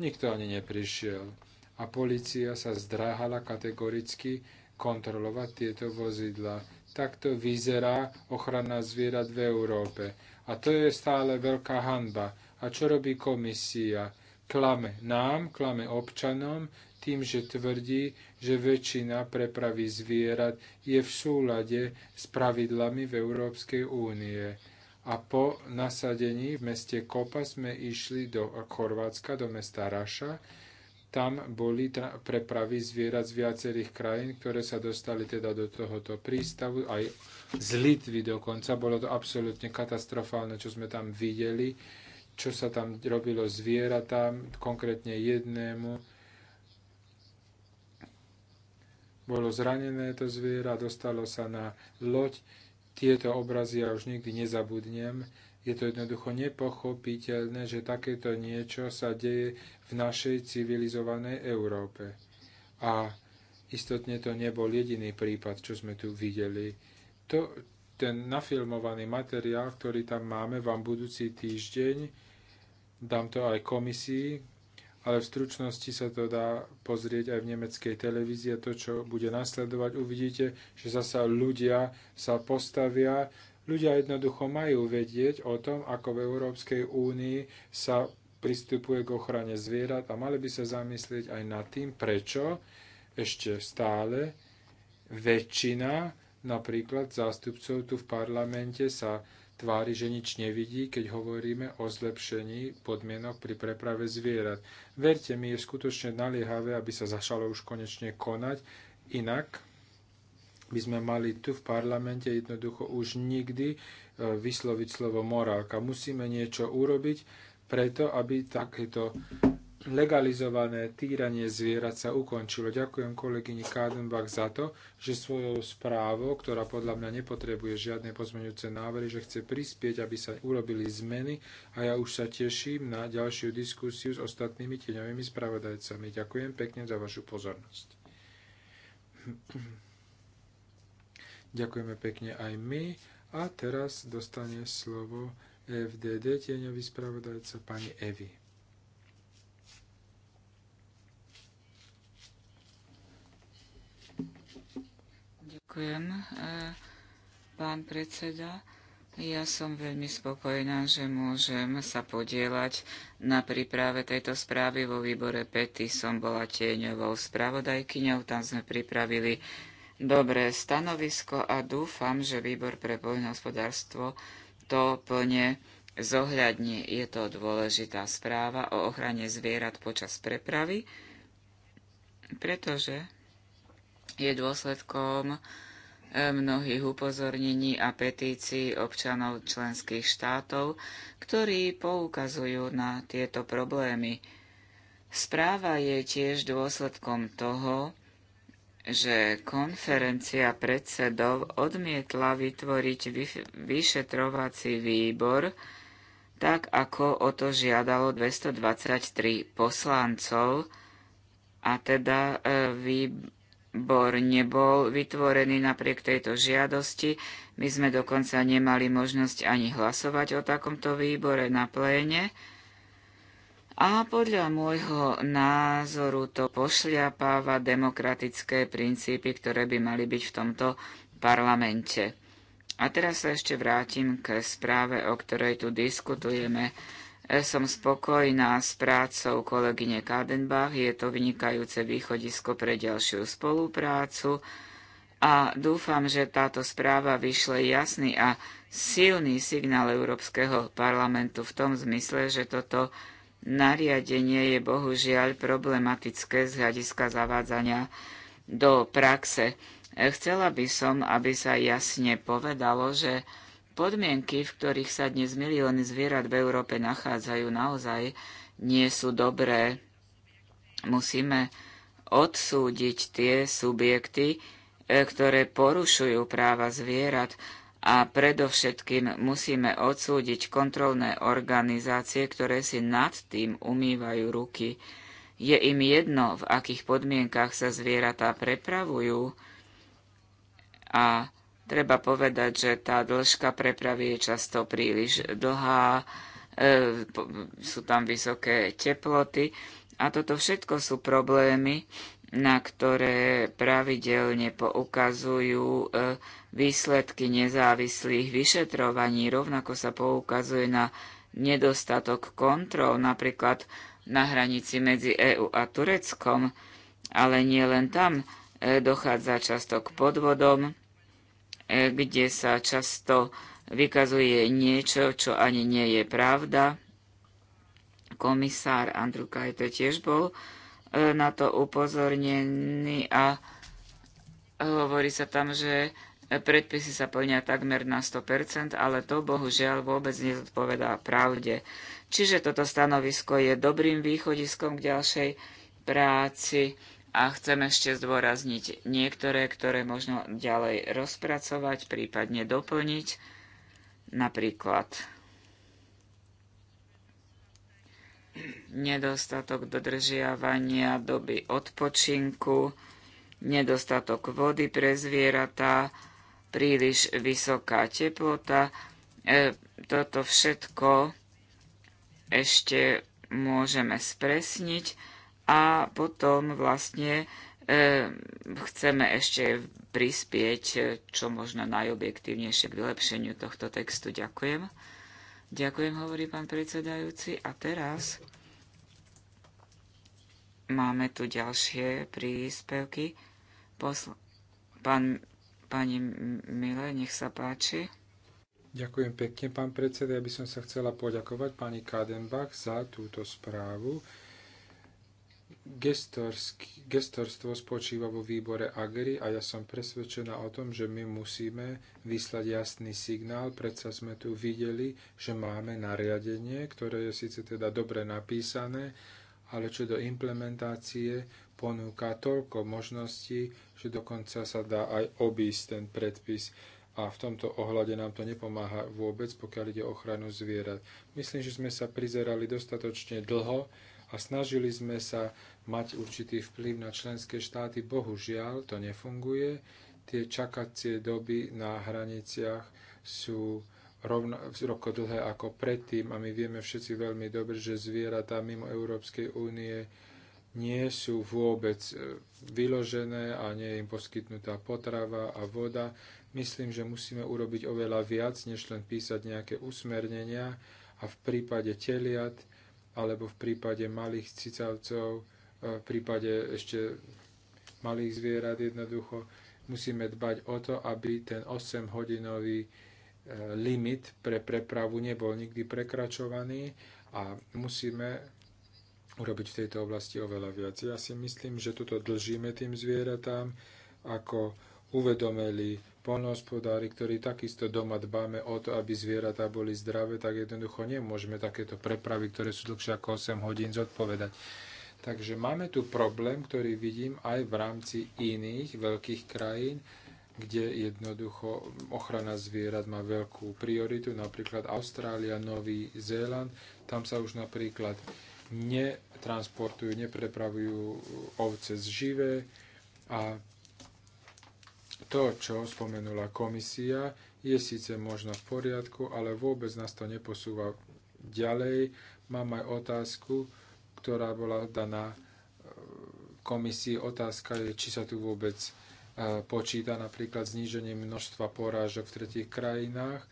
nikto ani neprišiel. A policia sa zdráhala kategoricky kontrolovať tieto vozidla. Takto vyzerá ochrana zvierat v Európe. A to je stále veľká hanba. A čo robí komisia? Klame nám, klame občanom, tým, že tvrdí, že väčšina prepravy zvierat je v súlade s pravidlami v Európskej únie a po nasadení v meste Kopa sme išli do Chorvátska, do mesta Raša. Tam boli prepravy zvierat z viacerých krajín, ktoré sa dostali teda do tohoto prístavu, aj z Litvy dokonca. Bolo to absolútne katastrofálne, čo sme tam videli, čo sa tam robilo zvieratám, konkrétne jednému. Bolo zranené to zviera, dostalo sa na loď, tieto obrazy ja už nikdy nezabudnem. Je to jednoducho nepochopiteľné, že takéto niečo sa deje v našej civilizovanej Európe. A istotne to nebol jediný prípad, čo sme tu videli. To, ten nafilmovaný materiál, ktorý tam máme, vám budúci týždeň, dám to aj komisii, ale v stručnosti sa to dá pozrieť aj v nemeckej televízii a to, čo bude nasledovať, uvidíte, že zasa ľudia sa postavia. Ľudia jednoducho majú vedieť o tom, ako v Európskej únii sa pristupuje k ochrane zvierat a mali by sa zamyslieť aj nad tým, prečo ešte stále väčšina napríklad zástupcov tu v parlamente sa tvári, že nič nevidí, keď hovoríme o zlepšení podmienok pri preprave zvierat. Verte mi, je skutočne naliehavé, aby sa začalo už konečne konať, inak by sme mali tu v parlamente jednoducho už nikdy e, vysloviť slovo morálka. Musíme niečo urobiť preto, aby takéto legalizované týranie zvierat sa ukončilo. Ďakujem kolegyni Kádenbach za to, že svojou správou, ktorá podľa mňa nepotrebuje žiadne pozmeňujúce návrhy, že chce prispieť, aby sa urobili zmeny a ja už sa teším na ďalšiu diskusiu s ostatnými tieňovými spravodajcami. Ďakujem pekne za vašu pozornosť. Ďakujeme pekne aj my. A teraz dostane slovo FDD tieňový spravodajca pani Evi. Ďakujem, e, pán predseda. Ja som veľmi spokojná, že môžem sa podielať na príprave tejto správy vo výbore Pety Som bola tieňovou spravodajkyňou, tam sme pripravili dobré stanovisko a dúfam, že výbor pre poľnohospodárstvo to plne zohľadní. Je to dôležitá správa o ochrane zvierat počas prepravy, pretože je dôsledkom e, mnohých upozornení a petícií občanov členských štátov, ktorí poukazujú na tieto problémy. Správa je tiež dôsledkom toho, že konferencia predsedov odmietla vytvoriť vyšetrovací výbor, tak ako o to žiadalo 223 poslancov, a teda e, výbor Bor nebol vytvorený napriek tejto žiadosti. My sme dokonca nemali možnosť ani hlasovať o takomto výbore na pléne. A podľa môjho názoru to pošliapáva demokratické princípy, ktoré by mali byť v tomto parlamente. A teraz sa ešte vrátim k správe, o ktorej tu diskutujeme. Som spokojná s prácou kolegyne Kadenbach, je to vynikajúce východisko pre ďalšiu spoluprácu a dúfam, že táto správa vyšle jasný a silný signál Európskeho parlamentu v tom zmysle, že toto nariadenie je bohužiaľ problematické z hľadiska zavádzania do praxe. Chcela by som, aby sa jasne povedalo, že podmienky, v ktorých sa dnes milióny zvierat v Európe nachádzajú, naozaj nie sú dobré. Musíme odsúdiť tie subjekty, e, ktoré porušujú práva zvierat a predovšetkým musíme odsúdiť kontrolné organizácie, ktoré si nad tým umývajú ruky. Je im jedno, v akých podmienkach sa zvieratá prepravujú a Treba povedať, že tá dĺžka prepravy je často príliš dlhá, e, po, sú tam vysoké teploty a toto všetko sú problémy, na ktoré pravidelne poukazujú e, výsledky nezávislých vyšetrovaní. Rovnako sa poukazuje na nedostatok kontrol, napríklad na hranici medzi EÚ a Tureckom, ale nie len tam e, dochádza často k podvodom E, kde sa často vykazuje niečo, čo ani nie je pravda. Komisár Andrew Kajto tiež bol e, na to upozornený a e, hovorí sa tam, že predpisy sa plnia takmer na 100%, ale to bohužiaľ vôbec nezodpovedá pravde. Čiže toto stanovisko je dobrým východiskom k ďalšej práci a chcem ešte zdôrazniť niektoré, ktoré možno ďalej rozpracovať, prípadne doplniť. Napríklad nedostatok dodržiavania doby odpočinku, nedostatok vody pre zvieratá, príliš vysoká teplota. E, toto všetko ešte môžeme spresniť a potom vlastne e, chceme ešte prispieť e, čo možno najobjektívnejšie k vylepšeniu tohto textu. Ďakujem. Ďakujem, hovorí pán predsedajúci. A teraz máme tu ďalšie príspevky. Posl- pán, pani Mile, nech sa páči. Ďakujem pekne, pán predseda. Ja by som sa chcela poďakovať pani Kadenbach za túto správu. Gestorsk, gestorstvo spočíva vo výbore Agery a ja som presvedčená o tom, že my musíme vyslať jasný signál. Predsa sme tu videli, že máme nariadenie, ktoré je síce teda dobre napísané, ale čo do implementácie ponúka toľko možností, že dokonca sa dá aj obísť ten predpis a v tomto ohľade nám to nepomáha vôbec, pokiaľ ide o ochranu zvierat. Myslím, že sme sa prizerali dostatočne dlho a snažili sme sa mať určitý vplyv na členské štáty. Bohužiaľ, to nefunguje. Tie čakacie doby na hraniciach sú rovno, roko dlhé ako predtým a my vieme všetci veľmi dobre, že zvieratá mimo Európskej únie nie sú vôbec e, vyložené a nie je im poskytnutá potrava a voda. Myslím, že musíme urobiť oveľa viac, než len písať nejaké usmernenia a v prípade teliat alebo v prípade malých cicavcov v prípade ešte malých zvierat jednoducho musíme dbať o to, aby ten 8-hodinový e, limit pre prepravu nebol nikdy prekračovaný a musíme urobiť v tejto oblasti oveľa viac. Ja si myslím, že toto dlžíme tým zvieratám, ako uvedomili polnohospodári, ktorí takisto doma dbáme o to, aby zvieratá boli zdravé, tak jednoducho nemôžeme takéto prepravy, ktoré sú dlhšie ako 8 hodín, zodpovedať. Takže máme tu problém, ktorý vidím aj v rámci iných veľkých krajín, kde jednoducho ochrana zvierat má veľkú prioritu, napríklad Austrália, Nový Zéland, tam sa už napríklad netransportujú, neprepravujú ovce z živé a to, čo spomenula komisia, je síce možno v poriadku, ale vôbec nás to neposúva ďalej. Mám aj otázku, ktorá bola daná e, komisii. Otázka je, či sa tu vôbec e, počíta napríklad zníženie množstva porážok v tretich krajinách.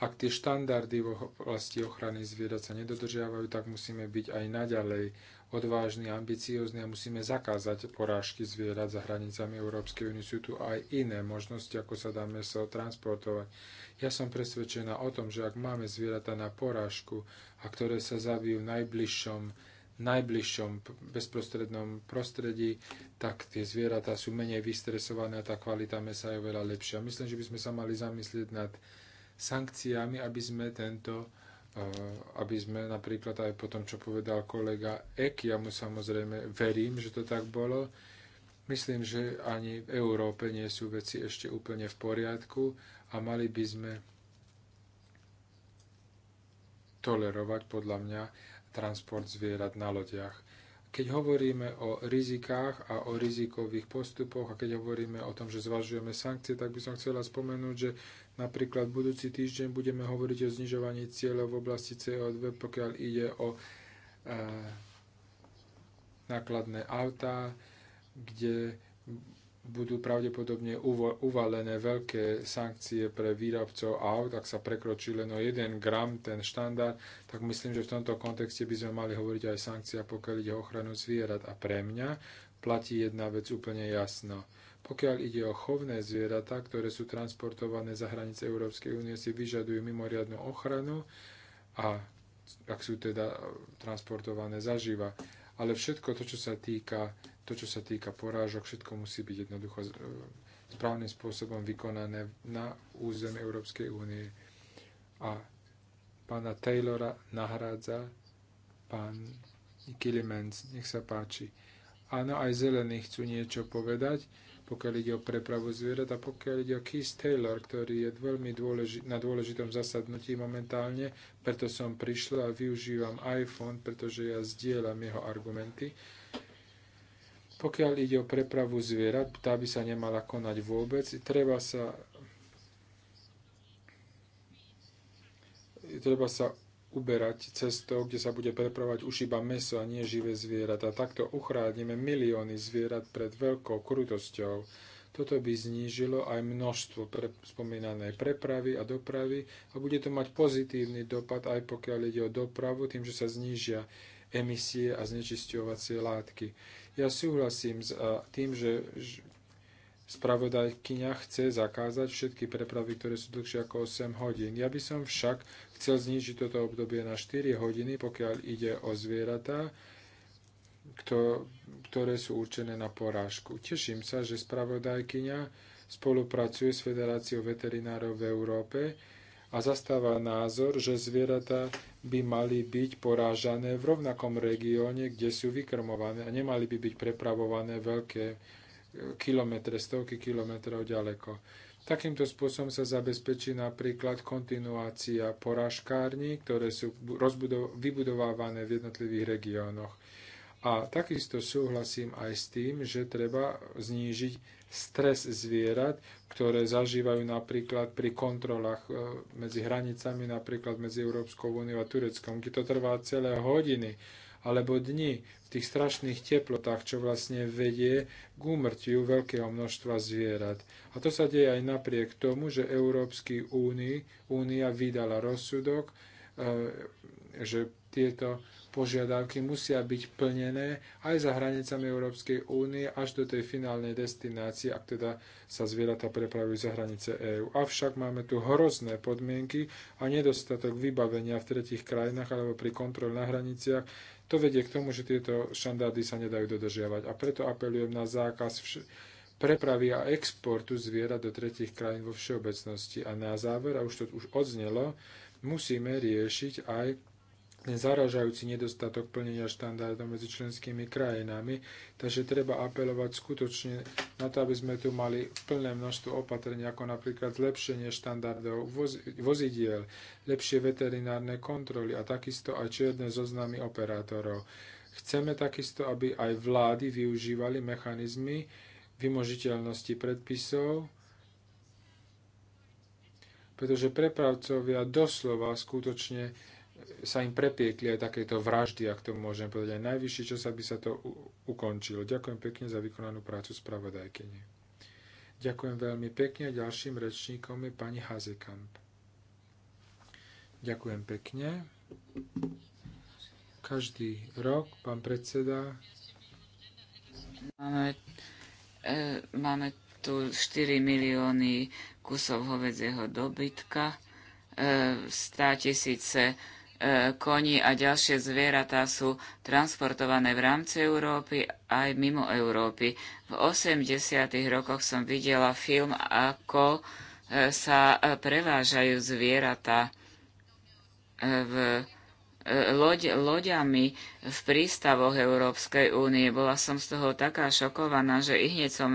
Ak tie štandardy v oblasti ochrany zvierat sa nedodržiavajú, tak musíme byť aj naďalej odvážni, ambiciózni a musíme zakázať porážky zvierat za hranicami Európskej únie. Sú tu aj iné možnosti, ako sa dá meso transportovať. Ja som presvedčená o tom, že ak máme zvieratá na porážku a ktoré sa zabijú v najbližšom najbližšom bezprostrednom prostredí, tak tie zvieratá sú menej vystresované a tá kvalita mesa je oveľa lepšia. Myslím, že by sme sa mali zamyslieť nad sankciami, aby sme tento aby sme napríklad aj po tom, čo povedal kolega Ek, ja mu samozrejme verím, že to tak bolo, myslím, že ani v Európe nie sú veci ešte úplne v poriadku a mali by sme tolerovať podľa mňa transport zvierat na lodiach. Keď hovoríme o rizikách a o rizikových postupoch a keď hovoríme o tom, že zvažujeme sankcie, tak by som chcela spomenúť, že Napríklad budúci týždeň budeme hovoriť o znižovaní cieľov v oblasti CO2, pokiaľ ide o e, nákladné autá, kde budú pravdepodobne uvalené veľké sankcie pre výrobcov aut, ak sa prekročí len o 1 gram ten štandard, tak myslím, že v tomto kontexte by sme mali hovoriť aj sankcia, pokiaľ ide o ochranu zvierat. A pre mňa platí jedna vec úplne jasno. Pokiaľ ide o chovné zvieratá, ktoré sú transportované za hranice Európskej únie, si vyžadujú mimoriadnu ochranu a ak sú teda e, transportované zaživa. Ale všetko to, čo sa týka, to, čo sa týka porážok, všetko musí byť jednoducho e, správnym spôsobom vykonané na území Európskej únie. A pána Taylora nahrádza pán Kilimens. Nech sa páči. Áno, aj zelení chcú niečo povedať pokiaľ ide o prepravu zvierat a pokiaľ ide o Keith Taylor, ktorý je veľmi dôleži- na dôležitom zasadnutí momentálne, preto som prišla a využívam iPhone, pretože ja zdieľam jeho argumenty. Pokiaľ ide o prepravu zvierat, tá by sa nemala konať vôbec. Treba sa treba sa uberať cestou, kde sa bude prepravať už iba meso a nie živé zvieratá. Takto uchránime milióny zvierat pred veľkou krutosťou. Toto by znížilo aj množstvo pre, spomínanej prepravy a dopravy a bude to mať pozitívny dopad aj pokiaľ ide o dopravu, tým, že sa znížia emisie a znečisťovacie látky. Ja súhlasím s tým, že Spravodajkyňa chce zakázať všetky prepravy, ktoré sú dlhšie ako 8 hodín. Ja by som však chcel znižiť toto obdobie na 4 hodiny, pokiaľ ide o zvieratá, ktoré sú určené na porážku. Teším sa, že spravodajkyňa spolupracuje s Federáciou veterinárov v Európe a zastáva názor, že zvieratá by mali byť porážané v rovnakom regióne, kde sú vykrmované a nemali by byť prepravované veľké, kilometre, stovky kilometrov ďaleko. Takýmto spôsobom sa zabezpečí napríklad kontinuácia porážkární, ktoré sú vybudovávané v jednotlivých regiónoch. A takisto súhlasím aj s tým, že treba znížiť stres zvierat, ktoré zažívajú napríklad pri kontrolách e, medzi hranicami, napríklad medzi Európskou úniou a Tureckom, kde to trvá celé hodiny alebo dni v tých strašných teplotách, čo vlastne vedie k úmrtiu veľkého množstva zvierat. A to sa deje aj napriek tomu, že Európsky úni, únia vydala rozsudok, e, že tieto požiadavky musia byť plnené aj za hranicami Európskej únie až do tej finálnej destinácie, ak teda sa zvieratá prepravujú za hranice EÚ. Avšak máme tu hrozné podmienky a nedostatok vybavenia v tretich krajinách alebo pri kontrole na hraniciach to vedie k tomu, že tieto štandardy sa nedajú dodržiavať. A preto apelujem na zákaz prepravy a exportu zvierat do tretich krajín vo všeobecnosti. A na záver, a už to už odznelo, musíme riešiť aj ten zaražajúci nedostatok plnenia štandardov medzi členskými krajinami. Takže treba apelovať skutočne na to, aby sme tu mali plné množstvo opatrení, ako napríklad zlepšenie štandardov vozidiel, lepšie veterinárne kontroly a takisto aj čierne zoznamy operátorov. Chceme takisto, aby aj vlády využívali mechanizmy vymožiteľnosti predpisov, pretože prepravcovia doslova skutočne sa im prepiekli aj takéto vraždy, ak to môžem povedať, aj najvyšší čas, aby sa to ukončilo. Ďakujem pekne za vykonanú prácu spravodajkyne. Ďakujem veľmi pekne. Ďalším rečníkom je pani Hazekamp. Ďakujem pekne. Každý rok, pán predseda. Máme, e, máme tu 4 milióny kusov hovedzieho dobytka, e, 100 tisíce koni a ďalšie zvieratá sú transportované v rámci Európy aj mimo Európy. V 80. rokoch som videla film, ako e, sa e, prevážajú zvieratá e, v loď, loďami v prístavoch Európskej únie. Bola som z toho taká šokovaná, že i hneď som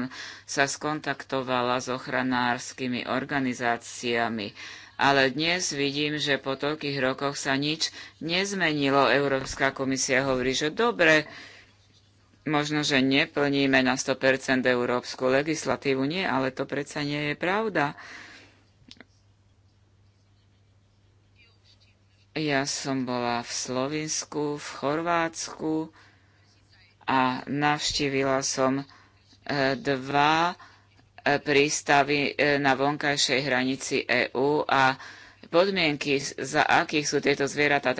sa skontaktovala s ochranárskymi organizáciami ale dnes vidím, že po toľkých rokoch sa nič nezmenilo. Európska komisia hovorí, že dobre, možno, že neplníme na 100% európsku legislatívu. Nie, ale to predsa nie je pravda. Ja som bola v Slovinsku, v Chorvátsku a navštívila som eh, dva prístavy e, na vonkajšej hranici EÚ a podmienky, za akých sú tieto zvieratá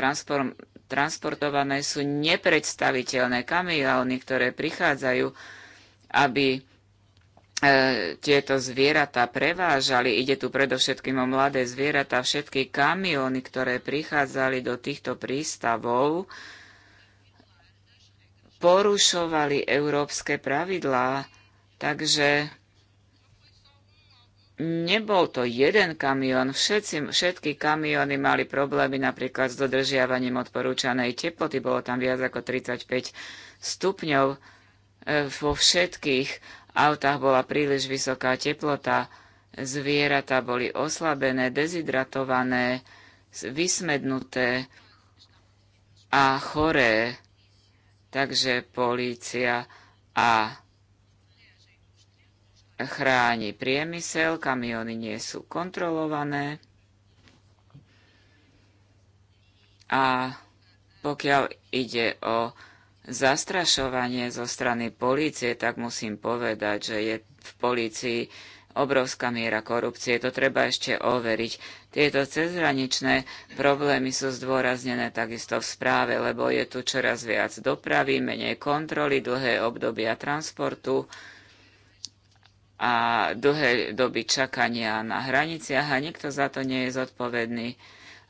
transportované, sú nepredstaviteľné. Kamióny, ktoré prichádzajú, aby e, tieto zvieratá prevážali. Ide tu predovšetkým o mladé zvieratá. Všetky kamióny, ktoré prichádzali do týchto prístavov, porušovali európske pravidlá. Takže nebol to jeden kamión, Všetci, všetky kamióny mali problémy napríklad s dodržiavaním odporúčanej teploty, bolo tam viac ako 35 stupňov, e, vo všetkých autách bola príliš vysoká teplota, zvieratá boli oslabené, dezidratované, vysmednuté a choré. Takže polícia a chráni priemysel, kamiony nie sú kontrolované a pokiaľ ide o zastrašovanie zo strany polície, tak musím povedať, že je v polícii obrovská miera korupcie. To treba ešte overiť. Tieto cezhraničné problémy sú zdôraznené takisto v správe, lebo je tu čoraz viac dopravy, menej kontroly, dlhé obdobia transportu a dlhé doby čakania na hraniciach a nikto za to nie je zodpovedný.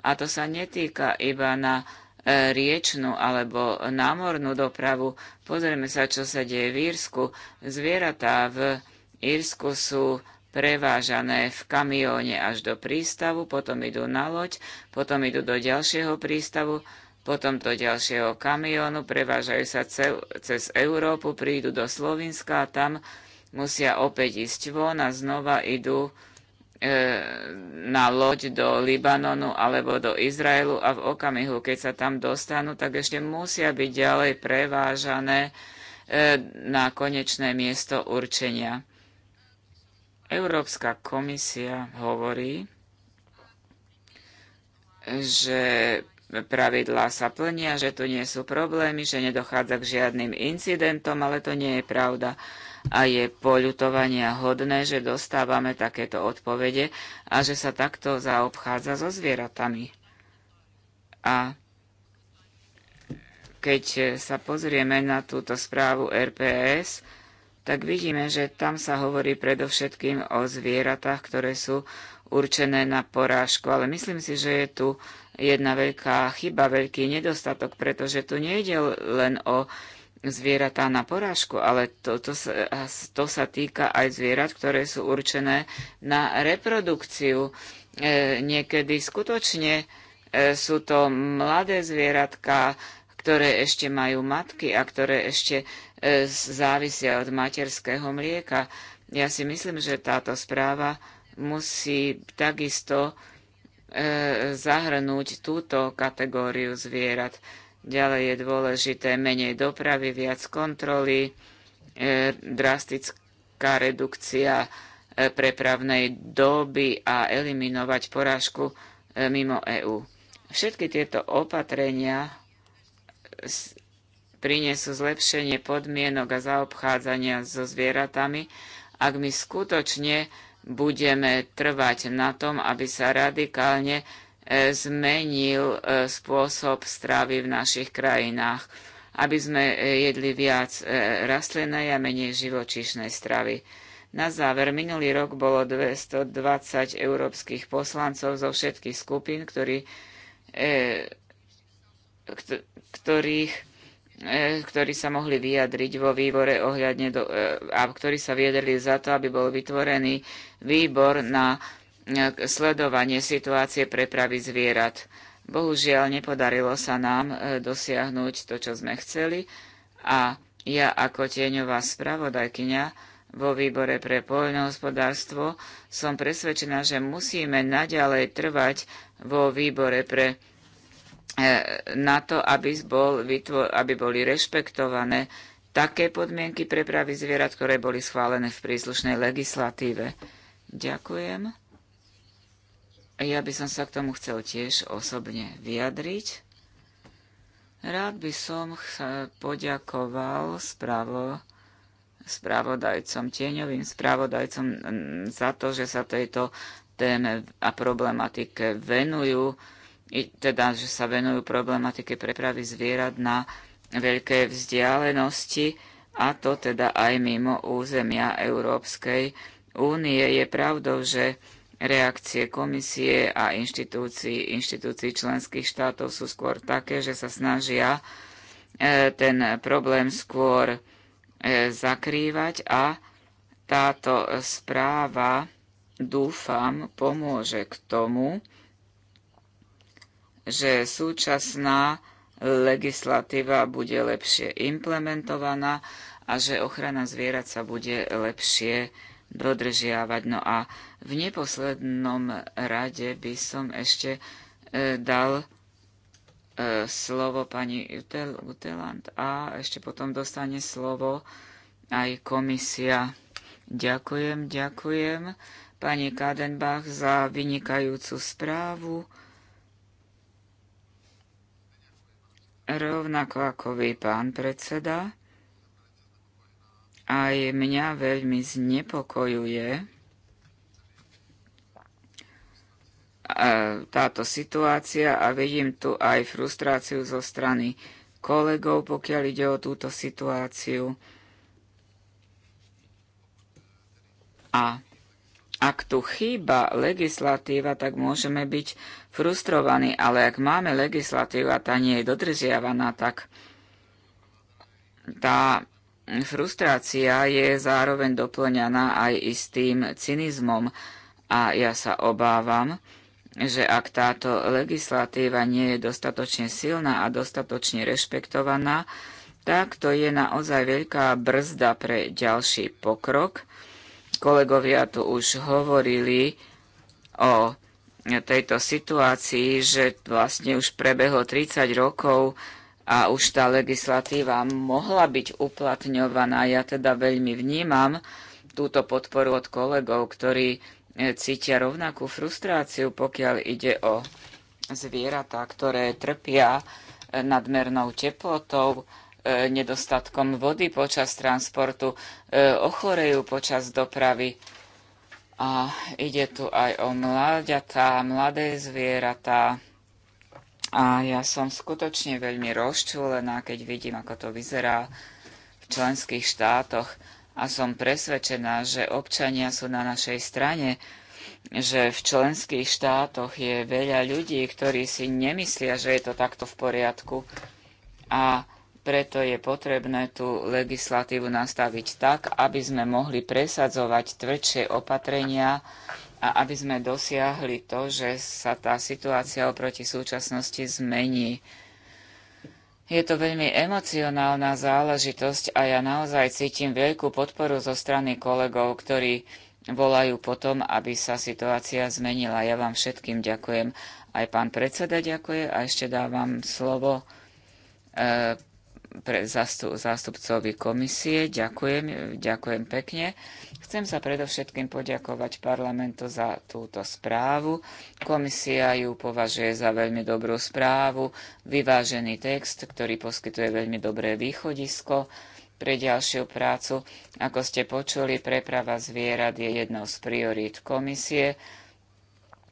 A to sa netýka iba na e, riečnú alebo námornú dopravu. Pozrieme sa, čo sa deje v Írsku. Zvieratá v Írsku sú prevážané v kamióne až do prístavu, potom idú na loď, potom idú do ďalšieho prístavu, potom do ďalšieho kamiónu, prevážajú sa cez Európu, prídu do Slovinska a tam musia opäť ísť von a znova idú e, na loď do Libanonu alebo do Izraelu a v okamihu, keď sa tam dostanú, tak ešte musia byť ďalej prevážané e, na konečné miesto určenia. Európska komisia hovorí, že pravidlá sa plnia, že tu nie sú problémy, že nedochádza k žiadnym incidentom, ale to nie je pravda a je poľutovania hodné, že dostávame takéto odpovede a že sa takto zaobchádza so zvieratami. A keď sa pozrieme na túto správu RPS, tak vidíme, že tam sa hovorí predovšetkým o zvieratách, ktoré sú určené na porážku. Ale myslím si, že je tu jedna veľká chyba, veľký nedostatok, pretože tu nejde len o zvieratá na porážku, ale to, to, sa, to sa týka aj zvierat, ktoré sú určené na reprodukciu. E, niekedy skutočne e, sú to mladé zvieratka, ktoré ešte majú matky a ktoré ešte e, závisia od materského mlieka. Ja si myslím, že táto správa musí takisto e, zahrnúť túto kategóriu zvierat. E, Ďalej je dôležité menej dopravy, viac kontroly, e, drastická redukcia e, prepravnej doby a eliminovať porážku e, mimo EÚ. Všetky tieto opatrenia prinesú zlepšenie podmienok a zaobchádzania so zvieratami, ak my skutočne budeme trvať na tom, aby sa radikálne zmenil e, spôsob stravy v našich krajinách, aby sme e, jedli viac e, rastlinnej a menej živočíšnej stravy. Na záver, minulý rok bolo 220 európskych poslancov zo všetkých skupín, ktorí, ktorých, ktorí sa mohli vyjadriť vo výbore ohľadne do, a ktorí sa viedeli za to, aby bol vytvorený výbor na sledovanie situácie prepravy zvierat. Bohužiaľ, nepodarilo sa nám e, dosiahnuť to, čo sme chceli a ja ako tieňová spravodajkyňa vo výbore pre poľnohospodárstvo som presvedčená, že musíme naďalej trvať vo výbore pre e, na to, aby, bol, aby boli rešpektované také podmienky prepravy zvierat, ktoré boli schválené v príslušnej legislatíve. Ďakujem. Ja by som sa k tomu chcel tiež osobne vyjadriť. Rád by som poďakoval spravo, spravodajcom, tieňovým spravodajcom mm, za to, že sa tejto téme a problematike venujú, teda, že sa venujú problematike prepravy zvierat na veľké vzdialenosti, a to teda aj mimo územia Európskej únie. Je pravdou, že reakcie komisie a inštitúcií, inštitúcií členských štátov sú skôr také, že sa snažia e, ten problém skôr e, zakrývať a táto správa, dúfam, pomôže k tomu, že súčasná legislatíva bude lepšie implementovaná a že ochrana zvierat sa bude lepšie implementovaná dodržiavať. No a v neposlednom rade by som ešte e, dal e, slovo pani Uteland a ešte potom dostane slovo aj komisia. Ďakujem, ďakujem pani Kadenbach za vynikajúcu správu. Rovnako ako vy, pán predseda. Aj mňa veľmi znepokojuje e, táto situácia a vidím tu aj frustráciu zo strany kolegov, pokiaľ ide o túto situáciu. A ak tu chýba legislatíva, tak môžeme byť frustrovaní, ale ak máme legislatíva, tá nie je dodržiavaná, tak tá frustrácia je zároveň doplňaná aj istým cynizmom a ja sa obávam, že ak táto legislatíva nie je dostatočne silná a dostatočne rešpektovaná, tak to je naozaj veľká brzda pre ďalší pokrok. Kolegovia tu už hovorili o tejto situácii, že vlastne už prebehlo 30 rokov a už tá legislatíva mohla byť uplatňovaná. Ja teda veľmi vnímam túto podporu od kolegov, ktorí eh, cítia rovnakú frustráciu, pokiaľ ide o zvieratá, ktoré trpia eh, nadmernou teplotou, eh, nedostatkom vody počas transportu, ochorejú počas dopravy. A ide tu aj o mláďatá, mladé zvieratá, a ja som skutočne veľmi rozčúlená, keď vidím, ako to vyzerá v členských štátoch. A som presvedčená, že občania sú na našej strane, že v členských štátoch je veľa ľudí, ktorí si nemyslia, že je to takto v poriadku. A preto je potrebné tú legislatívu nastaviť tak, aby sme mohli presadzovať tvrdšie opatrenia, a aby sme dosiahli to, že sa tá situácia oproti súčasnosti zmení. Je to veľmi emocionálna záležitosť a ja naozaj cítim veľkú podporu zo strany kolegov, ktorí volajú potom, aby sa situácia zmenila. Ja vám všetkým ďakujem. Aj pán predseda ďakuje a ešte dávam slovo e, pre zastup, zástupcovi komisie. Ďakujem, ďakujem pekne. Chcem sa predovšetkým poďakovať parlamentu za túto správu. Komisia ju považuje za veľmi dobrú správu, vyvážený text, ktorý poskytuje veľmi dobré východisko pre ďalšiu prácu. Ako ste počuli, preprava zvierat je jednou z priorít komisie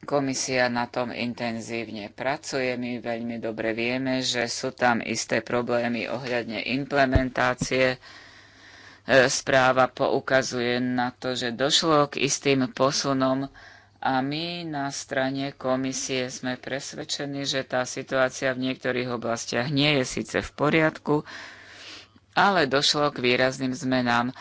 Komisia na tom intenzívne pracuje. My veľmi dobre vieme, že sú tam isté problémy ohľadne implementácie. E, správa poukazuje na to, že došlo k istým posunom a my na strane komisie sme presvedčení, že tá situácia v niektorých oblastiach nie je síce v poriadku, ale došlo k výrazným zmenám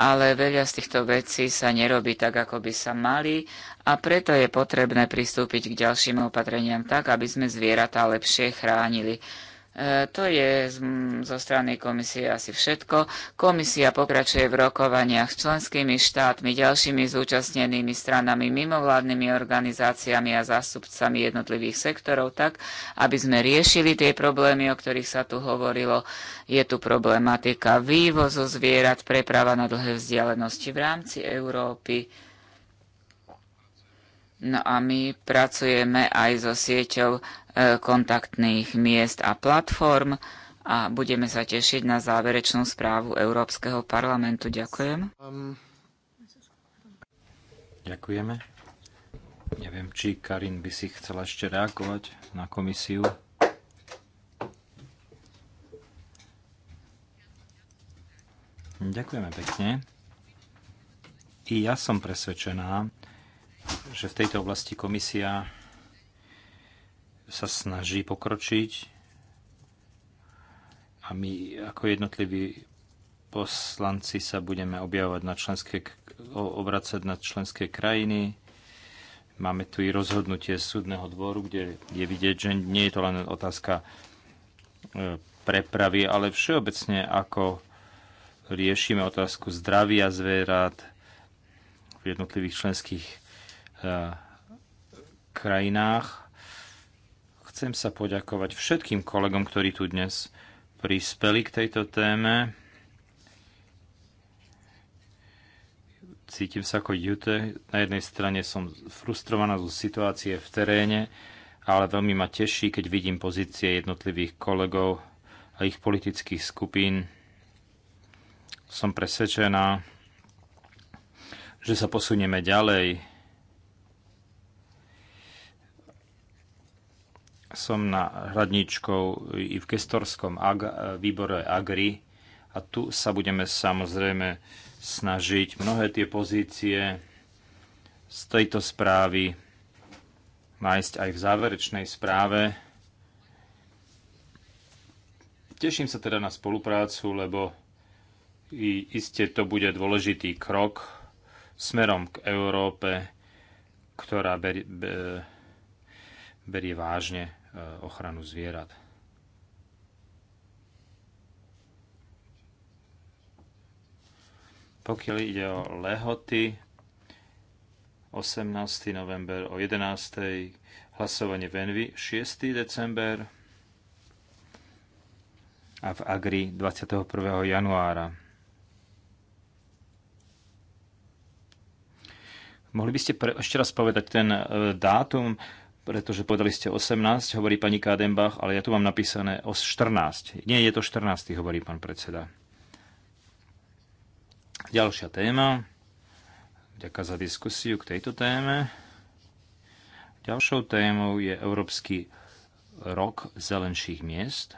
ale veľa z týchto vecí sa nerobí tak, ako by sa mali a preto je potrebné pristúpiť k ďalším opatreniam tak, aby sme zvieratá lepšie chránili. E, to je zo strany komisie asi všetko. Komisia pokračuje v rokovaniach s členskými štátmi, ďalšími zúčastnenými stranami, mimovládnymi organizáciami a zástupcami jednotlivých sektorov tak, aby sme riešili tie problémy, o ktorých sa tu hovorilo. Je tu problematika vývozu zvierat, preprava na dlhé vzdialenosti v rámci Európy No a my pracujeme aj so sieťou e, kontaktných miest a platform a budeme sa tešiť na záverečnú správu Európskeho parlamentu. Ďakujem. Um, Ďakujeme. Neviem, či Karin by si chcela ešte reagovať na komisiu. Ďakujeme pekne. I ja som presvedčená, že v tejto oblasti komisia sa snaží pokročiť a my ako jednotliví poslanci sa budeme objavovať na členské, obracať na členské krajiny. Máme tu i rozhodnutie súdneho dvoru, kde je vidieť, že nie je to len otázka e, prepravy, ale všeobecne ako riešime otázku zdravia zvierat v jednotlivých členských E, krajinách. Chcem sa poďakovať všetkým kolegom, ktorí tu dnes prispeli k tejto téme. Cítim sa ako Jute. Na jednej strane som frustrovaná zo situácie v teréne, ale veľmi ma teší, keď vidím pozície jednotlivých kolegov a ich politických skupín. Som presvedčená, že sa posunieme ďalej som na hradničkou i v gestorskom ag- e, výbore Agri a tu sa budeme samozrejme snažiť mnohé tie pozície z tejto správy nájsť aj v záverečnej správe. Teším sa teda na spoluprácu, lebo i iste to bude dôležitý krok smerom k Európe, ktorá berie, berie vážne Eh, ochranu zvierat. Pokiaľ ide o lehoty, 18. november o 11. hlasovanie v Envy 6. december a v Agri 21. januára. Mohli by ste pre, ešte raz povedať ten eh, dátum pretože povedali ste 18, hovorí pani Kádenbach, ale ja tu mám napísané o 14. Nie, je to 14, hovorí pán predseda. Ďalšia téma. Ďakujem za diskusiu k tejto téme. Ďalšou témou je Európsky rok zelenších miest.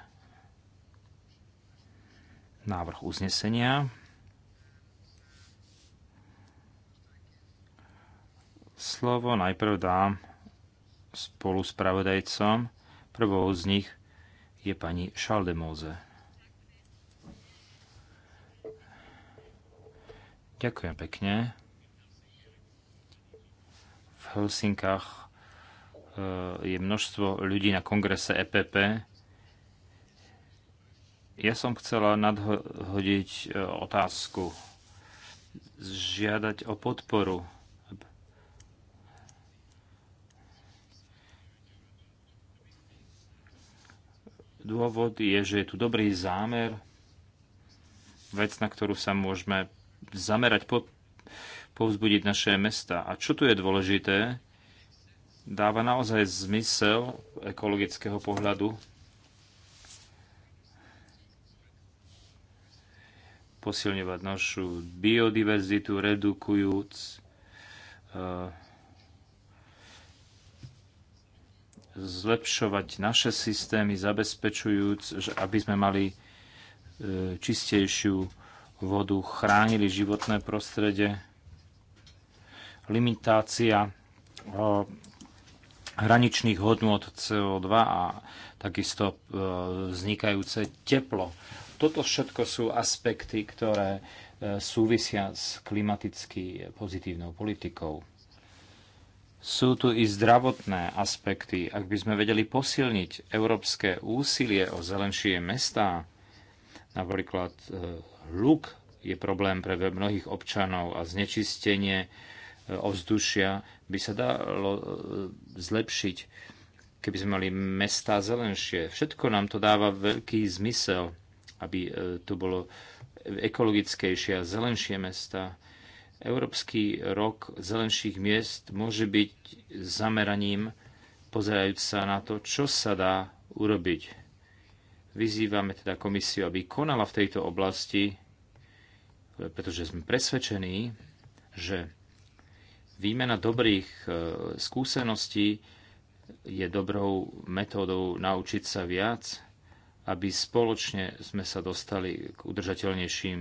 Návrh uznesenia. Slovo najprv dám spolu spoluspravodajcom. Prvou z nich je pani Šaldemóze. Ďakujem pekne. V Helsinkách eh, je množstvo ľudí na kongrese EPP. Ja som chcela nadhodiť eh, otázku, žiadať o podporu Dôvod je, že je tu dobrý zámer, vec, na ktorú sa môžeme zamerať, po, povzbudiť naše mesta. A čo tu je dôležité, dáva naozaj zmysel ekologického pohľadu posilňovať našu biodiverzitu, redukujúc uh, zlepšovať naše systémy, zabezpečujúc, že aby sme mali e, čistejšiu vodu, chránili životné prostredie, limitácia e, hraničných hodnot CO2 a takisto e, vznikajúce teplo. Toto všetko sú aspekty, ktoré súvisia s klimaticky pozitívnou politikou. Sú tu i zdravotné aspekty. Ak by sme vedeli posilniť európske úsilie o zelenšie mestá, napríklad e, hluk je problém pre mnohých občanov a znečistenie e, ovzdušia by sa dalo e, zlepšiť, keby sme mali mestá zelenšie. Všetko nám to dáva veľký zmysel, aby tu bolo ekologickejšie a zelenšie mesta. Európsky rok zelenších miest môže byť zameraním pozerajúc sa na to, čo sa dá urobiť. Vyzývame teda komisiu, aby konala v tejto oblasti, pretože sme presvedčení, že výmena dobrých e, skúseností je dobrou metódou naučiť sa viac, aby spoločne sme sa dostali k udržateľnejším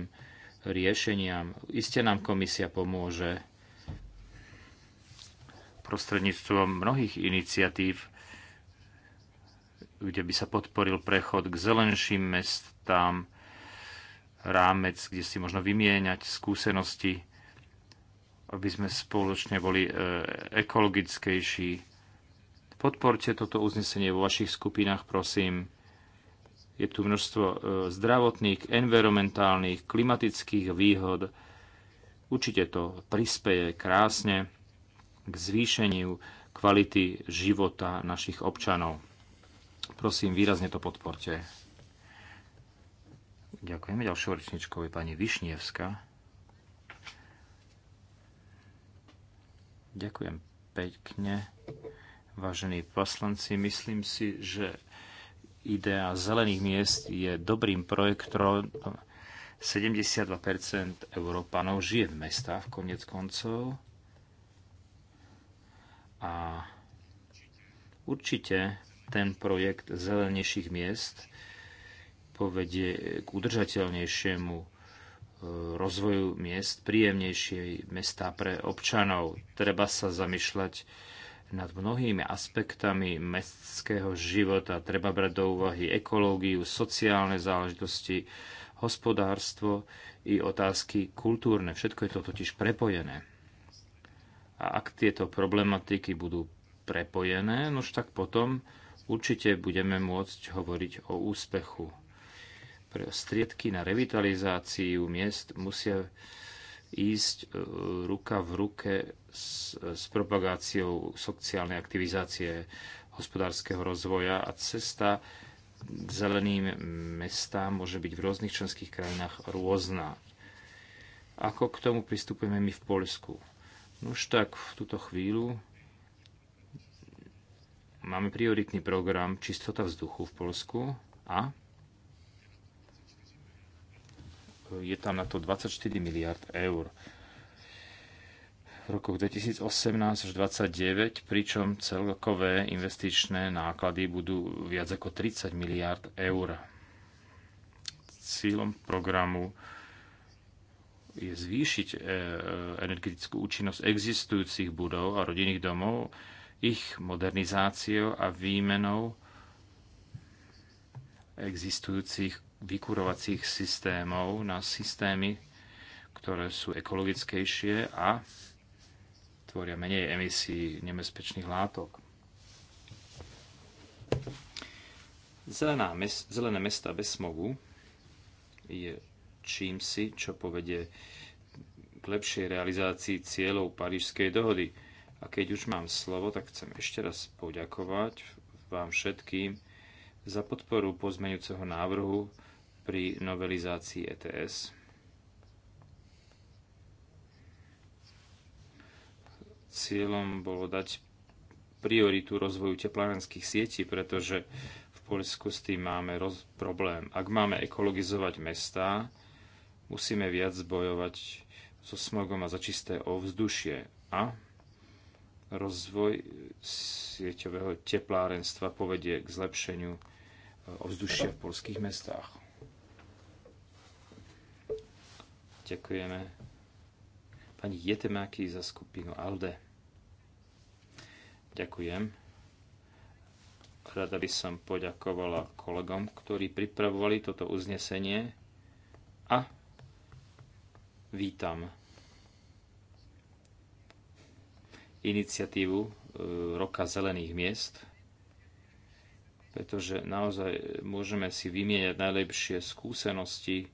riešeniam. Isté nám komisia pomôže prostredníctvom mnohých iniciatív, kde by sa podporil prechod k zelenším mestám, rámec, kde si možno vymieňať skúsenosti, aby sme spoločne boli e, ekologickejší. Podporte toto uznesenie vo vašich skupinách, prosím. Je tu množstvo e, zdravotných, environmentálnych, klimatických výhod. Určite to prispieje krásne k zvýšeniu kvality života našich občanov. Prosím, výrazne to podporte. Ďakujeme. Ďalšou rečničkou je pani Višnievska. Ďakujem pekne. Vážení poslanci, myslím si, že idea zelených miest je dobrým projektom. 72% Európanov žije v mestách, konec koncov. A určite ten projekt zelenejších miest povedie k udržateľnejšiemu e, rozvoju miest, príjemnejšie mesta pre občanov. Treba sa zamýšľať nad mnohými aspektami mestského života. Treba brať do úvahy ekológiu, sociálne záležitosti, hospodárstvo i otázky kultúrne. Všetko je to totiž prepojené. A ak tieto problematiky budú prepojené, nož tak potom určite budeme môcť hovoriť o úspechu. Pre striedky na revitalizáciu miest musia ísť e, ruka v ruke s, s propagáciou sociálnej aktivizácie hospodárskeho rozvoja a cesta k zeleným mestám môže byť v rôznych členských krajinách rôzna. Ako k tomu pristupujeme my v No Už tak v túto chvíľu máme prioritný program Čistota vzduchu v Polsku a je tam na to 24 miliard eur v rokoch 2018 až 2029, pričom celkové investičné náklady budú viac ako 30 miliard eur. Cílom programu je zvýšiť e, energetickú účinnosť existujúcich budov a rodinných domov, ich modernizáciou a výmenou existujúcich vykurovacích systémov na systémy, ktoré sú ekologickejšie a tvoria menej emisí nebezpečných látok. mes, zelené mesta bez smogu je čím si, čo povedie k lepšej realizácii cieľov Parížskej dohody. A keď už mám slovo, tak chcem ešte raz poďakovať vám všetkým za podporu pozmeňujúceho návrhu pri novelizácii ETS. Cieľom bolo dať prioritu rozvoju teplárenských sietí, pretože v Poľsku s tým máme roz- problém. Ak máme ekologizovať mestá, musíme viac bojovať so smogom a za čisté ovzdušie. A rozvoj sieťového teplárenstva povedie k zlepšeniu e, ovzdušia v polských mestách. Ďakujeme pani Jetemáky za skupinu ALDE. Ďakujem. Rada by som poďakovala kolegom, ktorí pripravovali toto uznesenie a vítam iniciatívu e, Roka zelených miest, pretože naozaj môžeme si vymieňať najlepšie skúsenosti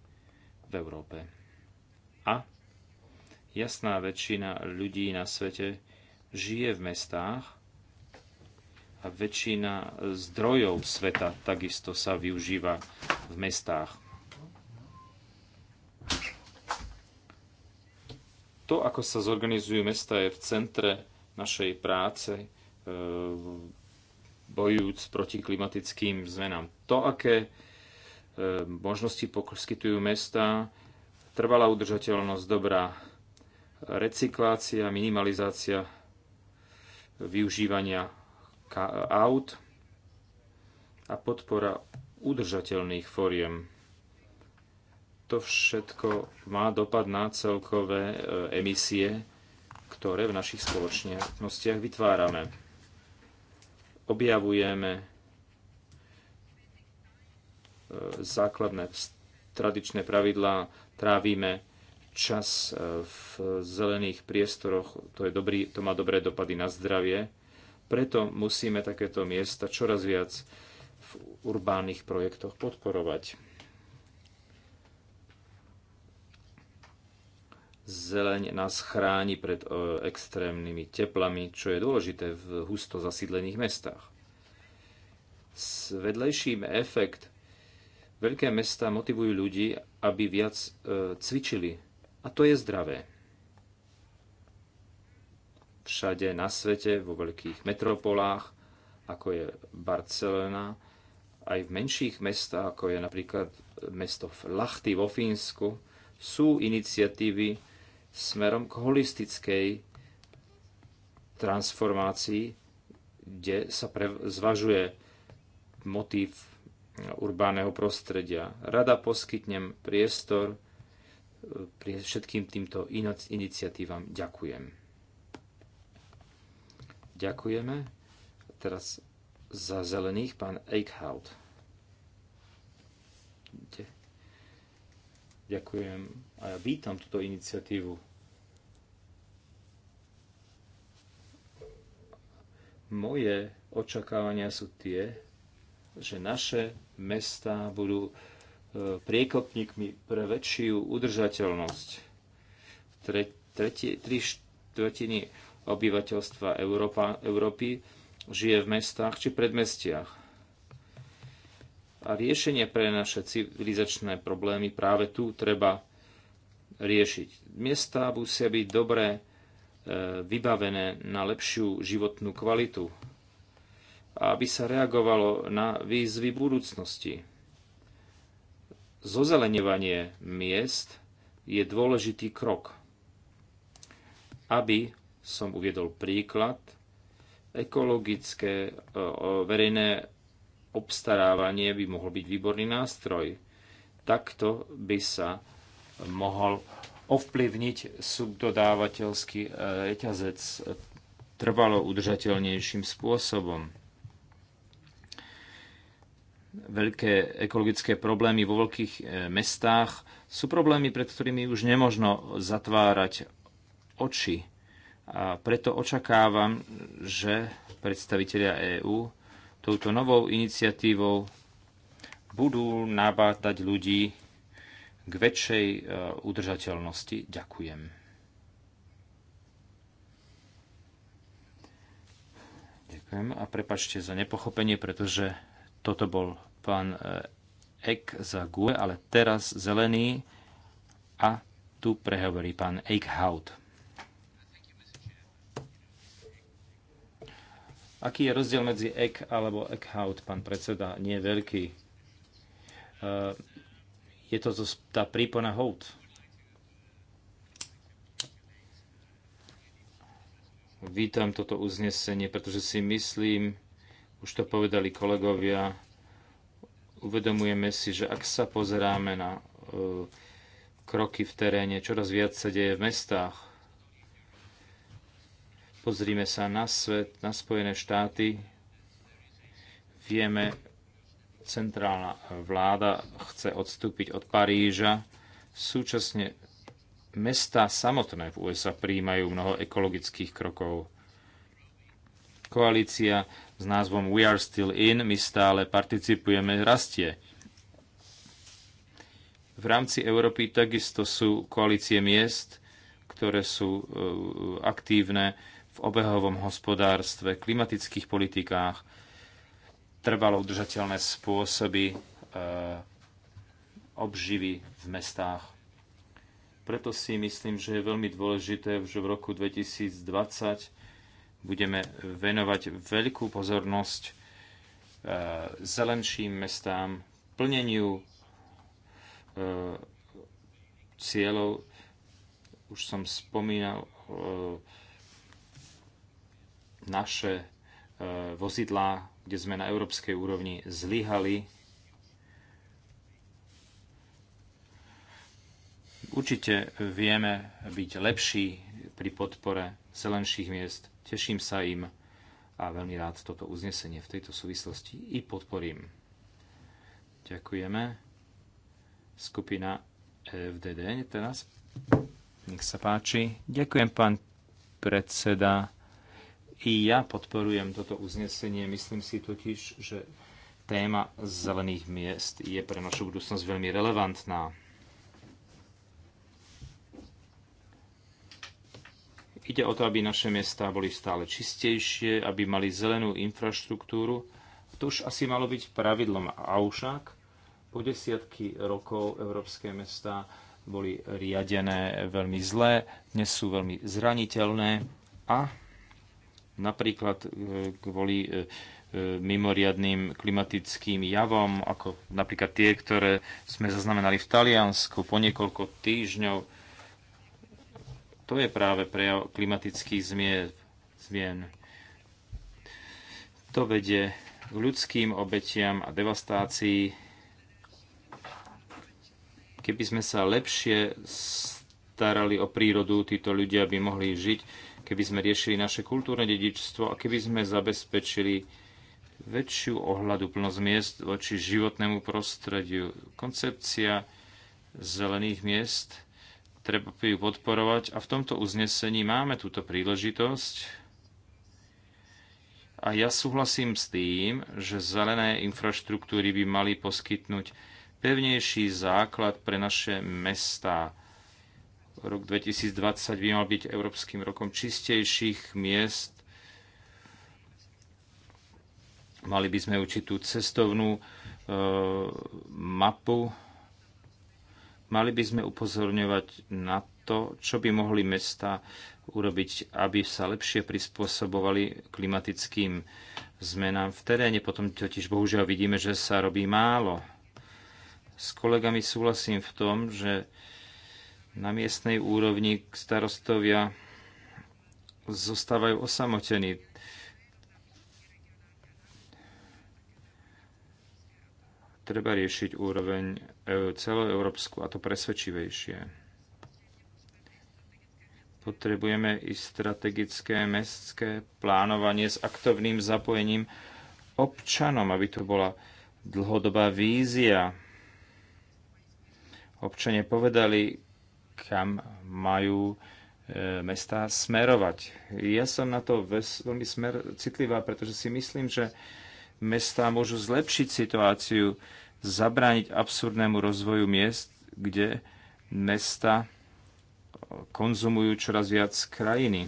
v Európe. A jasná väčšina ľudí na svete žije v mestách a väčšina zdrojov sveta takisto sa využíva v mestách. To, ako sa zorganizujú mesta, je v centre našej práce e, bojujúc proti klimatickým zmenám. To, aké e, možnosti poskytujú mesta, trvalá udržateľnosť dobrá, recyklácia, minimalizácia využívania aut a podpora udržateľných foriem. To všetko má dopad na celkové e, emisie, ktoré v našich spoločnostiach vytvárame. Objavujeme e, základné tradičné pravidlá trávime čas e, v zelených priestoroch, to, je dobrý, to má dobré dopady na zdravie. Preto musíme takéto miesta čoraz viac v urbánnych projektoch podporovať. Zeleň nás chráni pred e, extrémnymi teplami, čo je dôležité v husto zasídlených mestách. S vedlejším efekt Veľké mesta motivujú ľudí, aby viac e, cvičili. A to je zdravé. Všade na svete, vo veľkých metropolách, ako je Barcelona, aj v menších mestách, ako je napríklad mesto Lachty vo Fínsku, sú iniciatívy smerom k holistickej transformácii, kde sa zvažuje motív urbáneho prostredia. Rada poskytnem priestor e, pri všetkým týmto iniciatívam. Ďakujem. Ďakujeme. Teraz za zelených pán Eichhout. Ďakujem a ja vítam túto iniciatívu. Moje očakávania sú tie, že naše mesta budú e, priekopníkmi pre väčšiu udržateľnosť. Tre, tretie, tri štvrtiny obyvateľstva Európa, Európy žije v mestách či predmestiach. A riešenie pre naše civilizačné problémy práve tu treba riešiť. Miesta musia byť dobre vybavené na lepšiu životnú kvalitu aby sa reagovalo na výzvy budúcnosti. Zozelenievanie miest je dôležitý krok. Aby som uviedol príklad, ekologické verejné obstarávanie by mohol byť výborný nástroj. Takto by sa mohol ovplyvniť subdodávateľský e, reťazec e, trvalo udržateľnejším spôsobom veľké ekologické problémy vo veľkých e, mestách sú problémy, pred ktorými už nemožno zatvárať oči. A preto očakávam, že predstavitelia EÚ touto novou iniciatívou budú nabátať ľudí k väčšej e, udržateľnosti. Ďakujem. Ďakujem a prepačte za nepochopenie, pretože toto bol pán e, Ek za GUE, ale teraz zelený a tu prehovorí pán Eichhout. Aký je rozdiel medzi Ek alebo Eichhout, pán predseda? Nie je veľký. E, je to tá prípona Hout. Vítam toto uznesenie, pretože si myslím, už to povedali kolegovia. Uvedomujeme si, že ak sa pozeráme na e, kroky v teréne, čoraz viac sa deje v mestách. Pozrime sa na svet, na Spojené štáty. Vieme, centrálna vláda chce odstúpiť od Paríža. Súčasne mestá samotné v USA príjmajú mnoho ekologických krokov. Koalícia s názvom We are still in, my stále participujeme, rastie. V rámci Európy takisto sú koalície miest, ktoré sú e, aktívne v obehovom hospodárstve, klimatických politikách, trvalo udržateľné spôsoby e, obživy v mestách. Preto si myslím, že je veľmi dôležité, že v roku 2020 budeme venovať veľkú pozornosť e, zelenším mestám, plneniu e, cieľov. Už som spomínal e, naše vozidlá, kde sme na európskej úrovni zlyhali. Určite vieme byť lepší pri podpore zelenších miest Teším sa im a veľmi rád toto uznesenie v tejto súvislosti i podporím. Ďakujeme. Skupina e FDD teraz. Nech sa páči. Ďakujem, pán predseda. I ja podporujem toto uznesenie. Myslím si totiž, že téma zelených miest je pre našu budúcnosť veľmi relevantná. Ide o to, aby naše miesta boli stále čistejšie, aby mali zelenú infraštruktúru. To už asi malo byť pravidlom. A však po desiatky rokov európske mesta boli riadené veľmi zlé, dnes sú veľmi zraniteľné a napríklad e, kvôli e, e, mimoriadným klimatickým javom, ako napríklad tie, ktoré sme zaznamenali v Taliansku po niekoľko týždňov, to je práve prejav klimatických zmien. To vedie k ľudským obetiam a devastácii. Keby sme sa lepšie starali o prírodu, títo ľudia by mohli žiť, keby sme riešili naše kultúrne dedičstvo a keby sme zabezpečili väčšiu ohľadu plnosť miest voči životnému prostrediu. Koncepcia zelených miest – treba ju podporovať a v tomto uznesení máme túto príležitosť. A ja súhlasím s tým, že zelené infraštruktúry by mali poskytnúť pevnejší základ pre naše mestá. Rok 2020 by mal byť Európskym rokom čistejších miest. Mali by sme určitú cestovnú e, mapu Mali by sme upozorňovať na to, čo by mohli mesta urobiť, aby sa lepšie prispôsobovali klimatickým zmenám v teréne. Potom totiž bohužiaľ vidíme, že sa robí málo. S kolegami súhlasím v tom, že na miestnej úrovni starostovia zostávajú osamotení. Treba riešiť úroveň E, celoeurópsku a to presvedčivejšie. Potrebujeme i strategické mestské plánovanie s aktovným zapojením občanom, aby to bola dlhodobá vízia. Občania povedali, kam majú e, mesta smerovať. Ja som na to veľmi smer, citlivá, pretože si myslím, že mesta môžu zlepšiť situáciu zabrániť absurdnému rozvoju miest, kde mesta konzumujú čoraz viac krajiny.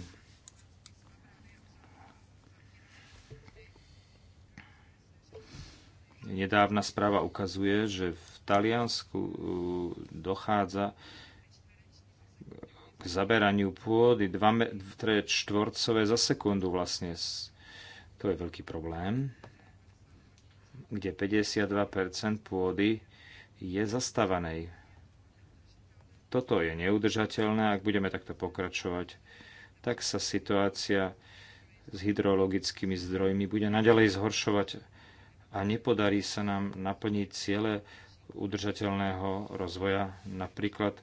Nedávna správa ukazuje, že v Taliansku uh, dochádza k zaberaniu pôdy 2 metre štvorcové za sekundu vlastne. To je veľký problém kde 52 pôdy je zastavanej. Toto je neudržateľné, ak budeme takto pokračovať, tak sa situácia s hydrologickými zdrojmi bude naďalej zhoršovať a nepodarí sa nám naplniť ciele udržateľného rozvoja, napríklad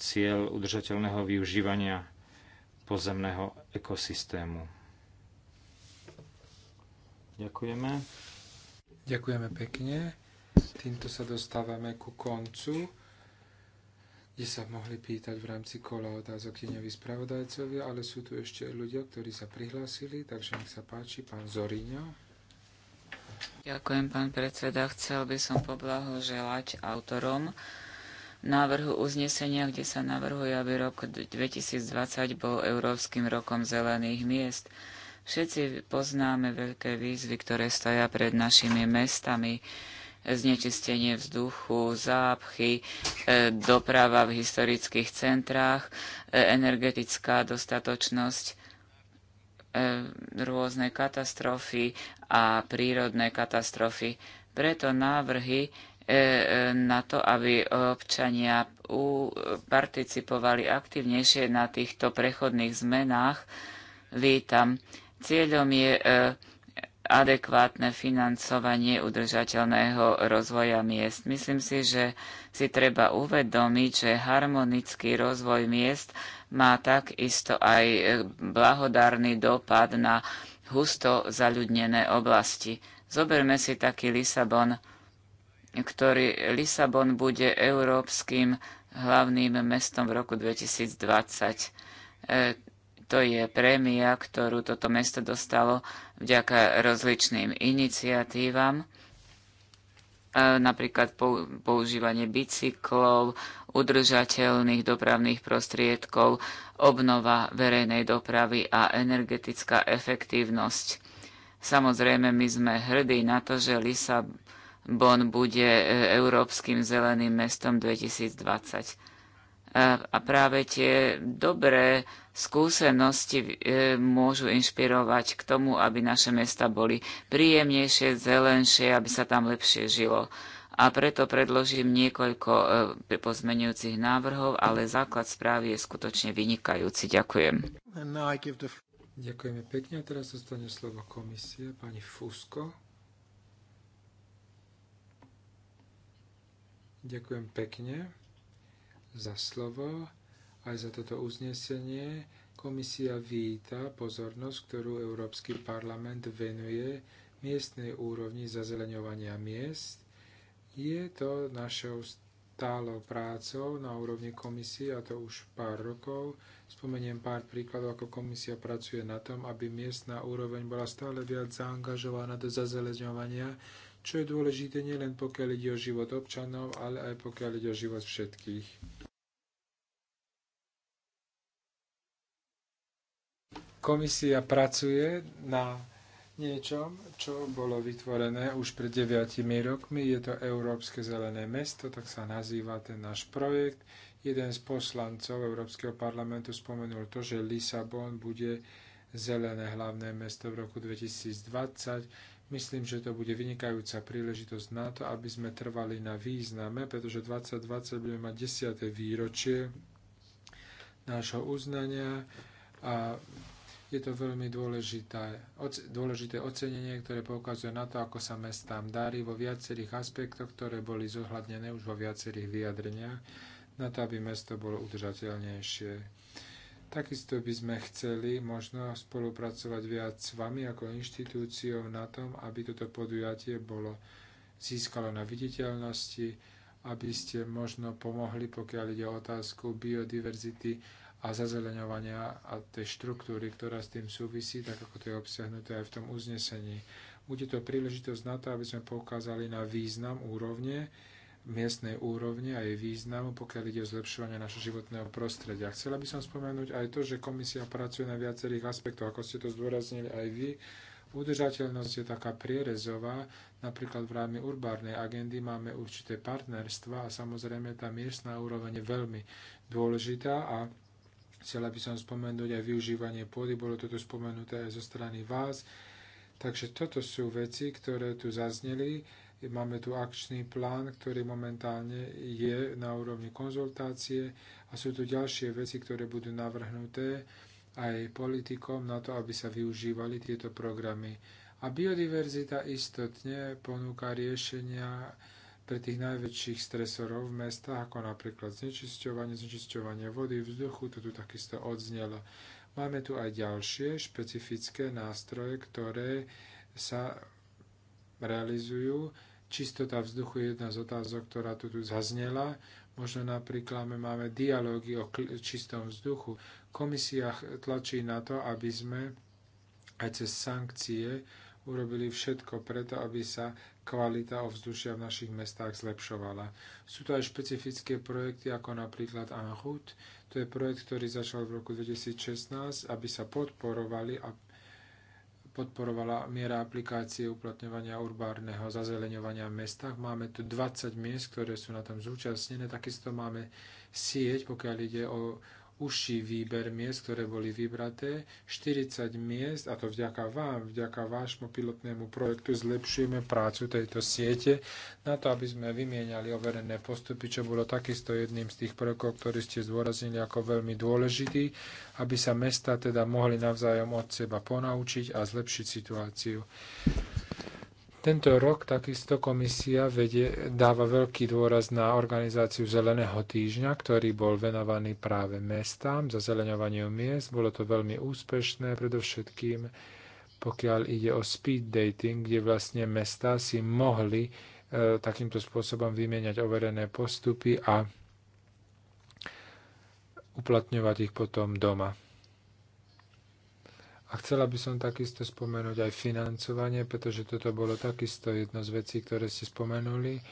cieľ udržateľného využívania pozemného ekosystému. Ďakujeme. Ďakujeme pekne. Týmto sa dostávame ku koncu, kde sa mohli pýtať v rámci kola otázok tieňoví spravodajcovia, ale sú tu ešte ľudia, ktorí sa prihlásili, takže nech sa páči, pán Zoriňo. Ďakujem, pán predseda. Chcel by som poblahoželať autorom návrhu uznesenia, kde sa navrhuje, aby rok 2020 bol Európskym rokom zelených miest. Všetci poznáme veľké výzvy, ktoré stoja pred našimi mestami. Znečistenie vzduchu, zápchy, e, doprava v historických centrách, e, energetická dostatočnosť, e, rôzne katastrofy a prírodné katastrofy. Preto návrhy na to, aby občania participovali aktivnejšie na týchto prechodných zmenách. Vítam. Cieľom je e, adekvátne financovanie udržateľného rozvoja miest. Myslím si, že si treba uvedomiť, že harmonický rozvoj miest má takisto aj e, blahodárny dopad na husto zaľudnené oblasti. Zoberme si taký Lisabon, ktorý Lisabon bude európskym hlavným mestom v roku 2020 to je prémia, ktorú toto mesto dostalo vďaka rozličným iniciatívam, napríklad používanie bicyklov, udržateľných dopravných prostriedkov, obnova verejnej dopravy a energetická efektívnosť. Samozrejme, my sme hrdí na to, že Lisabon bude e, Európskym zeleným mestom 2020. A práve tie dobré skúsenosti e, môžu inšpirovať k tomu, aby naše mesta boli príjemnejšie, zelenšie, aby sa tam lepšie žilo. A preto predložím niekoľko e, pozmenujúcich návrhov, ale základ správy je skutočne vynikajúci. Ďakujem. Ďakujeme pekne. A teraz zostane slovo komisie pani Fusko. Ďakujem pekne za slovo aj za toto uznesenie. Komisia víta pozornosť, ktorú Európsky parlament venuje miestnej úrovni zazeleňovania miest. Je to našou stálou prácou na úrovni komisie, a to už pár rokov. Spomeniem pár príkladov, ako komisia pracuje na tom, aby miestna úroveň bola stále viac zaangažovaná do zazeleňovania, čo je dôležité nielen pokiaľ ide o život občanov, ale aj pokiaľ ide o život všetkých. Komisia pracuje na niečom, čo bolo vytvorené už pred 9 rokmi. Je to Európske zelené mesto, tak sa nazýva ten náš projekt. Jeden z poslancov Európskeho parlamentu spomenul to, že Lisabon bude zelené hlavné mesto v roku 2020. Myslím, že to bude vynikajúca príležitosť na to, aby sme trvali na význame, pretože 2020 budeme mať 10. výročie nášho uznania a je to veľmi dôležité, dôležité ocenenie, ktoré poukazuje na to, ako sa mestám darí vo viacerých aspektoch, ktoré boli zohľadnené už vo viacerých vyjadreniach, na to, aby mesto bolo udržateľnejšie. Takisto by sme chceli možno spolupracovať viac s vami ako inštitúciou na tom, aby toto podujatie bolo získalo na viditeľnosti, aby ste možno pomohli, pokiaľ ide o otázku biodiverzity a zazeleňovania a tej štruktúry, ktorá s tým súvisí, tak ako to je obsiahnuté aj v tom uznesení. Bude to príležitosť na to, aby sme poukázali na význam úrovne, miestnej úrovne a jej významu, pokiaľ ide o zlepšovanie našho životného prostredia. Chcela by som spomenúť aj to, že komisia pracuje na viacerých aspektoch, ako ste to zdôraznili aj vy. Udržateľnosť je taká prierezová, napríklad v rámci urbárnej agendy máme určité partnerstva a samozrejme tá miestna úroveň je veľmi dôležitá a Chcela by som spomenúť aj využívanie pôdy, bolo toto spomenuté aj zo strany vás. Takže toto sú veci, ktoré tu zazneli. Máme tu akčný plán, ktorý momentálne je na úrovni konzultácie a sú tu ďalšie veci, ktoré budú navrhnuté aj politikom na to, aby sa využívali tieto programy. A biodiverzita istotne ponúka riešenia, pre tých najväčších stresorov v mestách, ako napríklad znečisťovanie, znečisťovanie vody, vzduchu, to tu takisto odznelo. Máme tu aj ďalšie špecifické nástroje, ktoré sa realizujú. Čistota vzduchu je jedna z otázok, ktorá tu, tu zaznela. Možno napríklad máme dialógy o čistom vzduchu. Komisia tlačí na to, aby sme aj cez sankcie urobili všetko preto, aby sa kvalita ovzdušia v našich mestách zlepšovala. Sú to aj špecifické projekty, ako napríklad Anhut. To je projekt, ktorý začal v roku 2016, aby sa podporovali a podporovala miera aplikácie uplatňovania urbárneho zazeleňovania v mestách. Máme tu 20 miest, ktoré sú na tom zúčastnené. Takisto máme sieť, pokiaľ ide o uší výber miest, ktoré boli vybraté. 40 miest, a to vďaka vám, vďaka vášmu pilotnému projektu, zlepšujeme prácu tejto siete na to, aby sme vymieniali overené postupy, čo bolo takisto jedným z tých prvkov, ktorý ste zdôraznili ako veľmi dôležitý, aby sa mesta teda mohli navzájom od seba ponaučiť a zlepšiť situáciu. Tento rok takisto komisia vedie, dáva veľký dôraz na organizáciu Zeleného týždňa, ktorý bol venovaný práve mestám, za zeleňovanie miest. Bolo to veľmi úspešné, predovšetkým pokiaľ ide o speed dating, kde vlastne mesta si mohli e, takýmto spôsobom vymieňať overené postupy a uplatňovať ich potom doma. A chcela by som takisto spomenúť aj financovanie, pretože toto bolo takisto jedno z vecí, ktoré ste spomenuli.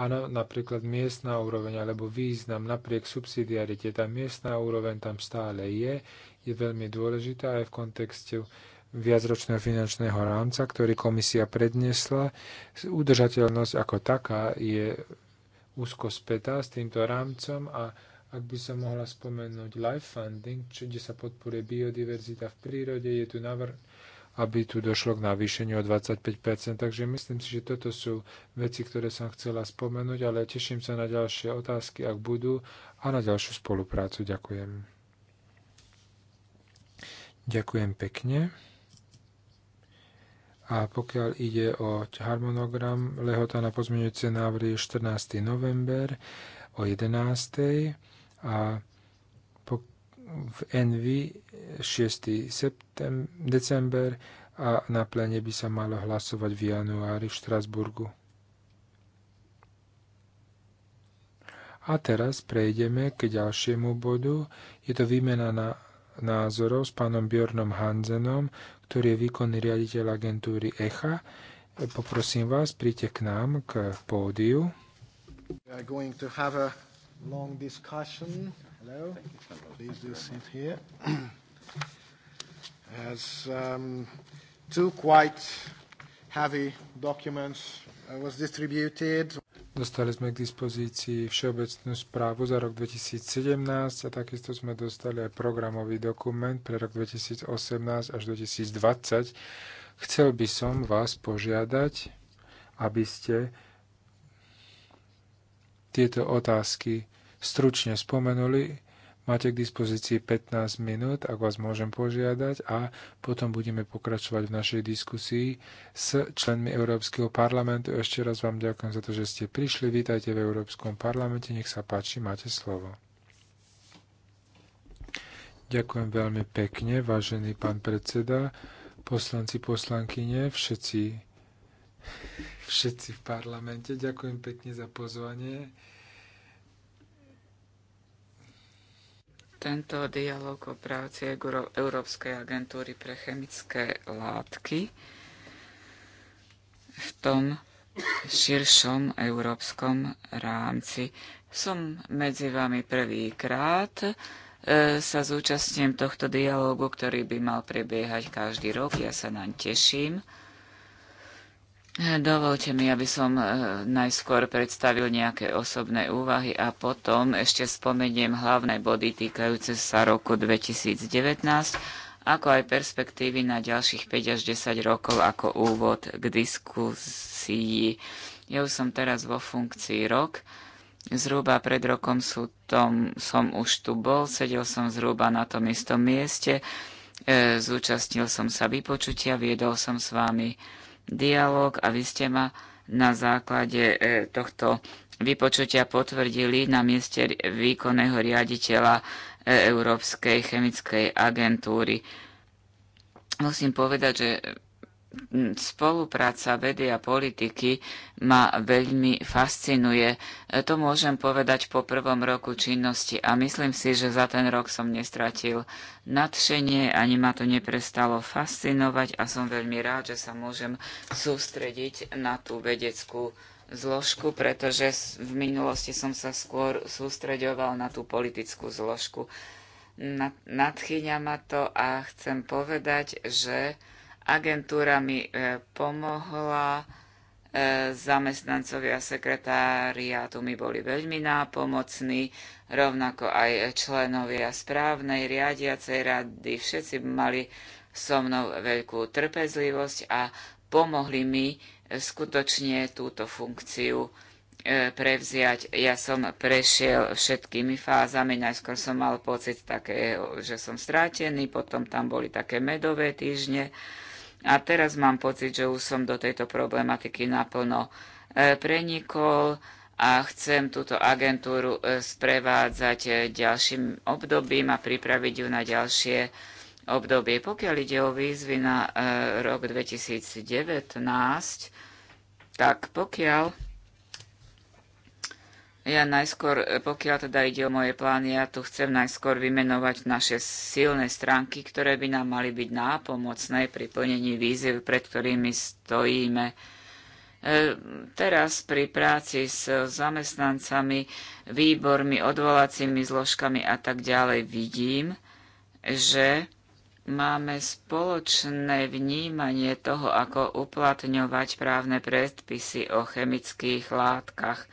Áno, napríklad miestna úroveň alebo význam napriek subsidiarite, tá miestna úroveň tam stále je, je veľmi dôležitá aj v kontexte viacročného finančného rámca, ktorý komisia predniesla. Udržateľnosť ako taká je úzko spätá s týmto rámcom a ak by som mohla spomenúť life funding, kde sa podporuje biodiverzita v prírode, je tu navr aby tu došlo k navýšeniu o 25%. Takže myslím si, že toto sú veci, ktoré som chcela spomenúť, ale teším sa na ďalšie otázky, ak budú, a na ďalšiu spoluprácu. Ďakujem. Ďakujem pekne. A pokiaľ ide o harmonogram, lehota na pozmeňujúce návrhy je 14. november o 11. A po, v Envy 6. Septem, december a na plene by sa malo hlasovať v januári v Štrasburgu. A teraz prejdeme k ďalšiemu bodu. Je to výmena na názorov s pánom Bjornom Hanzenom, ktorý je výkonný riaditeľ agentúry ECHA. Poprosím vás, príďte k nám k pódiu. We are going to have a long discussion. Hello. Please do sit here. As um, two quite heavy documents uh, was distributed. Dostali sme k dispozícii všeobecnú správu za rok 2017 a takisto sme dostali aj programový dokument pre rok 2018 až 2020. Chcel by som vás požiadať, aby ste tieto otázky stručne spomenuli. Máte k dispozícii 15 minút, ak vás môžem požiadať, a potom budeme pokračovať v našej diskusii s členmi Európskeho parlamentu. Ešte raz vám ďakujem za to, že ste prišli. Vítajte v Európskom parlamente. Nech sa páči, máte slovo. Ďakujem veľmi pekne, vážený pán predseda, poslanci, poslankyne, všetci všetci v parlamente. Ďakujem pekne za pozvanie. Tento dialog o práci Európskej agentúry pre chemické látky v tom širšom európskom rámci. Som medzi vami prvýkrát e, sa zúčastním tohto dialogu, ktorý by mal prebiehať každý rok. Ja sa naň teším. Dovolte mi, aby som e, najskôr predstavil nejaké osobné úvahy a potom ešte spomeniem hlavné body týkajúce sa roku 2019, ako aj perspektívy na ďalších 5 až 10 rokov ako úvod k diskusii. Ja už som teraz vo funkcii rok. Zhruba pred rokom sú tom, som už tu bol, sedel som zhruba na tom istom mieste, e, zúčastnil som sa vypočutia, viedol som s vami dialog a vy ste ma na základe e, tohto vypočutia potvrdili na mieste výkonného riaditeľa e, Európskej chemickej agentúry. Musím povedať, že spolupráca vedy a politiky ma veľmi fascinuje. E, to môžem povedať po prvom roku činnosti a myslím si, že za ten rok som nestratil nadšenie, ani ma to neprestalo fascinovať a som veľmi rád, že sa môžem sústrediť na tú vedeckú zložku, pretože v minulosti som sa skôr sústreďoval na tú politickú zložku. Nadchýňa ma to a chcem povedať, že Agentúra mi e, pomohla, e, zamestnancovia sekretáriátu mi boli veľmi nápomocní, rovnako aj členovia správnej riadiacej rady. Všetci mali so mnou veľkú trpezlivosť a pomohli mi e, skutočne túto funkciu prevziať. Ja som prešiel všetkými fázami. Najskôr som mal pocit také, že som strátený, potom tam boli také medové týždne. A teraz mám pocit, že už som do tejto problematiky naplno e, prenikol a chcem túto agentúru e, sprevádzať e, ďalším obdobím a pripraviť ju na ďalšie obdobie. Pokiaľ ide o výzvy na rok 2019, tak pokiaľ ja najskôr, e, pokiaľ teda ide o moje plány, ja tu chcem najskôr vymenovať naše silné stránky, ktoré by nám mali byť nápomocné pri plnení víziev, pred ktorými stojíme. E, teraz pri práci s zamestnancami, výbormi, odvolacími zložkami a tak ďalej vidím, že máme spoločné vnímanie toho, ako uplatňovať právne predpisy o chemických látkach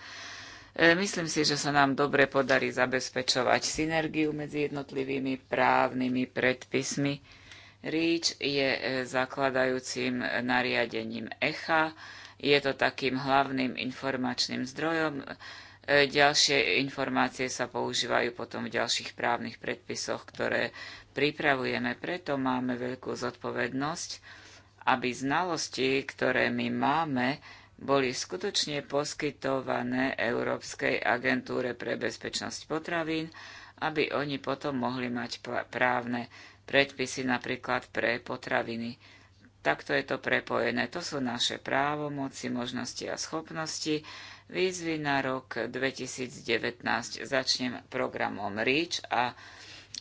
E, myslím si, že sa nám dobre podarí zabezpečovať synergiu medzi jednotlivými právnymi predpismi. REACH je e, zakladajúcim nariadením ECHA, je to takým hlavným informačným zdrojom. E, ďalšie informácie sa používajú potom v ďalších právnych predpisoch, ktoré pripravujeme. Preto máme veľkú zodpovednosť, aby znalosti, ktoré my máme, boli skutočne poskytované Európskej agentúre pre bezpečnosť potravín, aby oni potom mohli mať právne predpisy napríklad pre potraviny. Takto je to prepojené. To sú naše právomoci, možnosti a schopnosti. Výzvy na rok 2019 začnem programom REACH a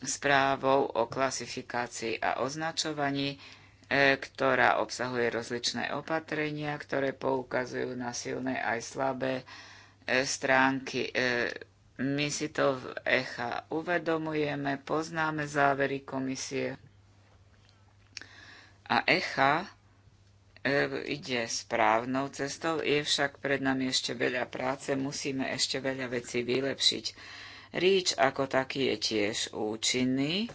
správou o klasifikácii a označovaní E, ktorá obsahuje rozličné opatrenia, ktoré poukazujú na silné aj slabé e, stránky. E, my si to v ECHA uvedomujeme, poznáme závery komisie. A ECHA ide správnou cestou, je však pred nami ešte veľa práce, musíme ešte veľa vecí vylepšiť. Ríč ako taký je tiež účinný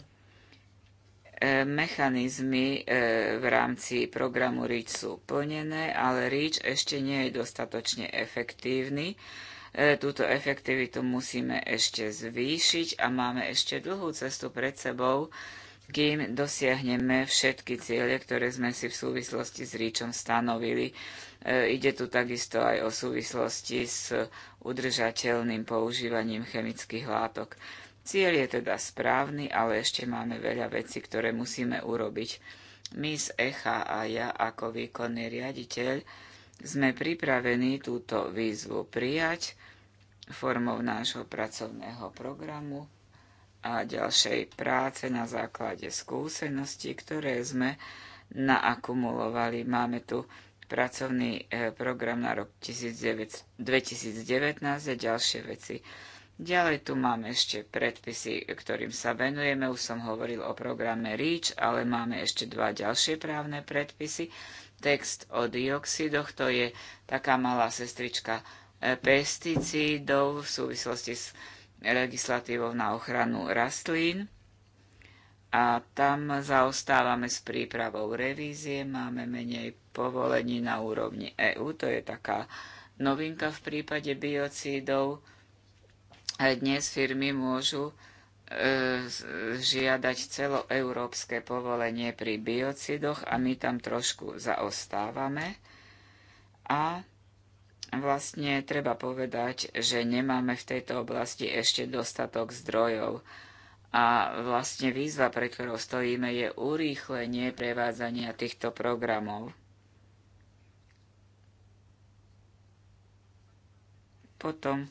mechanizmy e, v rámci programu REACH sú plnené, ale REACH ešte nie je dostatočne efektívny. E, túto efektivitu musíme ešte zvýšiť a máme ešte dlhú cestu pred sebou, kým dosiahneme všetky ciele, ktoré sme si v súvislosti s REACHom stanovili. E, ide tu takisto aj o súvislosti s udržateľným používaním chemických látok. Cieľ je teda správny, ale ešte máme veľa vecí, ktoré musíme urobiť. My z ECHA a ja ako výkonný riaditeľ sme pripravení túto výzvu prijať formou nášho pracovného programu a ďalšej práce na základe skúseností, ktoré sme naakumulovali. Máme tu pracovný eh, program na rok 2019 a ďalšie veci. Ďalej tu máme ešte predpisy, ktorým sa venujeme. Už som hovoril o programe REACH, ale máme ešte dva ďalšie právne predpisy. Text o dioxidoch, to je taká malá sestrička e, pesticídov v súvislosti s legislatívou na ochranu rastlín. A tam zaostávame s prípravou revízie, máme menej povolení na úrovni EÚ, to je taká novinka v prípade biocídov aj dnes firmy môžu e, žiadať celoeurópske povolenie pri biocidoch a my tam trošku zaostávame. A vlastne treba povedať, že nemáme v tejto oblasti ešte dostatok zdrojov. A vlastne výzva, pre ktorou stojíme, je urýchlenie prevádzania týchto programov. Potom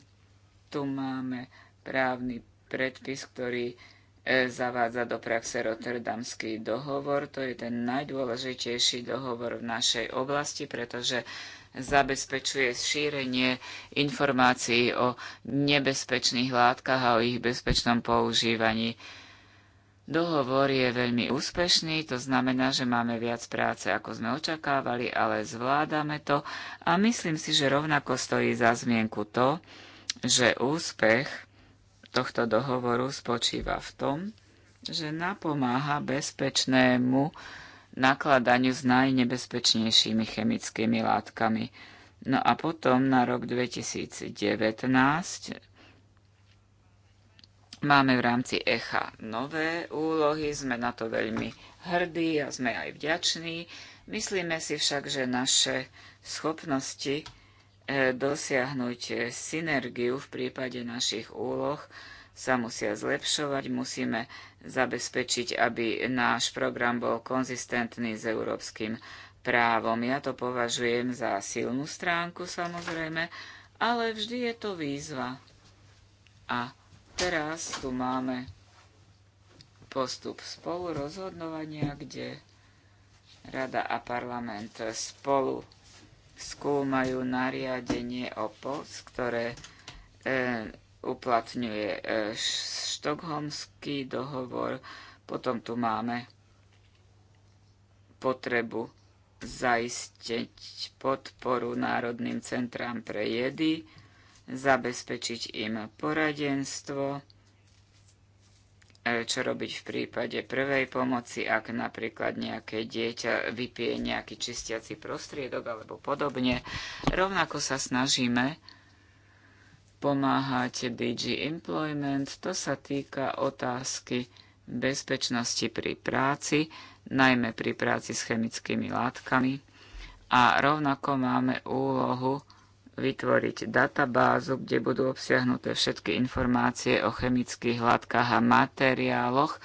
tu máme právny predpis, ktorý e, zavádza do praxe Rotterdamský dohovor. To je ten najdôležitejší dohovor v našej oblasti, pretože zabezpečuje šírenie informácií o nebezpečných látkach a o ich bezpečnom používaní. Dohovor je veľmi úspešný, to znamená, že máme viac práce, ako sme očakávali, ale zvládame to a myslím si, že rovnako stojí za zmienku to, že úspech tohto dohovoru spočíva v tom, že napomáha bezpečnému nakladaniu s najnebezpečnejšími chemickými látkami. No a potom na rok 2019 máme v rámci ECHA nové úlohy, sme na to veľmi hrdí a sme aj vďační. Myslíme si však, že naše schopnosti E, dosiahnuť synergiu v prípade našich úloh, sa musia zlepšovať, musíme zabezpečiť, aby náš program bol konzistentný s európskym právom. Ja to považujem za silnú stránku samozrejme, ale vždy je to výzva. A teraz tu máme postup spolurozhodnovania, kde Rada a parlament spolu skúmajú nariadenie OPOS, ktoré e, uplatňuje e, štokholmský dohovor. Potom tu máme potrebu zaistiť podporu národným centrám pre jedy, zabezpečiť im poradenstvo, čo robiť v prípade prvej pomoci, ak napríklad nejaké dieťa vypije nejaký čistiaci prostriedok alebo podobne. Rovnako sa snažíme pomáhať DG Employment. To sa týka otázky bezpečnosti pri práci, najmä pri práci s chemickými látkami. A rovnako máme úlohu vytvoriť databázu, kde budú obsiahnuté všetky informácie o chemických látkach a materiáloch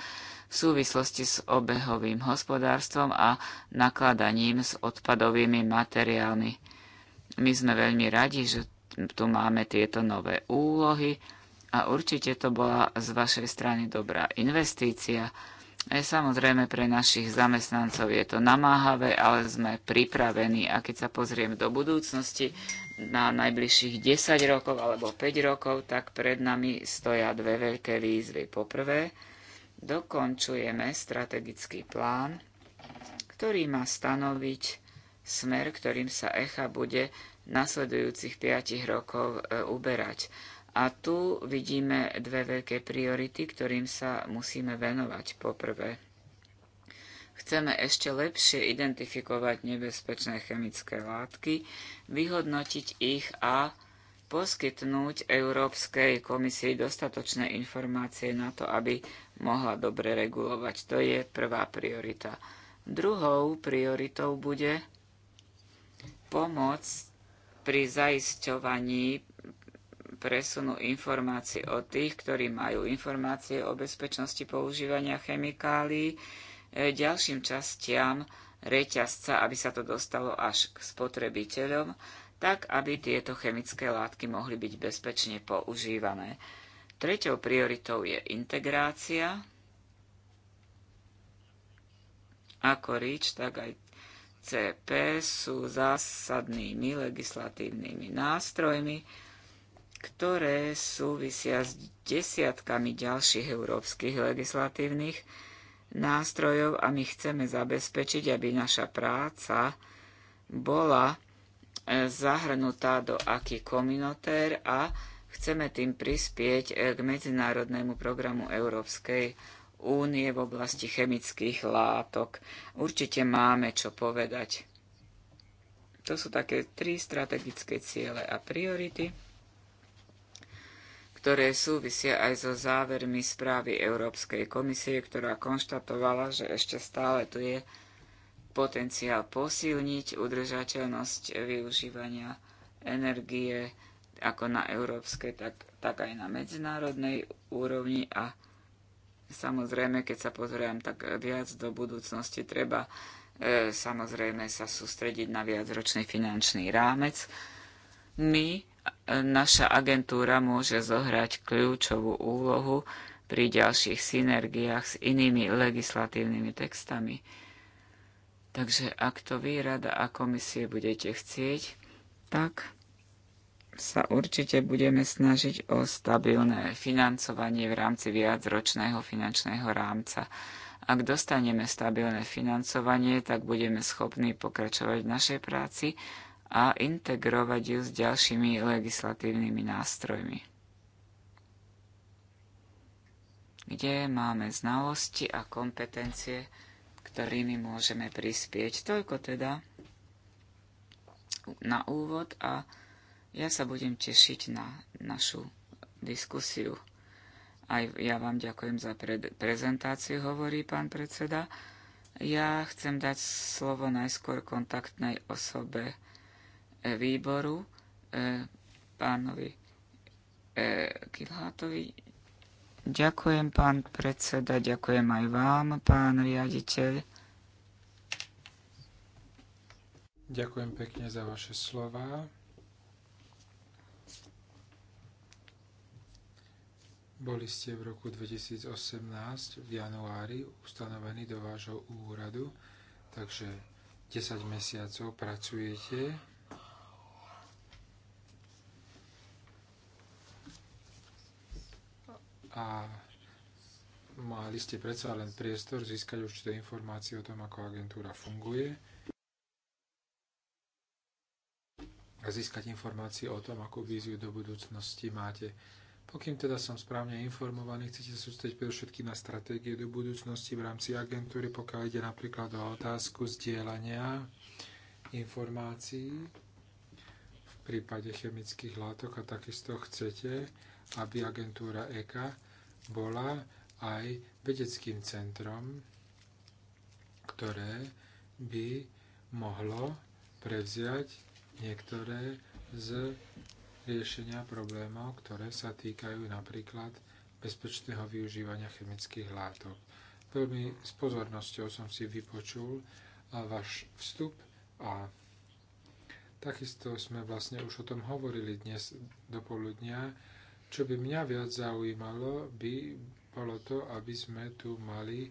v súvislosti s obehovým hospodárstvom a nakladaním s odpadovými materiálmi. My sme veľmi radi, že tu máme tieto nové úlohy a určite to bola z vašej strany dobrá investícia. E, samozrejme, pre našich zamestnancov je to namáhavé, ale sme pripravení. A keď sa pozriem do budúcnosti, na najbližších 10 rokov alebo 5 rokov, tak pred nami stoja dve veľké výzvy. Poprvé, dokončujeme strategický plán, ktorý má stanoviť smer, ktorým sa ECHA bude nasledujúcich 5 rokov e, uberať. A tu vidíme dve veľké priority, ktorým sa musíme venovať. Poprvé, Chceme ešte lepšie identifikovať nebezpečné chemické látky, vyhodnotiť ich a poskytnúť Európskej komisii dostatočné informácie na to, aby mohla dobre regulovať. To je prvá priorita. Druhou prioritou bude pomoc pri zaisťovaní presunu informácií o tých, ktorí majú informácie o bezpečnosti používania chemikálií, ďalším častiam reťazca, aby sa to dostalo až k spotrebiteľom, tak aby tieto chemické látky mohli byť bezpečne používané. Treťou prioritou je integrácia. Ako REACH, tak aj CP sú zásadnými legislatívnymi nástrojmi, ktoré súvisia s desiatkami ďalších európskych legislatívnych nástrojov a my chceme zabezpečiť, aby naša práca bola e, zahrnutá do aký kominotér a chceme tým prispieť e, k medzinárodnému programu Európskej únie v oblasti chemických látok. Určite máme čo povedať. To sú také tri strategické ciele a priority ktoré súvisia aj so závermi správy Európskej komisie, ktorá konštatovala, že ešte stále tu je potenciál posilniť udržateľnosť využívania energie ako na európskej, tak, tak aj na medzinárodnej úrovni a samozrejme, keď sa pozriem tak viac do budúcnosti, treba e, samozrejme sa sústrediť na viacročný finančný rámec. My naša agentúra môže zohrať kľúčovú úlohu pri ďalších synergiách s inými legislatívnymi textami. Takže ak to vy, rada a komisie budete chcieť, tak sa určite budeme snažiť o stabilné financovanie v rámci viacročného finančného rámca. Ak dostaneme stabilné financovanie, tak budeme schopní pokračovať v našej práci a integrovať ju s ďalšími legislatívnymi nástrojmi, kde máme znalosti a kompetencie, ktorými môžeme prispieť. Toľko teda na úvod a ja sa budem tešiť na našu diskusiu. Aj ja vám ďakujem za prezentáciu, hovorí pán predseda. Ja chcem dať slovo najskôr kontaktnej osobe E, výboru, e, pánovi e, Kilhátovi. Ďakujem, pán predseda, ďakujem aj vám, pán riaditeľ. Ďakujem pekne za vaše slova. Boli ste v roku 2018 v januári ustanovení do vášho úradu, takže 10 mesiacov pracujete a mali ste predsa len priestor získať určité informácie o tom, ako agentúra funguje a získať informácie o tom, akú víziu do budúcnosti máte. Pokým teda som správne informovaný, chcete sa sústrediť predovšetkým na stratégie do budúcnosti v rámci agentúry, pokiaľ ide napríklad o otázku zdieľania informácií v prípade chemických látok a takisto chcete, aby agentúra EKA bola aj vedeckým centrom, ktoré by mohlo prevziať niektoré z riešenia problémov, ktoré sa týkajú napríklad bezpečného využívania chemických látok. Veľmi s pozornosťou som si vypočul váš vstup a takisto sme vlastne už o tom hovorili dnes do poludnia čo by mňa viac zaujímalo, by bolo to, aby sme tu mali e,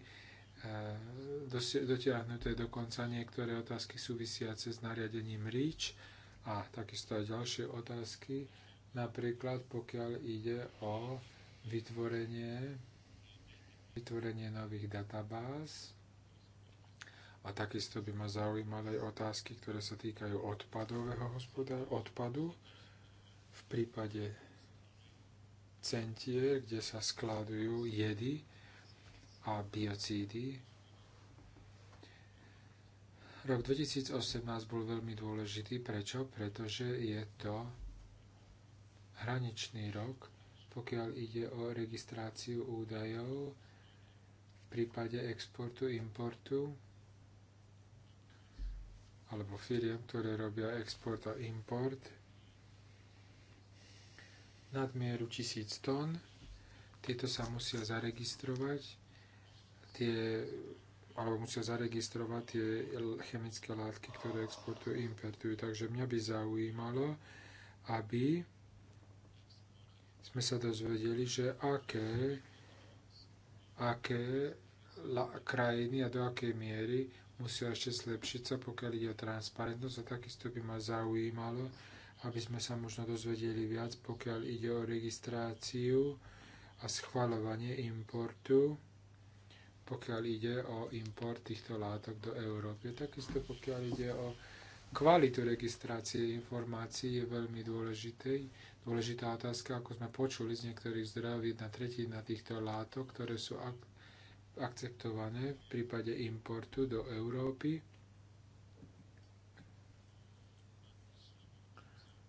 dotiahnuté dokonca niektoré otázky súvisiace s nariadením REACH a takisto aj ďalšie otázky, napríklad pokiaľ ide o vytvorenie, vytvorenie nových databáz a takisto by ma zaujímali aj otázky, ktoré sa týkajú odpadového hospodára, odpadu v prípade centier, kde sa skladujú jedy a biocídy. Rok 2018 bol veľmi dôležitý. Prečo? Pretože je to hraničný rok, pokiaľ ide o registráciu údajov v prípade exportu, importu alebo firiem, ktoré robia export a import nadmieru 1000 tón. Tieto sa musia zaregistrovať, tie, alebo musia zaregistrovať tie chemické látky, ktoré exportujú, importujú. Takže mňa by zaujímalo, aby sme sa dozvedeli, že aké, aké la, krajiny a do akej miery musia ešte zlepšiť sa, pokiaľ ide o transparentnosť. A takisto by ma zaujímalo, aby sme sa možno dozvedeli viac, pokiaľ ide o registráciu a schvalovanie importu, pokiaľ ide o import týchto látok do Európy. Takisto pokiaľ ide o kvalitu registrácie informácií je veľmi dôležitý. dôležitá otázka, ako sme počuli z niektorých zdrojov, jedna tretina týchto látok, ktoré sú ak- akceptované v prípade importu do Európy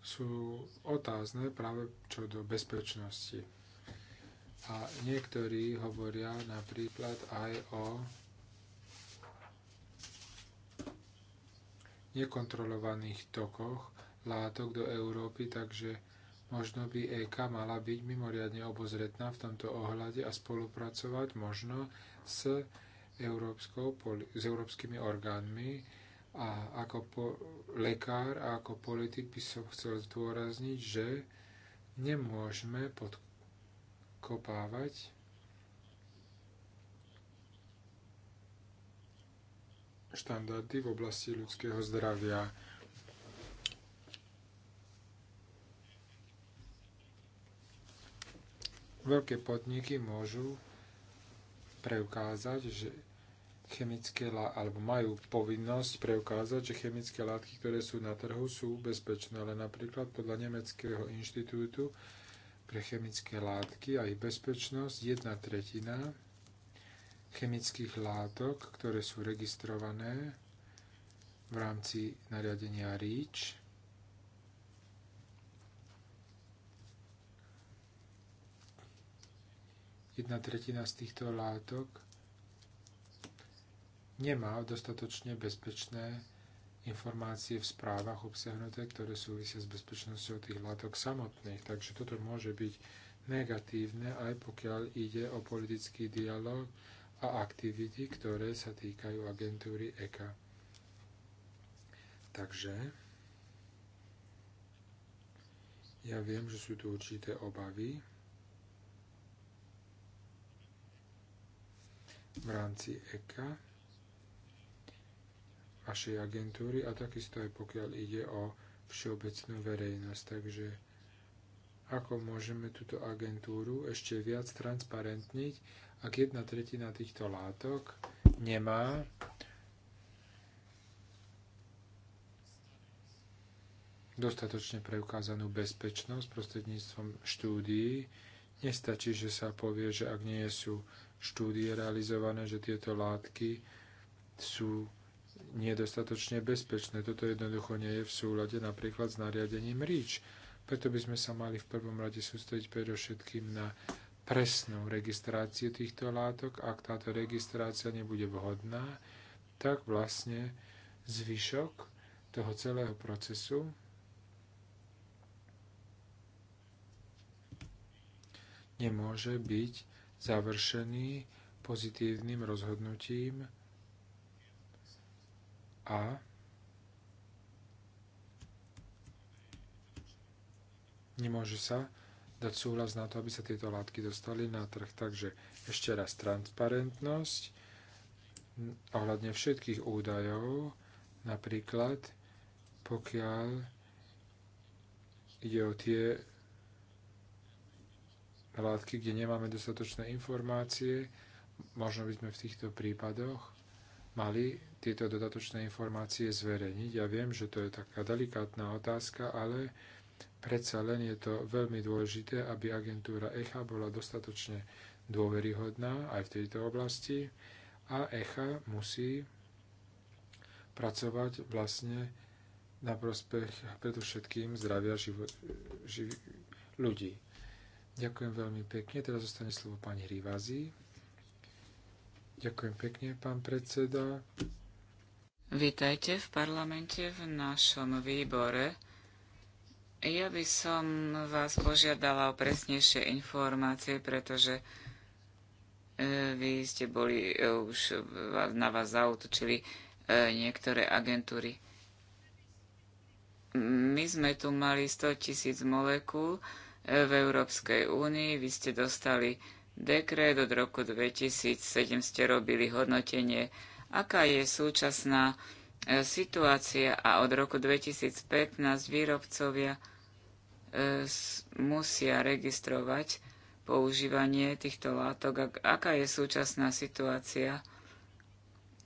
sú otázne práve čo do bezpečnosti. A niektorí hovoria napríklad aj o nekontrolovaných tokoch látok do Európy, takže možno by EK mala byť mimoriadne obozretná v tomto ohľade a spolupracovať možno s, s európskymi orgánmi, a ako po, lekár a ako politik by som chcel zdôrazniť, že nemôžeme podkopávať štandardy v oblasti ľudského zdravia. Veľké podniky môžu preukázať, že chemické lá, alebo majú povinnosť preukázať, že chemické látky, ktoré sú na trhu, sú bezpečné. Ale napríklad podľa Nemeckého inštitútu pre chemické látky a ich bezpečnosť jedna tretina chemických látok, ktoré sú registrované v rámci nariadenia REACH, jedna tretina z týchto látok nemá dostatočne bezpečné informácie v správach obsiahnuté, ktoré súvisia s bezpečnosťou tých látok samotných. Takže toto môže byť negatívne, aj pokiaľ ide o politický dialog a aktivity, ktoré sa týkajú agentúry ECA. Takže ja viem, že sú tu určité obavy v rámci ECA vašej agentúry a takisto aj pokiaľ ide o všeobecnú verejnosť. Takže ako môžeme túto agentúru ešte viac transparentniť, ak jedna tretina týchto látok nemá dostatočne preukázanú bezpečnosť prostredníctvom štúdií. Nestačí, že sa povie, že ak nie sú štúdie realizované, že tieto látky sú nie je dostatočne bezpečné. Toto jednoducho nie je v súlade napríklad s nariadením REACH. Preto by sme sa mali v prvom rade sústrediť predovšetkým na presnú registráciu týchto látok. Ak táto registrácia nebude vhodná, tak vlastne zvyšok toho celého procesu nemôže byť završený pozitívnym rozhodnutím a nemôže sa dať súhlas na to, aby sa tieto látky dostali na trh. Takže ešte raz transparentnosť ohľadne všetkých údajov, napríklad pokiaľ ide o tie látky, kde nemáme dostatočné informácie, možno by sme v týchto prípadoch mali tieto dodatočné informácie zverejniť. Ja viem, že to je taká delikátna otázka, ale predsa len je to veľmi dôležité, aby agentúra ECHA bola dostatočne dôveryhodná aj v tejto oblasti a ECHA musí pracovať vlastne na prospech predovšetkým zdravia živo, živ, ľudí. Ďakujem veľmi pekne. Teraz zostane slovo pani Rivazi. Ďakujem pekne, pán predseda. Vítajte v parlamente v našom výbore. Ja by som vás požiadala o presnejšie informácie, pretože e, vy ste boli, e, už na vás zautočili e, niektoré agentúry. My sme tu mali 100 tisíc molekúl v Európskej únii, vy ste dostali dekret, od roku 2007 ste robili hodnotenie aká je súčasná e, situácia a od roku 2015 výrobcovia e, musia registrovať používanie týchto látok, aká je súčasná situácia,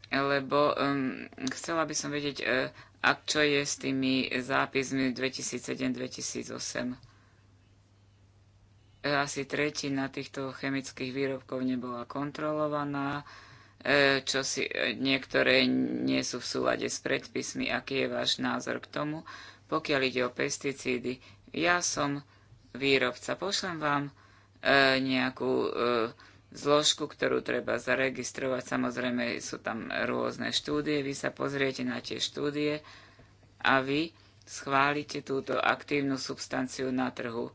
lebo um, chcela by som vedieť, uh, e, ak čo je s tými zápismi 2007-2008. Asi tretina týchto chemických výrobkov nebola kontrolovaná, E, čo si e, niektoré nie sú v súlade s predpismi. Aký je váš názor k tomu, pokiaľ ide o pesticídy? Ja som výrobca, pošlem vám e, nejakú zložku, ktorú treba zaregistrovať. Samozrejme sú tam rôzne štúdie, vy sa pozriete na tie štúdie a vy schválite túto aktívnu substanciu na trhu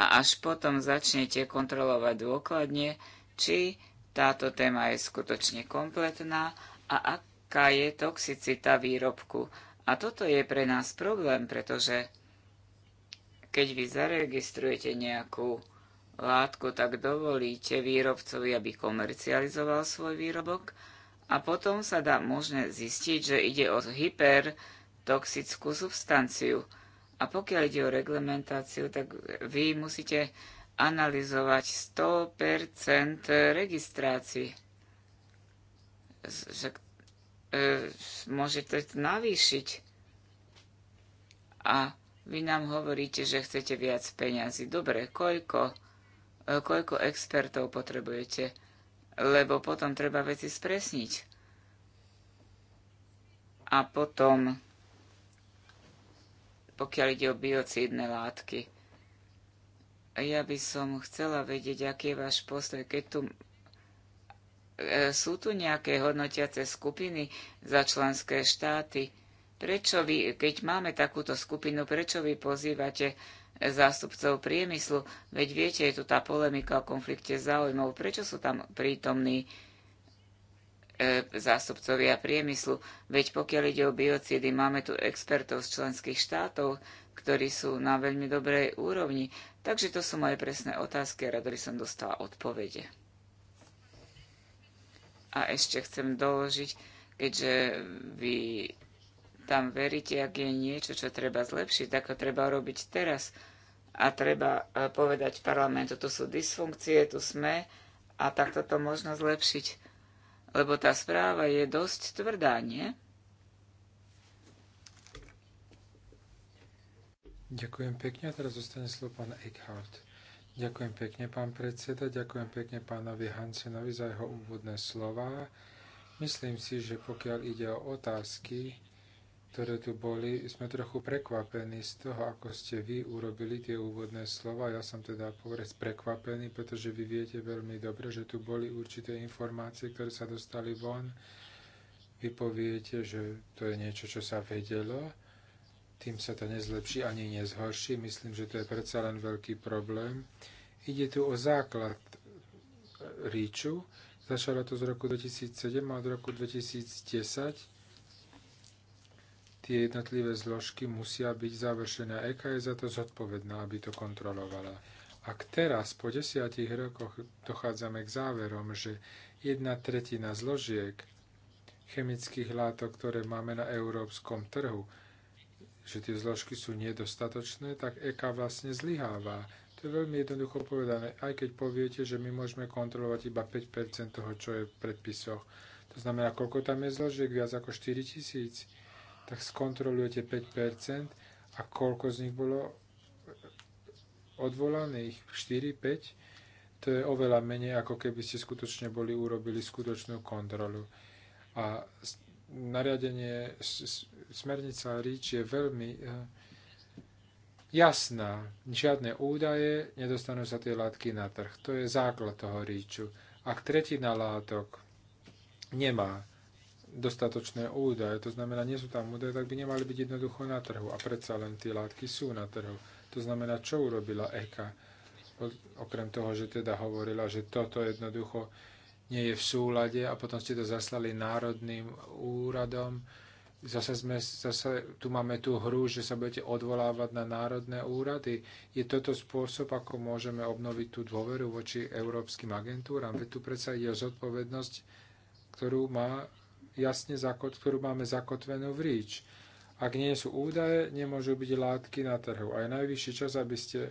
a až potom začnete kontrolovať dôkladne, či táto téma je skutočne kompletná a aká je toxicita výrobku. A toto je pre nás problém, pretože keď vy zaregistrujete nejakú látku, tak dovolíte výrobcovi, aby komercializoval svoj výrobok a potom sa dá možné zistiť, že ide o hypertoxickú substanciu. A pokiaľ ide o reglementáciu, tak vy musíte analyzovať 100% registrácií. Že, e, to navýšiť. A vy nám hovoríte, že chcete viac peňazí. Dobre, koľko, e, koľko expertov potrebujete? Lebo potom treba veci spresniť. A potom, pokiaľ ide o biocídne látky, ja by som chcela vedieť, aký je váš postoj, keď tu e, sú tu nejaké hodnotiace skupiny za členské štáty. Prečo vy, keď máme takúto skupinu, prečo vy pozývate zástupcov priemyslu? Veď viete, je tu tá polemika o konflikte záujmov. Prečo sú tam prítomní e, zástupcovia priemyslu? Veď pokiaľ ide o biocidy, máme tu expertov z členských štátov, ktorí sú na veľmi dobrej úrovni. Takže to sú moje presné otázky a rada by som dostala odpovede. A ešte chcem doložiť, keďže vy tam veríte, ak je niečo, čo treba zlepšiť, tak ho treba robiť teraz. A treba e, povedať parlamentu, tu sú dysfunkcie, tu sme a takto to možno zlepšiť. Lebo tá správa je dosť tvrdá, nie? Ďakujem pekne. A teraz zostane slovo pán Eichhardt. Ďakujem pekne, pán predseda. Ďakujem pekne pánovi Hansenovi za jeho úvodné slova. Myslím si, že pokiaľ ide o otázky, ktoré tu boli, sme trochu prekvapení z toho, ako ste vy urobili tie úvodné slova. Ja som teda povedz prekvapený, pretože vy viete veľmi dobre, že tu boli určité informácie, ktoré sa dostali von. Vy poviete, že to je niečo, čo sa vedelo, tým sa to nezlepší ani nezhorší. Myslím, že to je predsa len veľký problém. Ide tu o základ ríču. Začalo to z roku 2007 a od roku 2010 tie jednotlivé zložky musia byť završené. EKA je za to zodpovedná, aby to kontrolovala. Ak teraz, po desiatich rokoch, dochádzame k záverom, že jedna tretina zložiek chemických látok, ktoré máme na európskom trhu, že tie zložky sú nedostatočné, tak EK vlastne zlyháva. To je veľmi jednoducho povedané, aj keď poviete, že my môžeme kontrolovať iba 5% toho, čo je v predpisoch. To znamená, koľko tam je zložiek, viac ako 4 tisíc, tak skontrolujete 5% a koľko z nich bolo odvolaných, 4, 5, to je oveľa menej, ako keby ste skutočne boli urobili skutočnú kontrolu. A nariadenie smernica REACH je veľmi eh, jasná. Žiadne údaje, nedostanú sa tie látky na trh. To je základ toho ríču. Ak tretina látok nemá dostatočné údaje, to znamená, nie sú tam údaje, tak by nemali byť jednoducho na trhu. A predsa len tie látky sú na trhu. To znamená, čo urobila EKA? Okrem toho, že teda hovorila, že toto jednoducho nie je v súlade a potom ste to zaslali národným úradom. Zase, sme, zase tu máme tú hru, že sa budete odvolávať na národné úrady. Je toto spôsob, ako môžeme obnoviť tú dôveru voči európskym agentúram? Veď tu predsa ide o zodpovednosť, ktorú, má jasne zakot, ktorú máme zakotvenú v ríč. Ak nie sú údaje, nemôžu byť látky na trhu. A je najvyšší čas, aby, ste,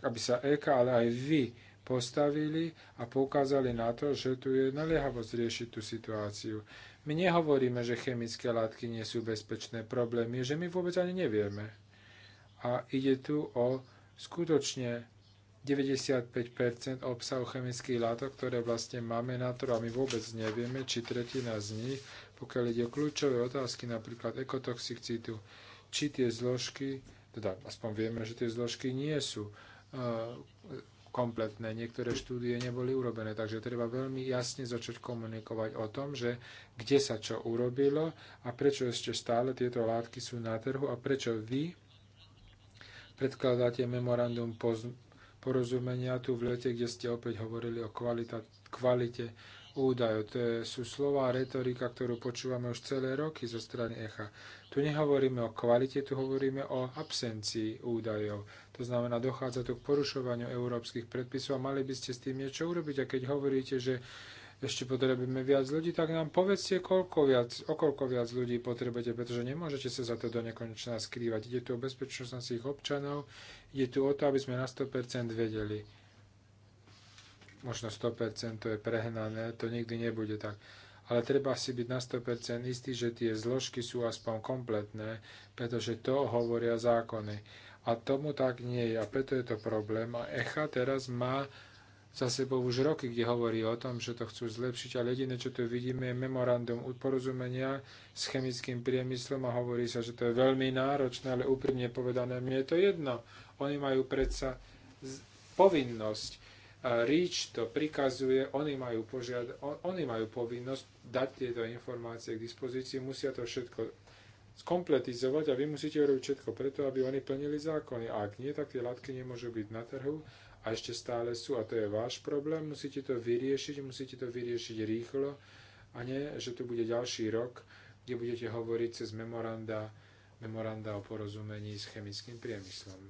aby sa EK, ale aj vy postavili a poukázali na to, že tu je naliehavosť riešiť tú situáciu. My nehovoríme, že chemické látky nie sú bezpečné. problémy, že my vôbec ani nevieme. A ide tu o skutočne 95 obsahu chemických látok, ktoré vlastne máme na to a my vôbec nevieme, či tretina z nich, pokiaľ ide o kľúčové otázky, napríklad ekotoxicitu, či tie zložky, teda aspoň vieme, že tie zložky nie sú eh, kompletné. Niektoré štúdie neboli urobené, takže treba veľmi jasne začať komunikovať o tom, že kde sa čo urobilo a prečo ešte stále tieto látky sú na trhu a prečo vy predkladáte memorandum porozumenia tu v lete, kde ste opäť hovorili o kvalita- kvalite údajov. To sú slova a retorika, ktorú počúvame už celé roky zo strany ECHA. Tu nehovoríme o kvalite, tu hovoríme o absencii údajov. To znamená, dochádza tu k porušovaniu európskych predpisov a mali by ste s tým niečo urobiť. A keď hovoríte, že ešte potrebujeme viac ľudí, tak nám povedzte, koľko viac, o koľko viac ľudí potrebujete, pretože nemôžete sa za to do nekonečna skrývať. Ide tu o bezpečnosť našich občanov, ide tu o to, aby sme na 100% vedeli možno 100% to je prehnané, to nikdy nebude tak. Ale treba si byť na 100% istý, že tie zložky sú aspoň kompletné, pretože to hovoria zákony. A tomu tak nie je a preto je to problém. A ECHA teraz má za sebou už roky, kde hovorí o tom, že to chcú zlepšiť, ale jediné, čo tu vidíme, je memorandum porozumenia s chemickým priemyslom a hovorí sa, že to je veľmi náročné, ale úprimne povedané, mne je to jedno. Oni majú predsa povinnosť REACH to prikazuje, oni majú, požiad, on, oni majú povinnosť dať tieto informácie k dispozícii, musia to všetko skompletizovať a vy musíte robiť všetko preto, aby oni plnili zákony. A ak nie, tak tie látky nemôžu byť na trhu a ešte stále sú a to je váš problém, musíte to vyriešiť, musíte to vyriešiť rýchlo a nie, že tu bude ďalší rok, kde budete hovoriť cez memoranda, memoranda o porozumení s chemickým priemyslom.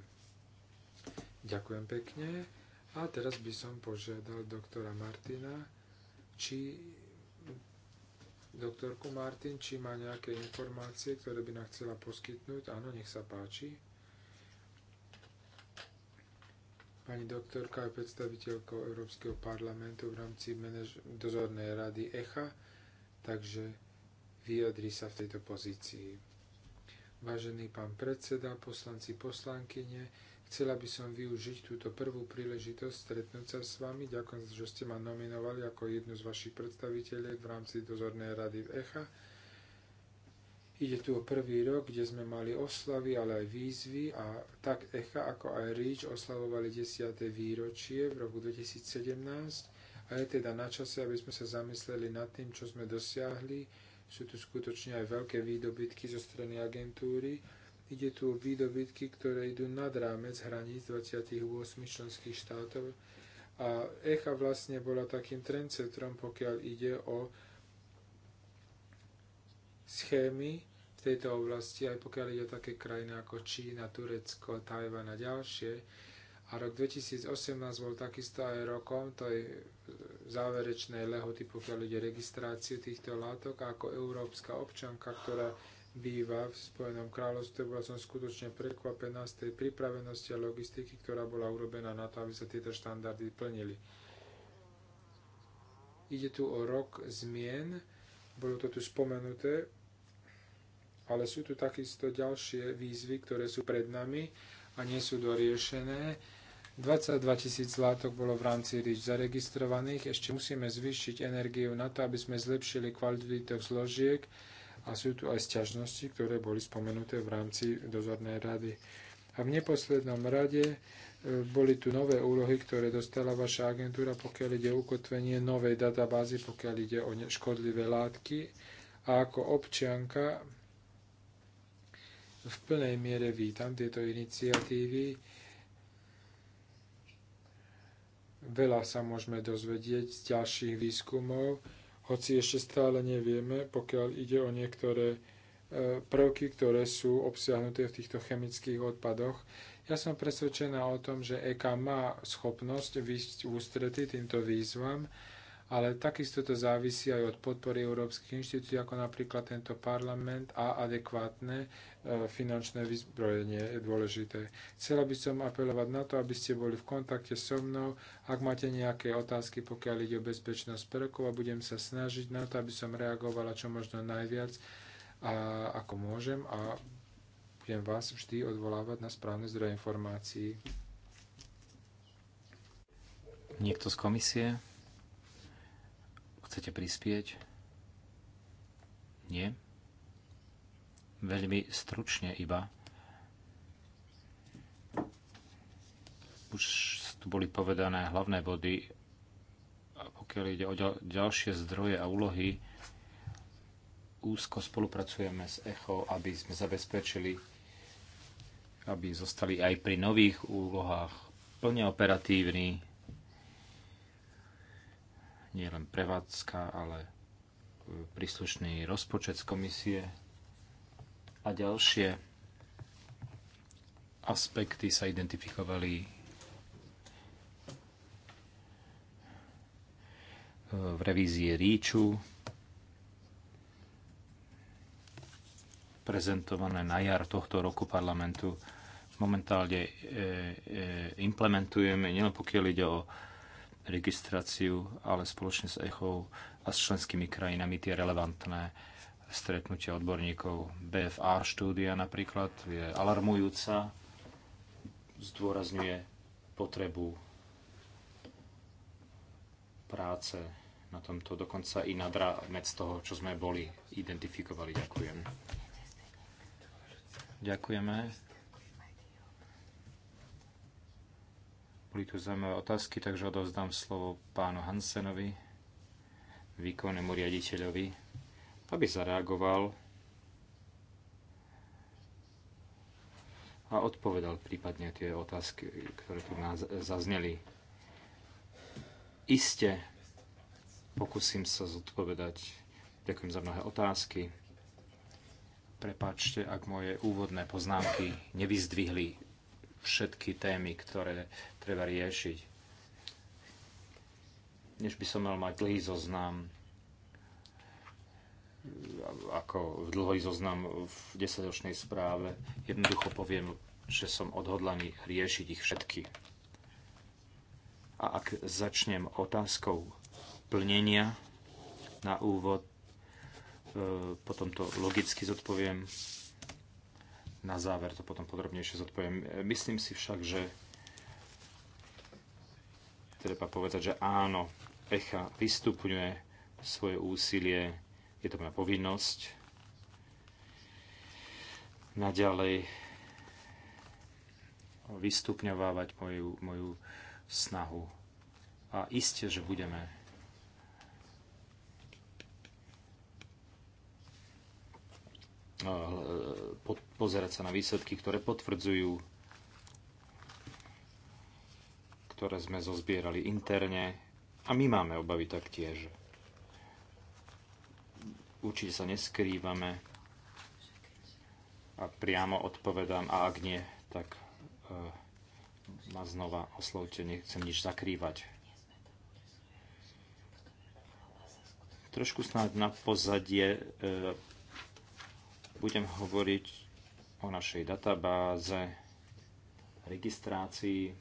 Ďakujem pekne. A teraz by som požiadal doktora Martina, či doktorku Martin, či má nejaké informácie, ktoré by nám chcela poskytnúť. Áno, nech sa páči. Pani doktorka je predstaviteľkou Európskeho parlamentu v rámci manaž- dozornej rady ECHA, takže vyjadri sa v tejto pozícii. Vážený pán predseda, poslanci, poslankyne, Chcela by som využiť túto prvú príležitosť stretnúť sa s vami. Ďakujem, že ste ma nominovali ako jednu z vašich predstaviteľiek v rámci dozornej rady v ECHA. Ide tu o prvý rok, kde sme mali oslavy, ale aj výzvy a tak ECHA ako aj REACH oslavovali 10. výročie v roku 2017 a je teda na čase, aby sme sa zamysleli nad tým, čo sme dosiahli. Sú tu skutočne aj veľké výdobytky zo strany agentúry Ide tu o výdobytky, ktoré idú nad rámec hraníc 28 členských štátov a ECHA vlastne bola takým trendcentrom, pokiaľ ide o schémy v tejto oblasti, aj pokiaľ ide o také krajiny ako Čína, Turecko, Tajvan a ďalšie. A rok 2018 bol takisto aj rokom, to je záverečné lehoty, pokiaľ ide registráciu týchto látok, ako európska občanka, ktorá býva v Spojenom kráľovstve. Bola som skutočne prekvapená z tej pripravenosti a logistiky, ktorá bola urobená na to, aby sa tieto štandardy plnili. Ide tu o rok zmien, bolo to tu spomenuté, ale sú tu takisto ďalšie výzvy, ktoré sú pred nami a nie sú doriešené. 22 tisíc látok bolo v rámci RIČ zaregistrovaných. Ešte musíme zvýšiť energiu na to, aby sme zlepšili kvalitu zložiek a sú tu aj sťažnosti, ktoré boli spomenuté v rámci dozornej rady. A v neposlednom rade e, boli tu nové úlohy, ktoré dostala vaša agentúra, pokiaľ ide o ukotvenie novej databázy, pokiaľ ide o škodlivé látky. A ako občianka v plnej miere vítam tieto iniciatívy. Veľa sa môžeme dozvedieť z ďalších výskumov, hoci ešte stále nevieme, pokiaľ ide o niektoré e, prvky, ktoré sú obsiahnuté v týchto chemických odpadoch. Ja som presvedčená o tom, že EK má schopnosť výsť v ústrety týmto výzvam ale takisto to závisí aj od podpory európskych inštitúcií, ako napríklad tento parlament a adekvátne e, finančné vyzbrojenie je dôležité. Chcela by som apelovať na to, aby ste boli v kontakte so mnou, ak máte nejaké otázky, pokiaľ ide o bezpečnosť prvkov a budem sa snažiť na to, aby som reagovala čo možno najviac a ako môžem a budem vás vždy odvolávať na správne zdroje informácií. Niekto z komisie? Chcete prispieť? Nie? Veľmi stručne iba. Už tu boli povedané hlavné body. pokiaľ ide o ďalšie zdroje a úlohy, úzko spolupracujeme s ECHO, aby sme zabezpečili, aby zostali aj pri nových úlohách plne operatívni, nie len prevádzka, ale e, príslušný rozpočet z komisie a ďalšie aspekty sa identifikovali e, v revízii Ríču, prezentované na jar tohto roku parlamentu. Momentálne e, implementujeme, nielen pokiaľ ide o registráciu, ale spoločne s ECHO a s členskými krajinami tie relevantné stretnutia odborníkov. BFA štúdia napríklad je alarmujúca, zdôrazňuje potrebu práce na tomto, dokonca i nad rámec toho, čo sme boli identifikovali. Ďakujem. Ďakujeme. Boli tu zaujímavé otázky, takže odovzdám slovo pánu Hansenovi, výkonnému riaditeľovi, aby zareagoval a odpovedal prípadne tie otázky, ktoré tu zazneli. Iste pokúsim sa zodpovedať. Ďakujem za mnohé otázky. Prepáčte, ak moje úvodné poznámky nevyzdvihli všetky témy, ktoré treba riešiť. Než by som mal mať dlhý zoznam, ako dlhý zoznam v desaťročnej správe, jednoducho poviem, že som odhodlaný riešiť ich všetky. A ak začnem otázkou plnenia na úvod, e, potom to logicky zodpoviem na záver to potom podrobnejšie zodpoviem. Myslím si však, že treba povedať, že áno, ECHA vystupňuje svoje úsilie, je to moja povinnosť. Naďalej vystupňovávať moju, moju snahu. A iste, že budeme E, pozerať sa na výsledky, ktoré potvrdzujú, ktoré sme zozbierali interne a my máme obavy taktiež. Určite sa neskrývame a priamo odpovedám a ak nie, tak e, ma znova oslovte, nechcem nič zakrývať. Trošku snáď na pozadie e, budem hovoriť o našej databáze, registrácii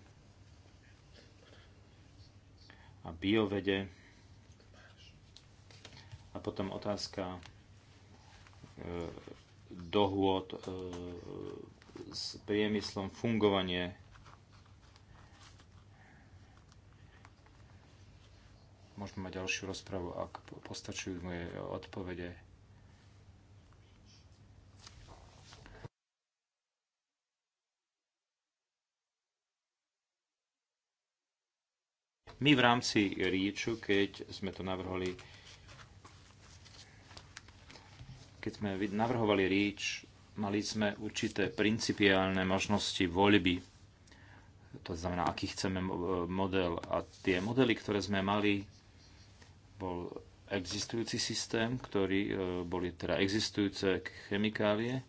a biovede. A potom otázka e, dohôd e, s priemyslom, fungovanie môžeme mať ďalšiu rozpravu, ak postačujú moje odpovede. My v rámci ríču, keď sme to navrhovali, keď sme navrhovali ríč, mali sme určité principiálne možnosti voľby, to znamená, aký chceme model. A tie modely, ktoré sme mali, bol existujúci systém, ktorý e, boli teda existujúce chemikálie,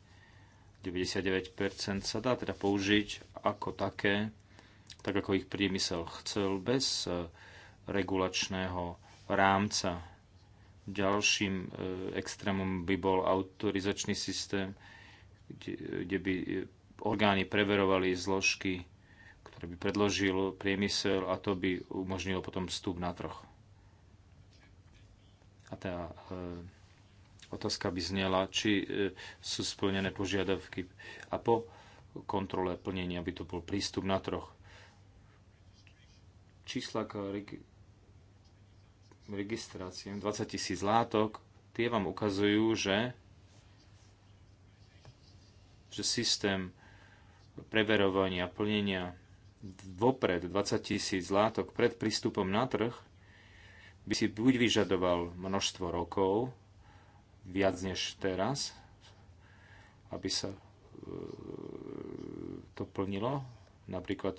99% sa dá teda použiť ako také tak ako ich priemysel chcel, bez e, regulačného rámca. Ďalším e, extrémom by bol autorizačný systém, kde, by e, orgány preverovali zložky, ktoré by predložil priemysel a to by umožnilo potom vstup na troch. A tá e, otázka by znela, či e, sú splnené požiadavky a po kontrole plnenia by to bol prístup na troch čísla k registráciám, 20 tisíc látok, tie vám ukazujú, že, že systém preverovania, plnenia vopred 20 tisíc látok pred prístupom na trh by si buď vyžadoval množstvo rokov, viac než teraz, aby sa e, to plnilo. Napríklad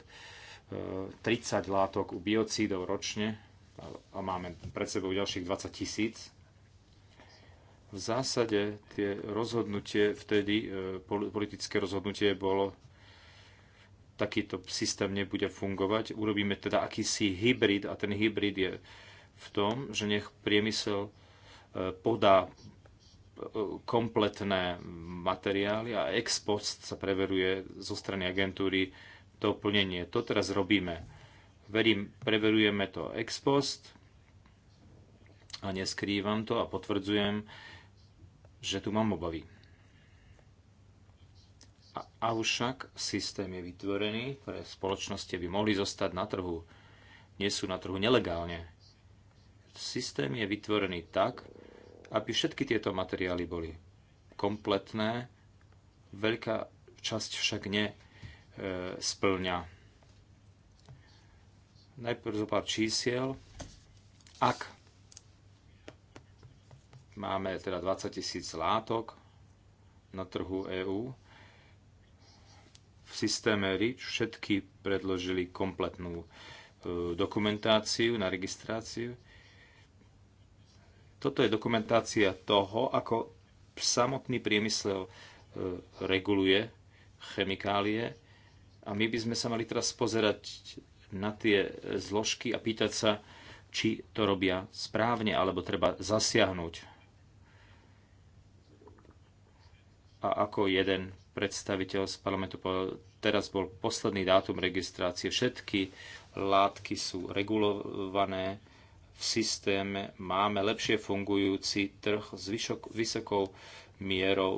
30 látok u biocídov ročne a máme pred sebou ďalších 20 tisíc. V zásade tie rozhodnutie vtedy, e, politické rozhodnutie bolo, takýto systém nebude fungovať. Urobíme teda akýsi hybrid a ten hybrid je v tom, že nech priemysel e, podá e, kompletné materiály a ex post sa preveruje zo strany agentúry to plnenie. To teraz robíme. Verím, preverujeme to ex post a neskrývam to a potvrdzujem, že tu mám obavy. A, a však systém je vytvorený pre spoločnosti, by mohli zostať na trhu. Nie sú na trhu nelegálne. Systém je vytvorený tak, aby všetky tieto materiály boli kompletné, veľká časť však nie splňa. Najprv zopár pár čísiel. Ak máme teda 20 tisíc látok na trhu EÚ, v systéme REACH všetky predložili kompletnú e, dokumentáciu na registráciu. Toto je dokumentácia toho, ako samotný priemysel e, reguluje chemikálie a my by sme sa mali teraz pozerať na tie zložky a pýtať sa, či to robia správne, alebo treba zasiahnuť. A ako jeden predstaviteľ z parlamentu povedal, teraz bol posledný dátum registrácie. Všetky látky sú regulované v systéme, máme lepšie fungujúci trh s vysokou mierou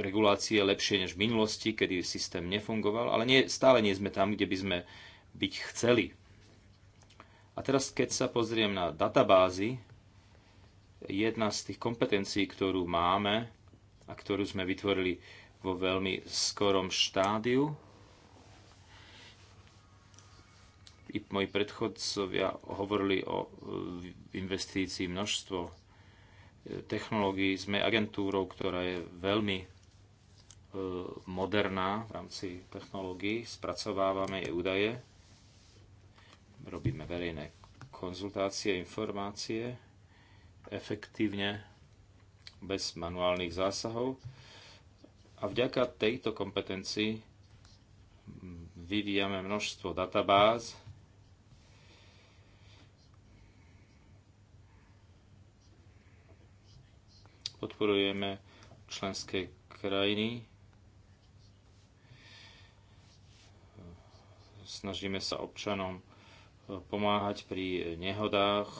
regulácie lepšie než v minulosti, kedy systém nefungoval, ale nie, stále nie sme tam, kde by sme byť chceli. A teraz, keď sa pozriem na databázy, jedna z tých kompetencií, ktorú máme a ktorú sme vytvorili vo veľmi skorom štádiu, i moji predchodcovia hovorili o e, investícii množstvo e, technológií. Sme agentúrou, ktorá je veľmi E, moderná v rámci technológií, spracovávame jej údaje, robíme verejné konzultácie, informácie, efektívne, bez manuálnych zásahov. A vďaka tejto kompetencii vyvíjame množstvo databáz, podporujeme členské krajiny Snažíme sa občanom e, pomáhať pri nehodách.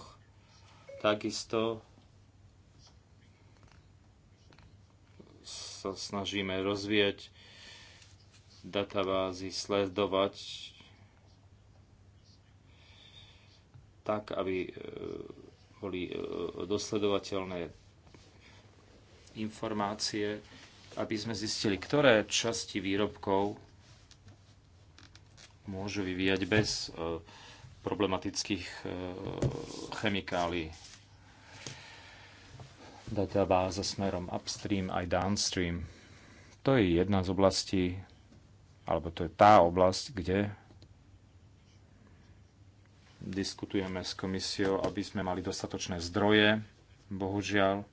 Takisto sa snažíme rozvíjať databázy, sledovať tak, aby e, boli e, dosledovateľné informácie, aby sme zistili, ktoré časti výrobkov môžu vyvíjať bez e, problematických e, chemikálií. Databáza smerom upstream aj downstream. To je jedna z oblastí, alebo to je tá oblasť, kde diskutujeme s komisiou, aby sme mali dostatočné zdroje. Bohužiaľ,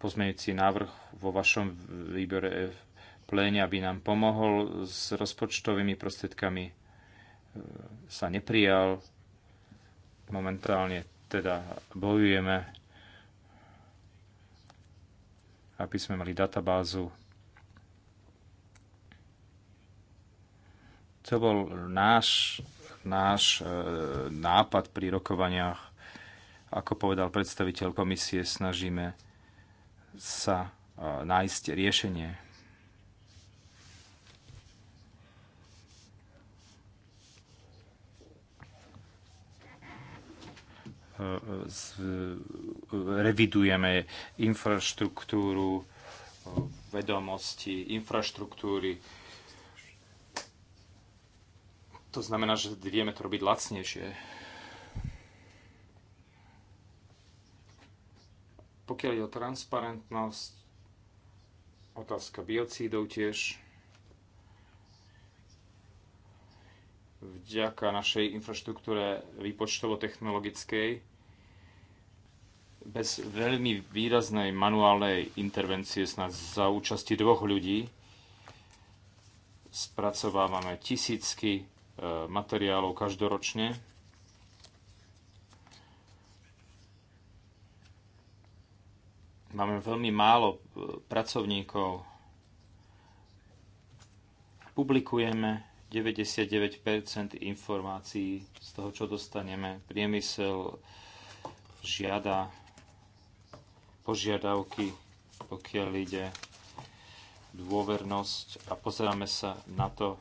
pozmeňujúci návrh vo vašom výbere pleň, aby nám pomohol s rozpočtovými prostriedkami, e, sa neprijal. Momentálne teda bojujeme, aby sme mali databázu. To bol náš, náš e, nápad pri rokovaniach. Ako povedal predstaviteľ komisie, snažíme sa e, nájsť riešenie revidujeme infraštruktúru, vedomosti, infraštruktúry. To znamená, že vieme to robiť lacnejšie. Pokiaľ je o transparentnosť, otázka biocídov tiež, vďaka našej infraštruktúre výpočtovo-technologickej bez veľmi výraznej manuálnej intervencie snad za účasti dvoch ľudí spracovávame tisícky e, materiálov každoročne. Máme veľmi málo e, pracovníkov. Publikujeme 99 informácií z toho, čo dostaneme. Priemysel žiada požiadavky, pokiaľ ide dôvernosť a pozeráme sa na to,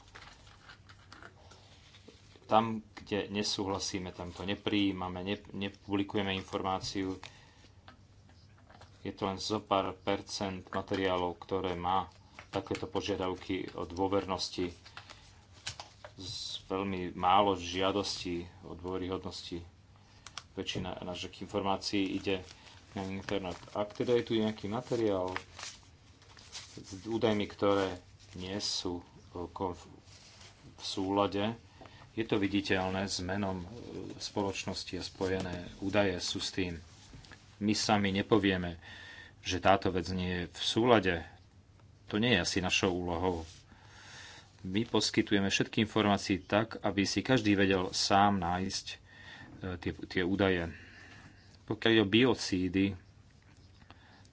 tam, kde nesúhlasíme, tam to neprijímame, ne, nepublikujeme informáciu. Je to len zo pár percent materiálov, ktoré má takéto požiadavky o dôvernosti z veľmi málo žiadostí o dôveryhodnosti. Väčšina našich informácií ide na internet. Ak teda je tu nejaký materiál s údajmi, ktoré nie sú e, v súlade, je to viditeľné s menom e, spoločnosti a spojené údaje sú s tým. My sami nepovieme, že táto vec nie je v súlade. To nie je asi našou úlohou. My poskytujeme všetky informácie tak, aby si každý vedel sám nájsť e, tie, tie údaje. Pokiaľ je o biocídy,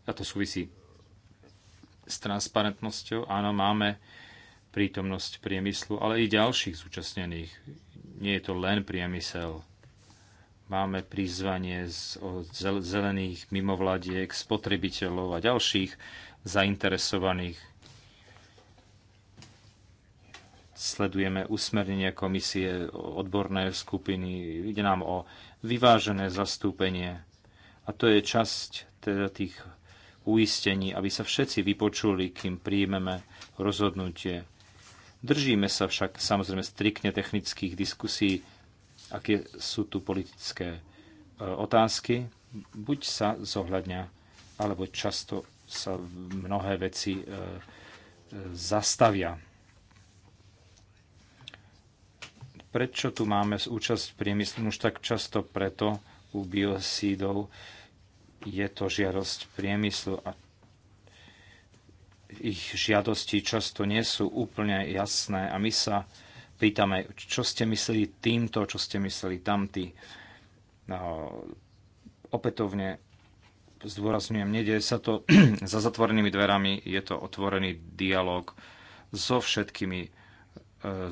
a to súvisí s transparentnosťou, áno, máme prítomnosť priemyslu, ale i ďalších zúčastnených. Nie je to len priemysel. Máme prizvanie z, od zelených mimovladiek, spotrebiteľov a ďalších zainteresovaných Sledujeme usmernenie komisie, odborné skupiny, ide nám o vyvážené zastúpenie. A to je časť teda tých uistení, aby sa všetci vypočuli, kým príjmeme rozhodnutie. Držíme sa však samozrejme striktne technických diskusí, aké sú tu politické e, otázky. Buď sa zohľadňa, alebo často sa mnohé veci e, e, zastavia. Prečo tu máme účasť priemyslu? Už tak často preto u biosídov je to žiadosť priemyslu a ich žiadosti často nie sú úplne jasné a my sa pýtame, čo ste mysleli týmto, čo ste mysleli tamtý. No, opätovne zdôrazňujem, nedieje sa to za zatvorenými dverami, je to otvorený dialog so všetkými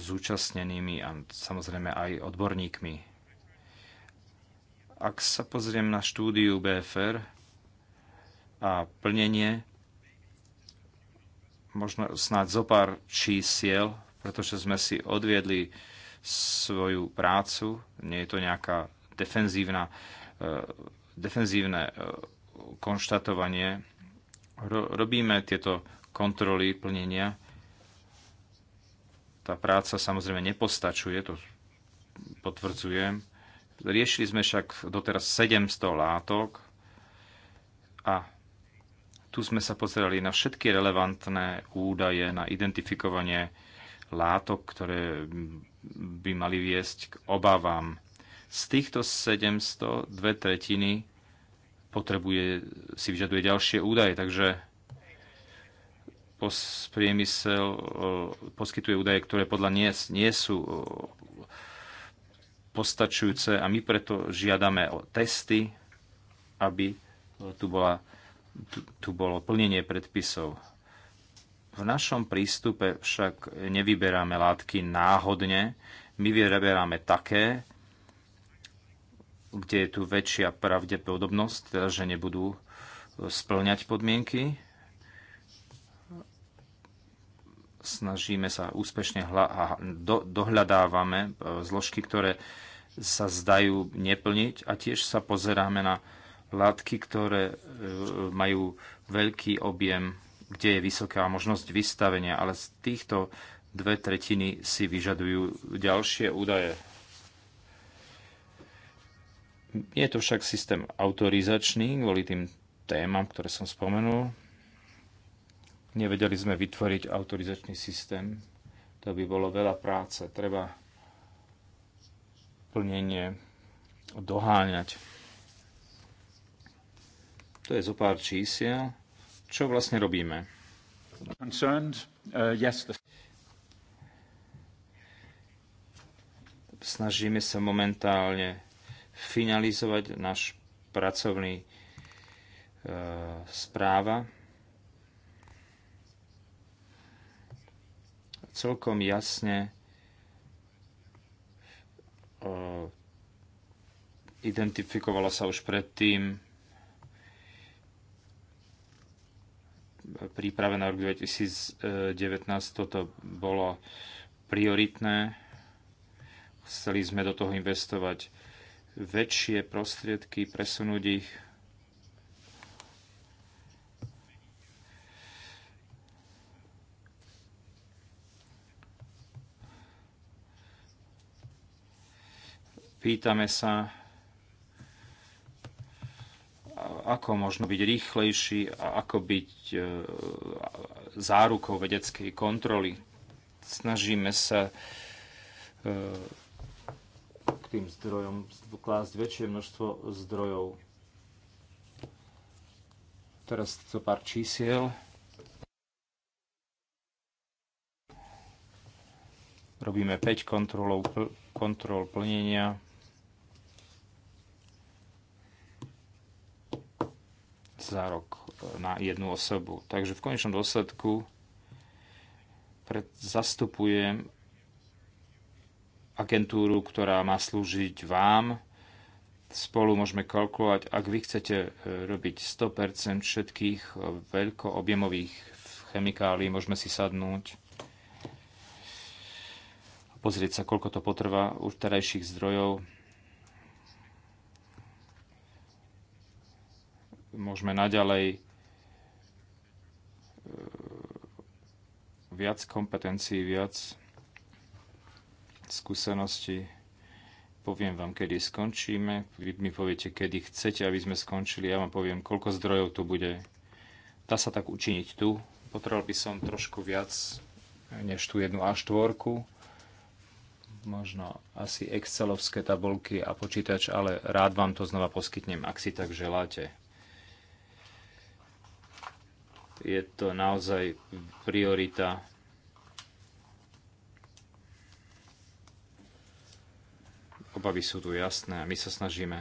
zúčastnenými a samozrejme aj odborníkmi. Ak sa pozriem na štúdiu BFR a plnenie, možno snáď zo pár čísiel, pretože sme si odviedli svoju prácu. Nie je to nejaká defenzívna, e, defenzívne e, konštatovanie. Robíme tieto kontroly plnenia tá práca samozrejme nepostačuje, to potvrdzujem. Riešili sme však doteraz 700 látok a tu sme sa pozerali na všetky relevantné údaje, na identifikovanie látok, ktoré by mali viesť k obavám. Z týchto 700 dve tretiny potrebuje, si vyžaduje ďalšie údaje, takže priemysel poskytuje údaje, ktoré podľa nie, nie sú postačujúce a my preto žiadame o testy, aby tu, bola, tu, tu bolo plnenie predpisov. V našom prístupe však nevyberáme látky náhodne, my vyberáme také, kde je tu väčšia pravdepodobnosť, teda že nebudú e, splňať podmienky snažíme sa úspešne a do- dohľadávame e, zložky, ktoré sa zdajú neplniť a tiež sa pozeráme na látky, ktoré e, majú veľký objem, kde je vysoká možnosť vystavenia, ale z týchto dve tretiny si vyžadujú ďalšie údaje. Je to však systém autorizačný kvôli tým témam, ktoré som spomenul. Nevedeli sme vytvoriť autorizačný systém. To by bolo veľa práce. Treba plnenie doháňať. To je zo pár čísiel. Čo vlastne robíme? Uh, Snažíme sa momentálne finalizovať náš pracovný e, správa celkom jasne eh, identifikovala sa už predtým príprave na rok 2019 toto bolo prioritné. Chceli sme do toho investovať väčšie prostriedky, presunúť ich Pýtame sa, ako možno byť rýchlejší a ako byť e, zárukou vedeckej kontroly. Snažíme sa e, k tým zdrojom klásť väčšie množstvo zdrojov. Teraz to pár čísiel. Robíme 5 kontrol plnenia. za rok e, na jednu osobu. Takže v konečnom dôsledku zastupujem agentúru, ktorá má slúžiť vám. Spolu môžeme kalkulovať, ak vy chcete e, robiť 100% všetkých e, veľkoobjemových chemikálií, môžeme si sadnúť pozrieť sa, koľko to potrvá u terajších zdrojov môžeme naďalej e, viac kompetencií, viac skúseností. Poviem vám, kedy skončíme. Vy mi poviete, kedy chcete, aby sme skončili. Ja vám poviem, koľko zdrojov tu bude. Dá sa tak učiniť tu. Potreboval by som trošku viac než tú jednu A4. Možno asi excelovské tabulky a počítač, ale rád vám to znova poskytnem, ak si tak želáte. Je to naozaj priorita. Obavy sú tu jasné a my sa snažíme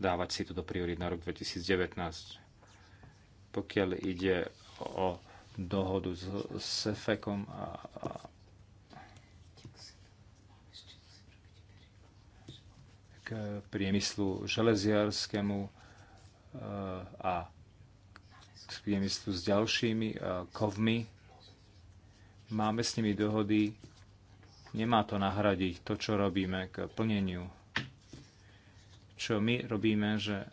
dávať si to do priorit na rok 2019. Pokiaľ ide o dohodu s, sefekom a, a k priemyslu železiarskému e, a pracujeme tu s ďalšími e, kovmi. Máme s nimi dohody. Nemá to nahradiť to, čo robíme k plneniu. Čo my robíme, že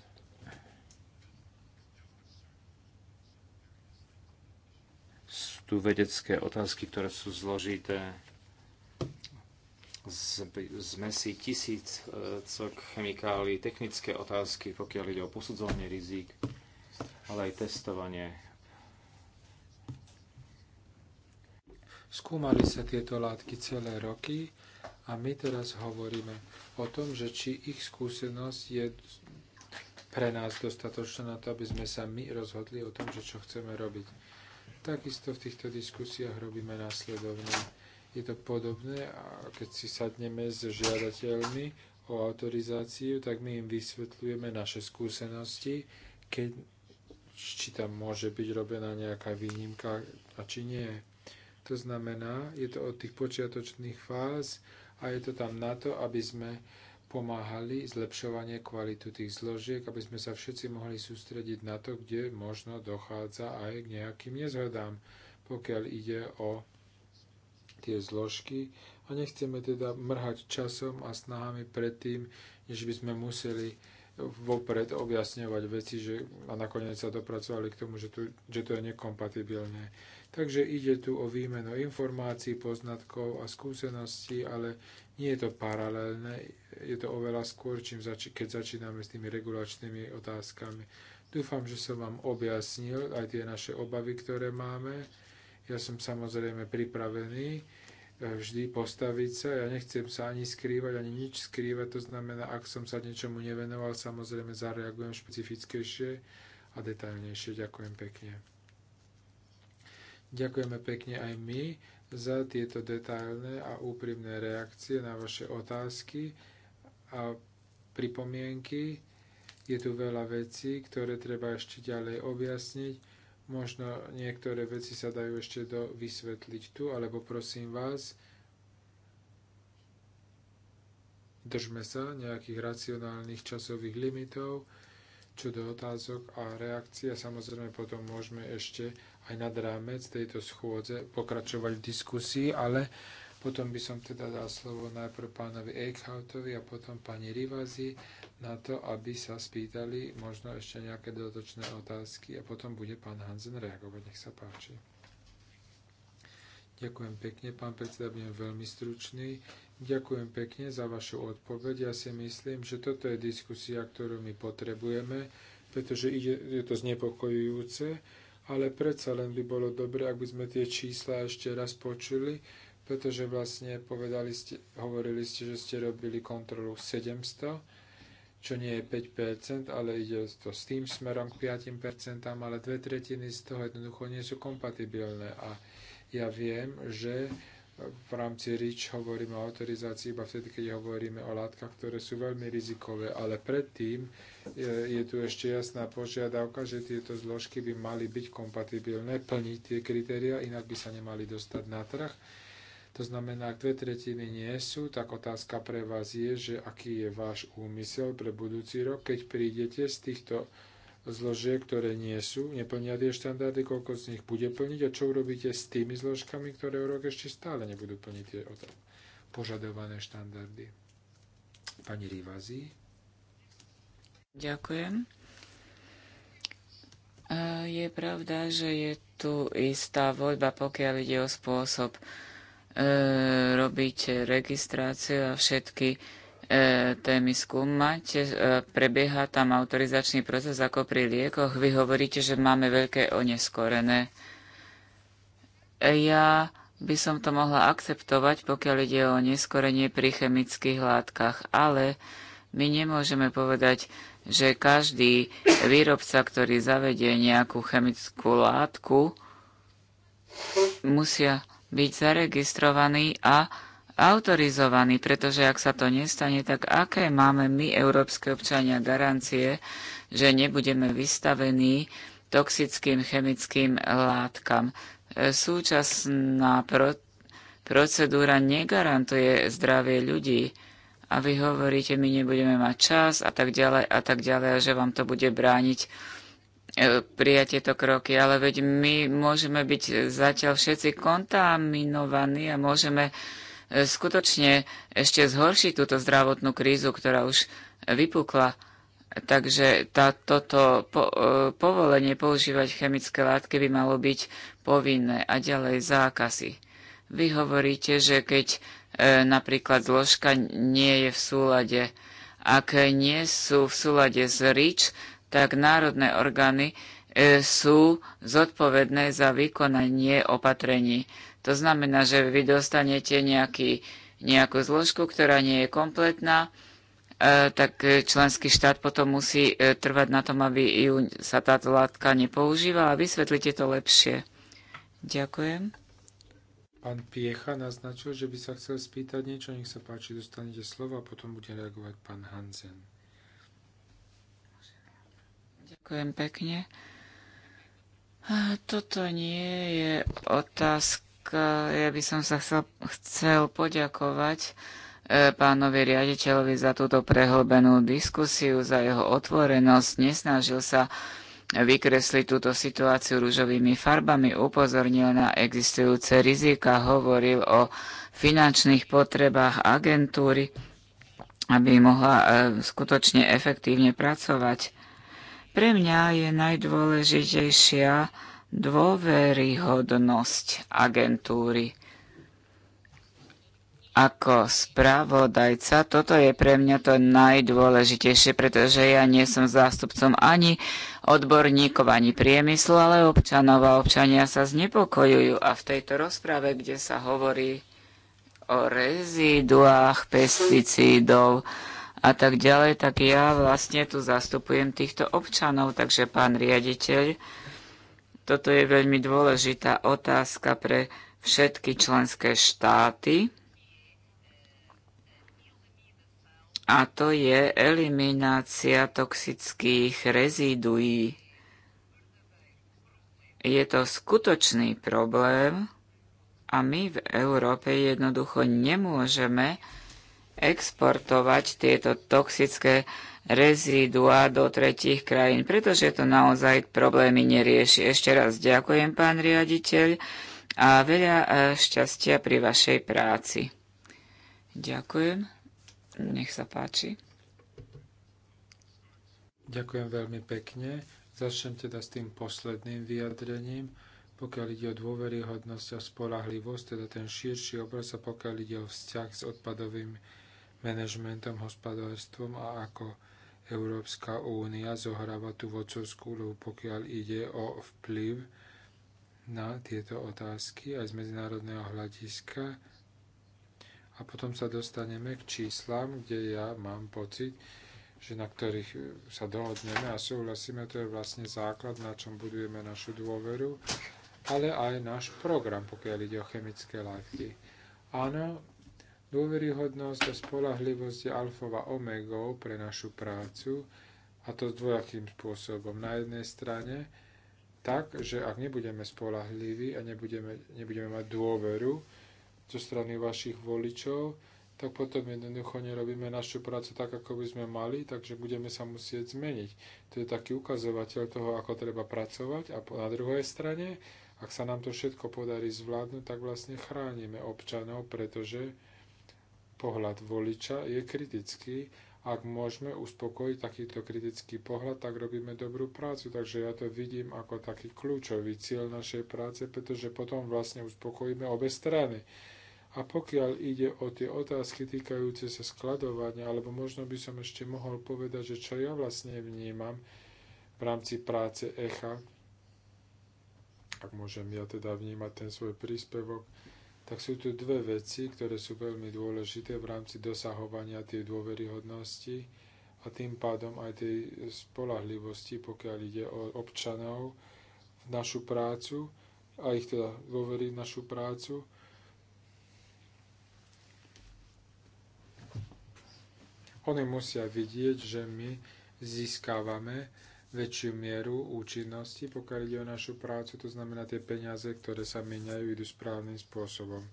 sú tu vedecké otázky, ktoré sú zložité. Sme si tisíc e, cok chemikálií, technické otázky, pokiaľ ide o posudzovanie rizík ale aj testovanie. Skúmali sa tieto látky celé roky a my teraz hovoríme o tom, že či ich skúsenosť je pre nás dostatočná na to, aby sme sa my rozhodli o tom, že čo chceme robiť. Takisto v týchto diskusiách robíme následovne. Je to podobné, a keď si sadneme s žiadateľmi o autorizáciu, tak my im vysvetľujeme naše skúsenosti, keď či tam môže byť robená nejaká výnimka a či nie. To znamená, je to od tých počiatočných fáz a je to tam na to, aby sme pomáhali zlepšovanie kvalitu tých zložiek, aby sme sa všetci mohli sústrediť na to, kde možno dochádza aj k nejakým nezhodám, pokiaľ ide o tie zložky a nechceme teda mrhať časom a snahami predtým, než by sme museli vopred objasňovať veci že, a nakoniec sa dopracovali k tomu, že, tu, že to je nekompatibilné. Takže ide tu o výmenu informácií, poznatkov a skúseností, ale nie je to paralelné, je to oveľa skôr, čím zači- keď začíname s tými regulačnými otázkami. Dúfam, že som vám objasnil aj tie naše obavy, ktoré máme. Ja som samozrejme pripravený vždy postaviť sa. Ja nechcem sa ani skrývať, ani nič skrývať. To znamená, ak som sa niečomu nevenoval, samozrejme zareagujem špecifickejšie a detailnejšie. Ďakujem pekne. Ďakujeme pekne aj my za tieto detailné a úprimné reakcie na vaše otázky a pripomienky. Je tu veľa vecí, ktoré treba ešte ďalej objasniť Možno niektoré veci sa dajú ešte do vysvetliť tu, alebo prosím vás, držme sa nejakých racionálnych časových limitov, čo do otázok a reakcií a samozrejme potom môžeme ešte aj nad rámec tejto schôdze pokračovať v diskusii, ale potom by som teda dal slovo najprv pánovi Eichhautovi a potom pani Rivazi na to, aby sa spýtali možno ešte nejaké dodatočné otázky a potom bude pán Hansen reagovať. Nech sa páči. Ďakujem pekne, pán predseda, budem veľmi stručný. Ďakujem pekne za vašu odpoveď. Ja si myslím, že toto je diskusia, ktorú my potrebujeme, pretože ide, je to znepokojujúce, ale predsa len by bolo dobré, ak by sme tie čísla ešte raz počuli, pretože vlastne povedali ste, hovorili ste, že ste robili kontrolu 700 čo nie je 5%, ale ide to s tým smerom k 5%, ale dve tretiny z toho jednoducho nie sú kompatibilné. A ja viem, že v rámci REACH hovoríme o autorizácii iba vtedy, keď hovoríme o látkach, ktoré sú veľmi rizikové, ale predtým je, je tu ešte jasná požiadavka, že tieto zložky by mali byť kompatibilné, plniť tie kritéria, inak by sa nemali dostať na trh to znamená, ak dve tretiny nie sú, tak otázka pre vás je, že aký je váš úmysel pre budúci rok, keď prídete z týchto zložiek, ktoré nie sú, neplnia tie štandardy, koľko z nich bude plniť a čo urobíte s tými zložkami, ktoré o rok ešte stále nebudú plniť tie požadované štandardy. Pani Rivazi. Ďakujem. E, je pravda, že je tu istá voľba, pokiaľ ide o spôsob E, robiť registráciu a všetky e, témy skúmať. E, prebieha tam autorizačný proces ako pri liekoch. Vy hovoríte, že máme veľké oneskorené. Ja by som to mohla akceptovať, pokiaľ ide o neskorenie pri chemických látkach, ale my nemôžeme povedať, že každý výrobca, ktorý zavedie nejakú chemickú látku, musia byť zaregistrovaní a autorizovaný, pretože ak sa to nestane, tak aké máme my, európske občania, garancie, že nebudeme vystavení toxickým chemickým látkam. Súčasná pro- procedúra negarantuje zdravie ľudí a vy hovoríte, my nebudeme mať čas a tak ďalej a tak ďalej a že vám to bude brániť E, prijať tieto kroky, ale veď my môžeme byť zatiaľ všetci kontaminovaní a môžeme e, skutočne ešte zhoršiť túto zdravotnú krízu, ktorá už vypukla. Takže tá, toto po, e, povolenie používať chemické látky by malo byť povinné a ďalej zákazy. Vy hovoríte, že keď e, napríklad zložka nie je v súlade, ak nie sú v súlade s RIČ, tak národné orgány e, sú zodpovedné za vykonanie opatrení. To znamená, že vy dostanete nejaký, nejakú zložku, ktorá nie je kompletná, e, tak členský štát potom musí e, trvať na tom, aby ju sa táto látka nepoužívala a vysvetlite to lepšie. Ďakujem. Pán Piecha naznačil, že by sa chcel spýtať niečo. Nech sa páči, dostanete slovo a potom bude reagovať pán Hansen. Ďakujem pekne. Toto nie je otázka. Ja by som sa chcel, chcel poďakovať e, pánovi riaditeľovi za túto prehlbenú diskusiu, za jeho otvorenosť. Nesnažil sa vykresliť túto situáciu rúžovými farbami, upozornil na existujúce rizika, hovoril o finančných potrebách agentúry, aby mohla e, skutočne efektívne pracovať. Pre mňa je najdôležitejšia dôveryhodnosť agentúry. Ako spravodajca, toto je pre mňa to najdôležitejšie, pretože ja nie som zástupcom ani odborníkov, ani priemyslu, ale občanov a občania sa znepokojujú. A v tejto rozprave, kde sa hovorí o reziduách pesticídov, a tak ďalej, tak ja vlastne tu zastupujem týchto občanov. Takže pán riaditeľ, toto je veľmi dôležitá otázka pre všetky členské štáty. A to je eliminácia toxických rezíduí. Je to skutočný problém a my v Európe jednoducho nemôžeme exportovať tieto toxické rezidua do tretích krajín, pretože to naozaj problémy nerieši. Ešte raz ďakujem, pán riaditeľ, a veľa e, šťastia pri vašej práci. Ďakujem. Nech sa páči. Ďakujem veľmi pekne. Začnem teda s tým posledným vyjadrením. Pokiaľ ide o dôveryhodnosť a spolahlivosť, teda ten širší obraz a pokiaľ ide o vzťah s odpadovými manažmentom, hospodárstvom a ako Európska únia zohráva tú vodcovskú úlohu, pokiaľ ide o vplyv na tieto otázky aj z medzinárodného hľadiska. A potom sa dostaneme k číslam, kde ja mám pocit, že na ktorých sa dohodneme a súhlasíme, to je vlastne základ, na čom budujeme našu dôveru, ale aj náš program, pokiaľ ide o chemické látky. Áno, Dôveryhodnosť a spolahlivosť je alfova omegou pre našu prácu a to dvojakým spôsobom. Na jednej strane tak, že ak nebudeme spolahliví a nebudeme, nebudeme mať dôveru zo strany vašich voličov, tak potom jednoducho nerobíme našu prácu tak, ako by sme mali, takže budeme sa musieť zmeniť. To je taký ukazovateľ toho, ako treba pracovať. A na druhej strane, ak sa nám to všetko podarí zvládnuť, tak vlastne chránime občanov, pretože pohľad voliča je kritický. Ak môžeme uspokojiť takýto kritický pohľad, tak robíme dobrú prácu. Takže ja to vidím ako taký kľúčový cieľ našej práce, pretože potom vlastne uspokojíme obe strany. A pokiaľ ide o tie otázky týkajúce sa skladovania, alebo možno by som ešte mohol povedať, že čo ja vlastne vnímam v rámci práce ECHA, ak môžem ja teda vnímať ten svoj príspevok, tak sú tu dve veci, ktoré sú veľmi dôležité v rámci dosahovania tej dôveryhodnosti a tým pádom aj tej spolahlivosti, pokiaľ ide o občanov, v našu prácu a ich teda dôveriť v našu prácu. Oni musia vidieť, že my získavame väčšiu mieru účinnosti, pokiaľ ide o našu prácu, to znamená tie peniaze, ktoré sa meniajú, idú správnym spôsobom.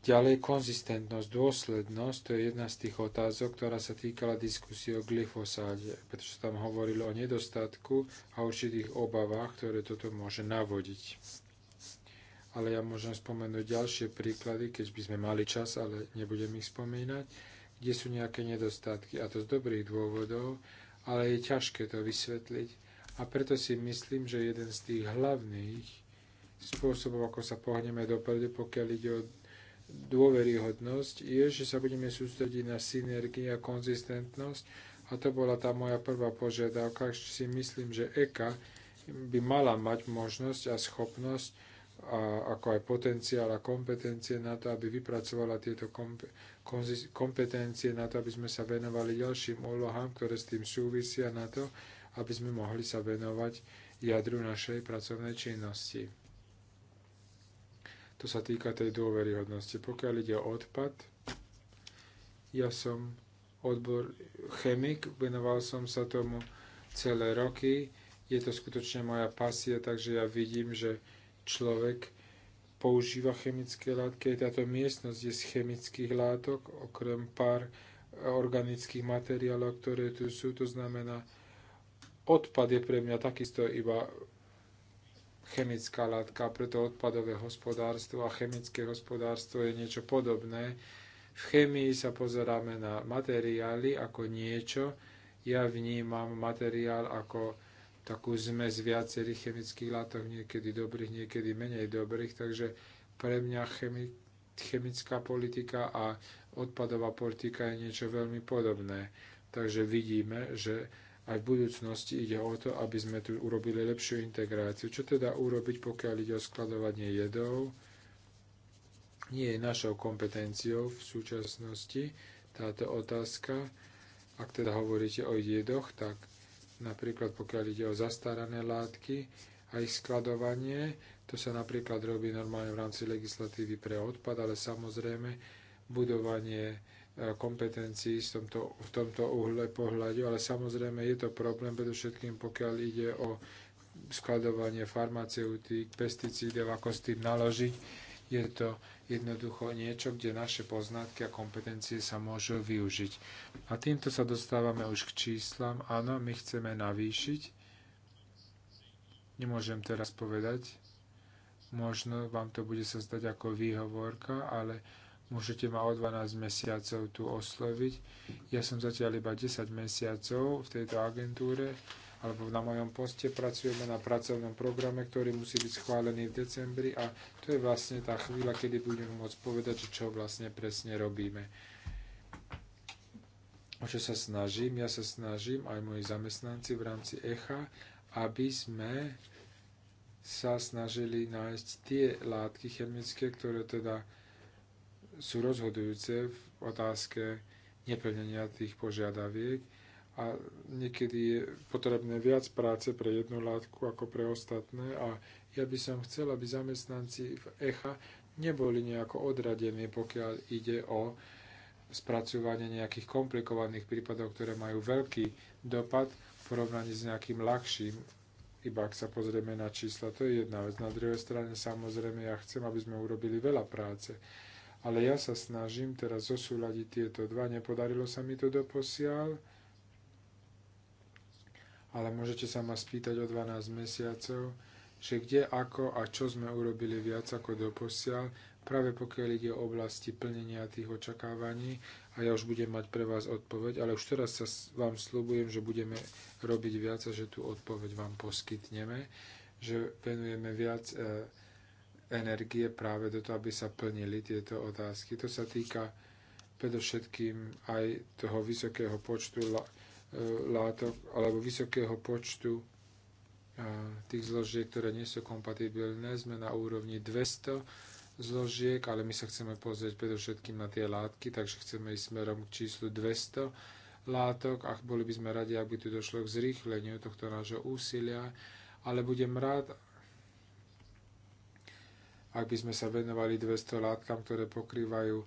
Ďalej konzistentnosť, dôslednosť, to je jedna z tých otázok, ktorá sa týkala diskusie o glyfosáde, pretože tam hovorilo o nedostatku a určitých obavách, ktoré toto môže navodiť. Ale ja môžem spomenúť ďalšie príklady, keď by sme mali čas, ale nebudem ich spomínať, kde sú nejaké nedostatky. A to z dobrých dôvodov, ale je ťažké to vysvetliť. A preto si myslím, že jeden z tých hlavných spôsobov, ako sa pohneme dopredu, pokiaľ ide o dôveryhodnosť, je, že sa budeme sústrediť na synergii a konzistentnosť. A to bola tá moja prvá požiadavka, ešte si myslím, že EKA by mala mať možnosť a schopnosť a ako aj potenciál a kompetencie na to, aby vypracovala tieto kompetencie na to, aby sme sa venovali ďalším úlohám, ktoré s tým súvisia na to, aby sme mohli sa venovať jadru našej pracovnej činnosti. To sa týka tej dôveryhodnosti. Pokiaľ ide o odpad, ja som odbor chemik, venoval som sa tomu celé roky. Je to skutočne moja pasia, takže ja vidím, že človek používa chemické látky. Aj táto miestnosť je z chemických látok, okrem pár e, organických materiálov, ktoré tu sú. To znamená, odpad je pre mňa takisto iba chemická látka, preto odpadové hospodárstvo a chemické hospodárstvo je niečo podobné. V chemii sa pozeráme na materiály ako niečo, ja vnímam materiál ako takú zmes viacerých chemických látok, niekedy dobrých, niekedy menej dobrých, takže pre mňa chemi, chemická politika a odpadová politika je niečo veľmi podobné. Takže vidíme, že aj v budúcnosti ide o to, aby sme tu urobili lepšiu integráciu. Čo teda urobiť, pokiaľ ide o skladovanie jedov? Nie je našou kompetenciou v súčasnosti táto otázka. Ak teda hovoríte o jedoch, tak napríklad pokiaľ ide o zastarané látky a ich skladovanie. To sa napríklad robí normálne v rámci legislatívy pre odpad, ale samozrejme budovanie e, kompetencií v tomto, v tomto uhle pohľadu, ale samozrejme je to problém, predovšetkým pokiaľ ide o skladovanie farmaceutík, pesticídov, ako s tým naložiť. Je to jednoducho niečo, kde naše poznatky a kompetencie sa môžu využiť. A týmto sa dostávame už k číslam. Áno, my chceme navýšiť. Nemôžem teraz povedať. Možno vám to bude sa zdať ako výhovorka, ale môžete ma o 12 mesiacov tu osloviť. Ja som zatiaľ iba 10 mesiacov v tejto agentúre alebo na mojom poste pracujeme na pracovnom programe, ktorý musí byť schválený v decembri a to je vlastne tá chvíľa, kedy budeme môcť povedať, že čo vlastne presne robíme. O čo sa snažím? Ja sa snažím, aj moji zamestnanci v rámci ECHA, aby sme sa snažili nájsť tie látky chemické, ktoré teda sú rozhodujúce v otázke neplnenia tých požiadaviek a niekedy je potrebné viac práce pre jednu látku ako pre ostatné a ja by som chcel, aby zamestnanci v ECHA neboli nejako odradení, pokiaľ ide o spracovanie nejakých komplikovaných prípadov, ktoré majú veľký dopad v porovnaní s nejakým ľahším, iba ak sa pozrieme na čísla. To je jedna vec. Na druhej strane samozrejme ja chcem, aby sme urobili veľa práce. Ale ja sa snažím teraz zosúľadiť tieto dva. Nepodarilo sa mi to doposiaľ. posiaľ ale môžete sa ma spýtať o 12 mesiacov, že kde, ako a čo sme urobili viac ako doposiaľ, práve pokiaľ ide o oblasti plnenia tých očakávaní a ja už budem mať pre vás odpoveď, ale už teraz sa vám slúbujem, že budeme robiť viac a že tú odpoveď vám poskytneme, že venujeme viac e, energie práve do toho, aby sa plnili tieto otázky. To sa týka predovšetkým aj toho vysokého počtu E, látok alebo vysokého počtu e, tých zložiek, ktoré nie sú kompatibilné. Sme na úrovni 200 zložiek, ale my sa chceme pozrieť predovšetkým na tie látky, takže chceme ísť smerom k číslu 200 látok a boli by sme radi, aby tu došlo k zrýchleniu tohto nášho úsilia, ale budem rád, ak by sme sa venovali 200 látkam, ktoré pokrývajú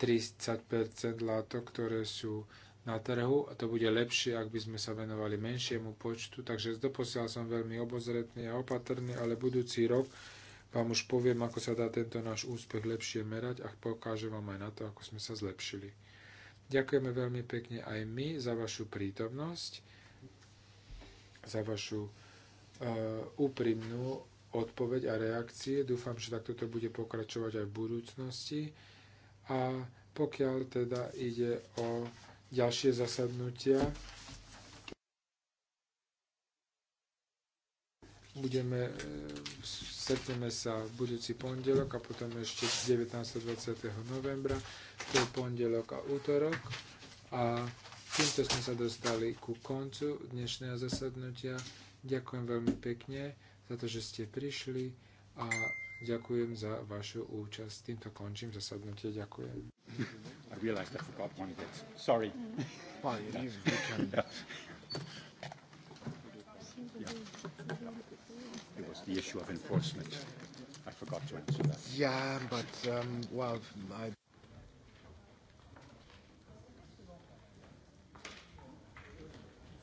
30 látok, ktoré sú na trhu a to bude lepšie, ak by sme sa venovali menšiemu počtu. Takže doposiaľ som veľmi obozretný a opatrný, ale budúci rok vám už poviem, ako sa dá tento náš úspech lepšie merať a pokážem vám aj na to, ako sme sa zlepšili. Ďakujeme veľmi pekne aj my za vašu prítomnosť, za vašu e, úprimnú odpoveď a reakcie. Dúfam, že takto to bude pokračovať aj v budúcnosti. A pokiaľ teda ide o ďalšie zasadnutia. Budeme, e, stretneme sa v budúci pondelok a potom ešte 19. 20. novembra, to je pondelok a útorok. A týmto sme sa dostali ku koncu dnešného zasadnutia. Ďakujem veľmi pekne za to, že ste prišli a Ďakujem za vašu účasť. Týmto končím zasadnutie. Ďakujem. I realized I forgot one Sorry. Well, you, yeah. Yeah. It was the issue of enforcement. I forgot to answer that. Yeah, but, um, well, I...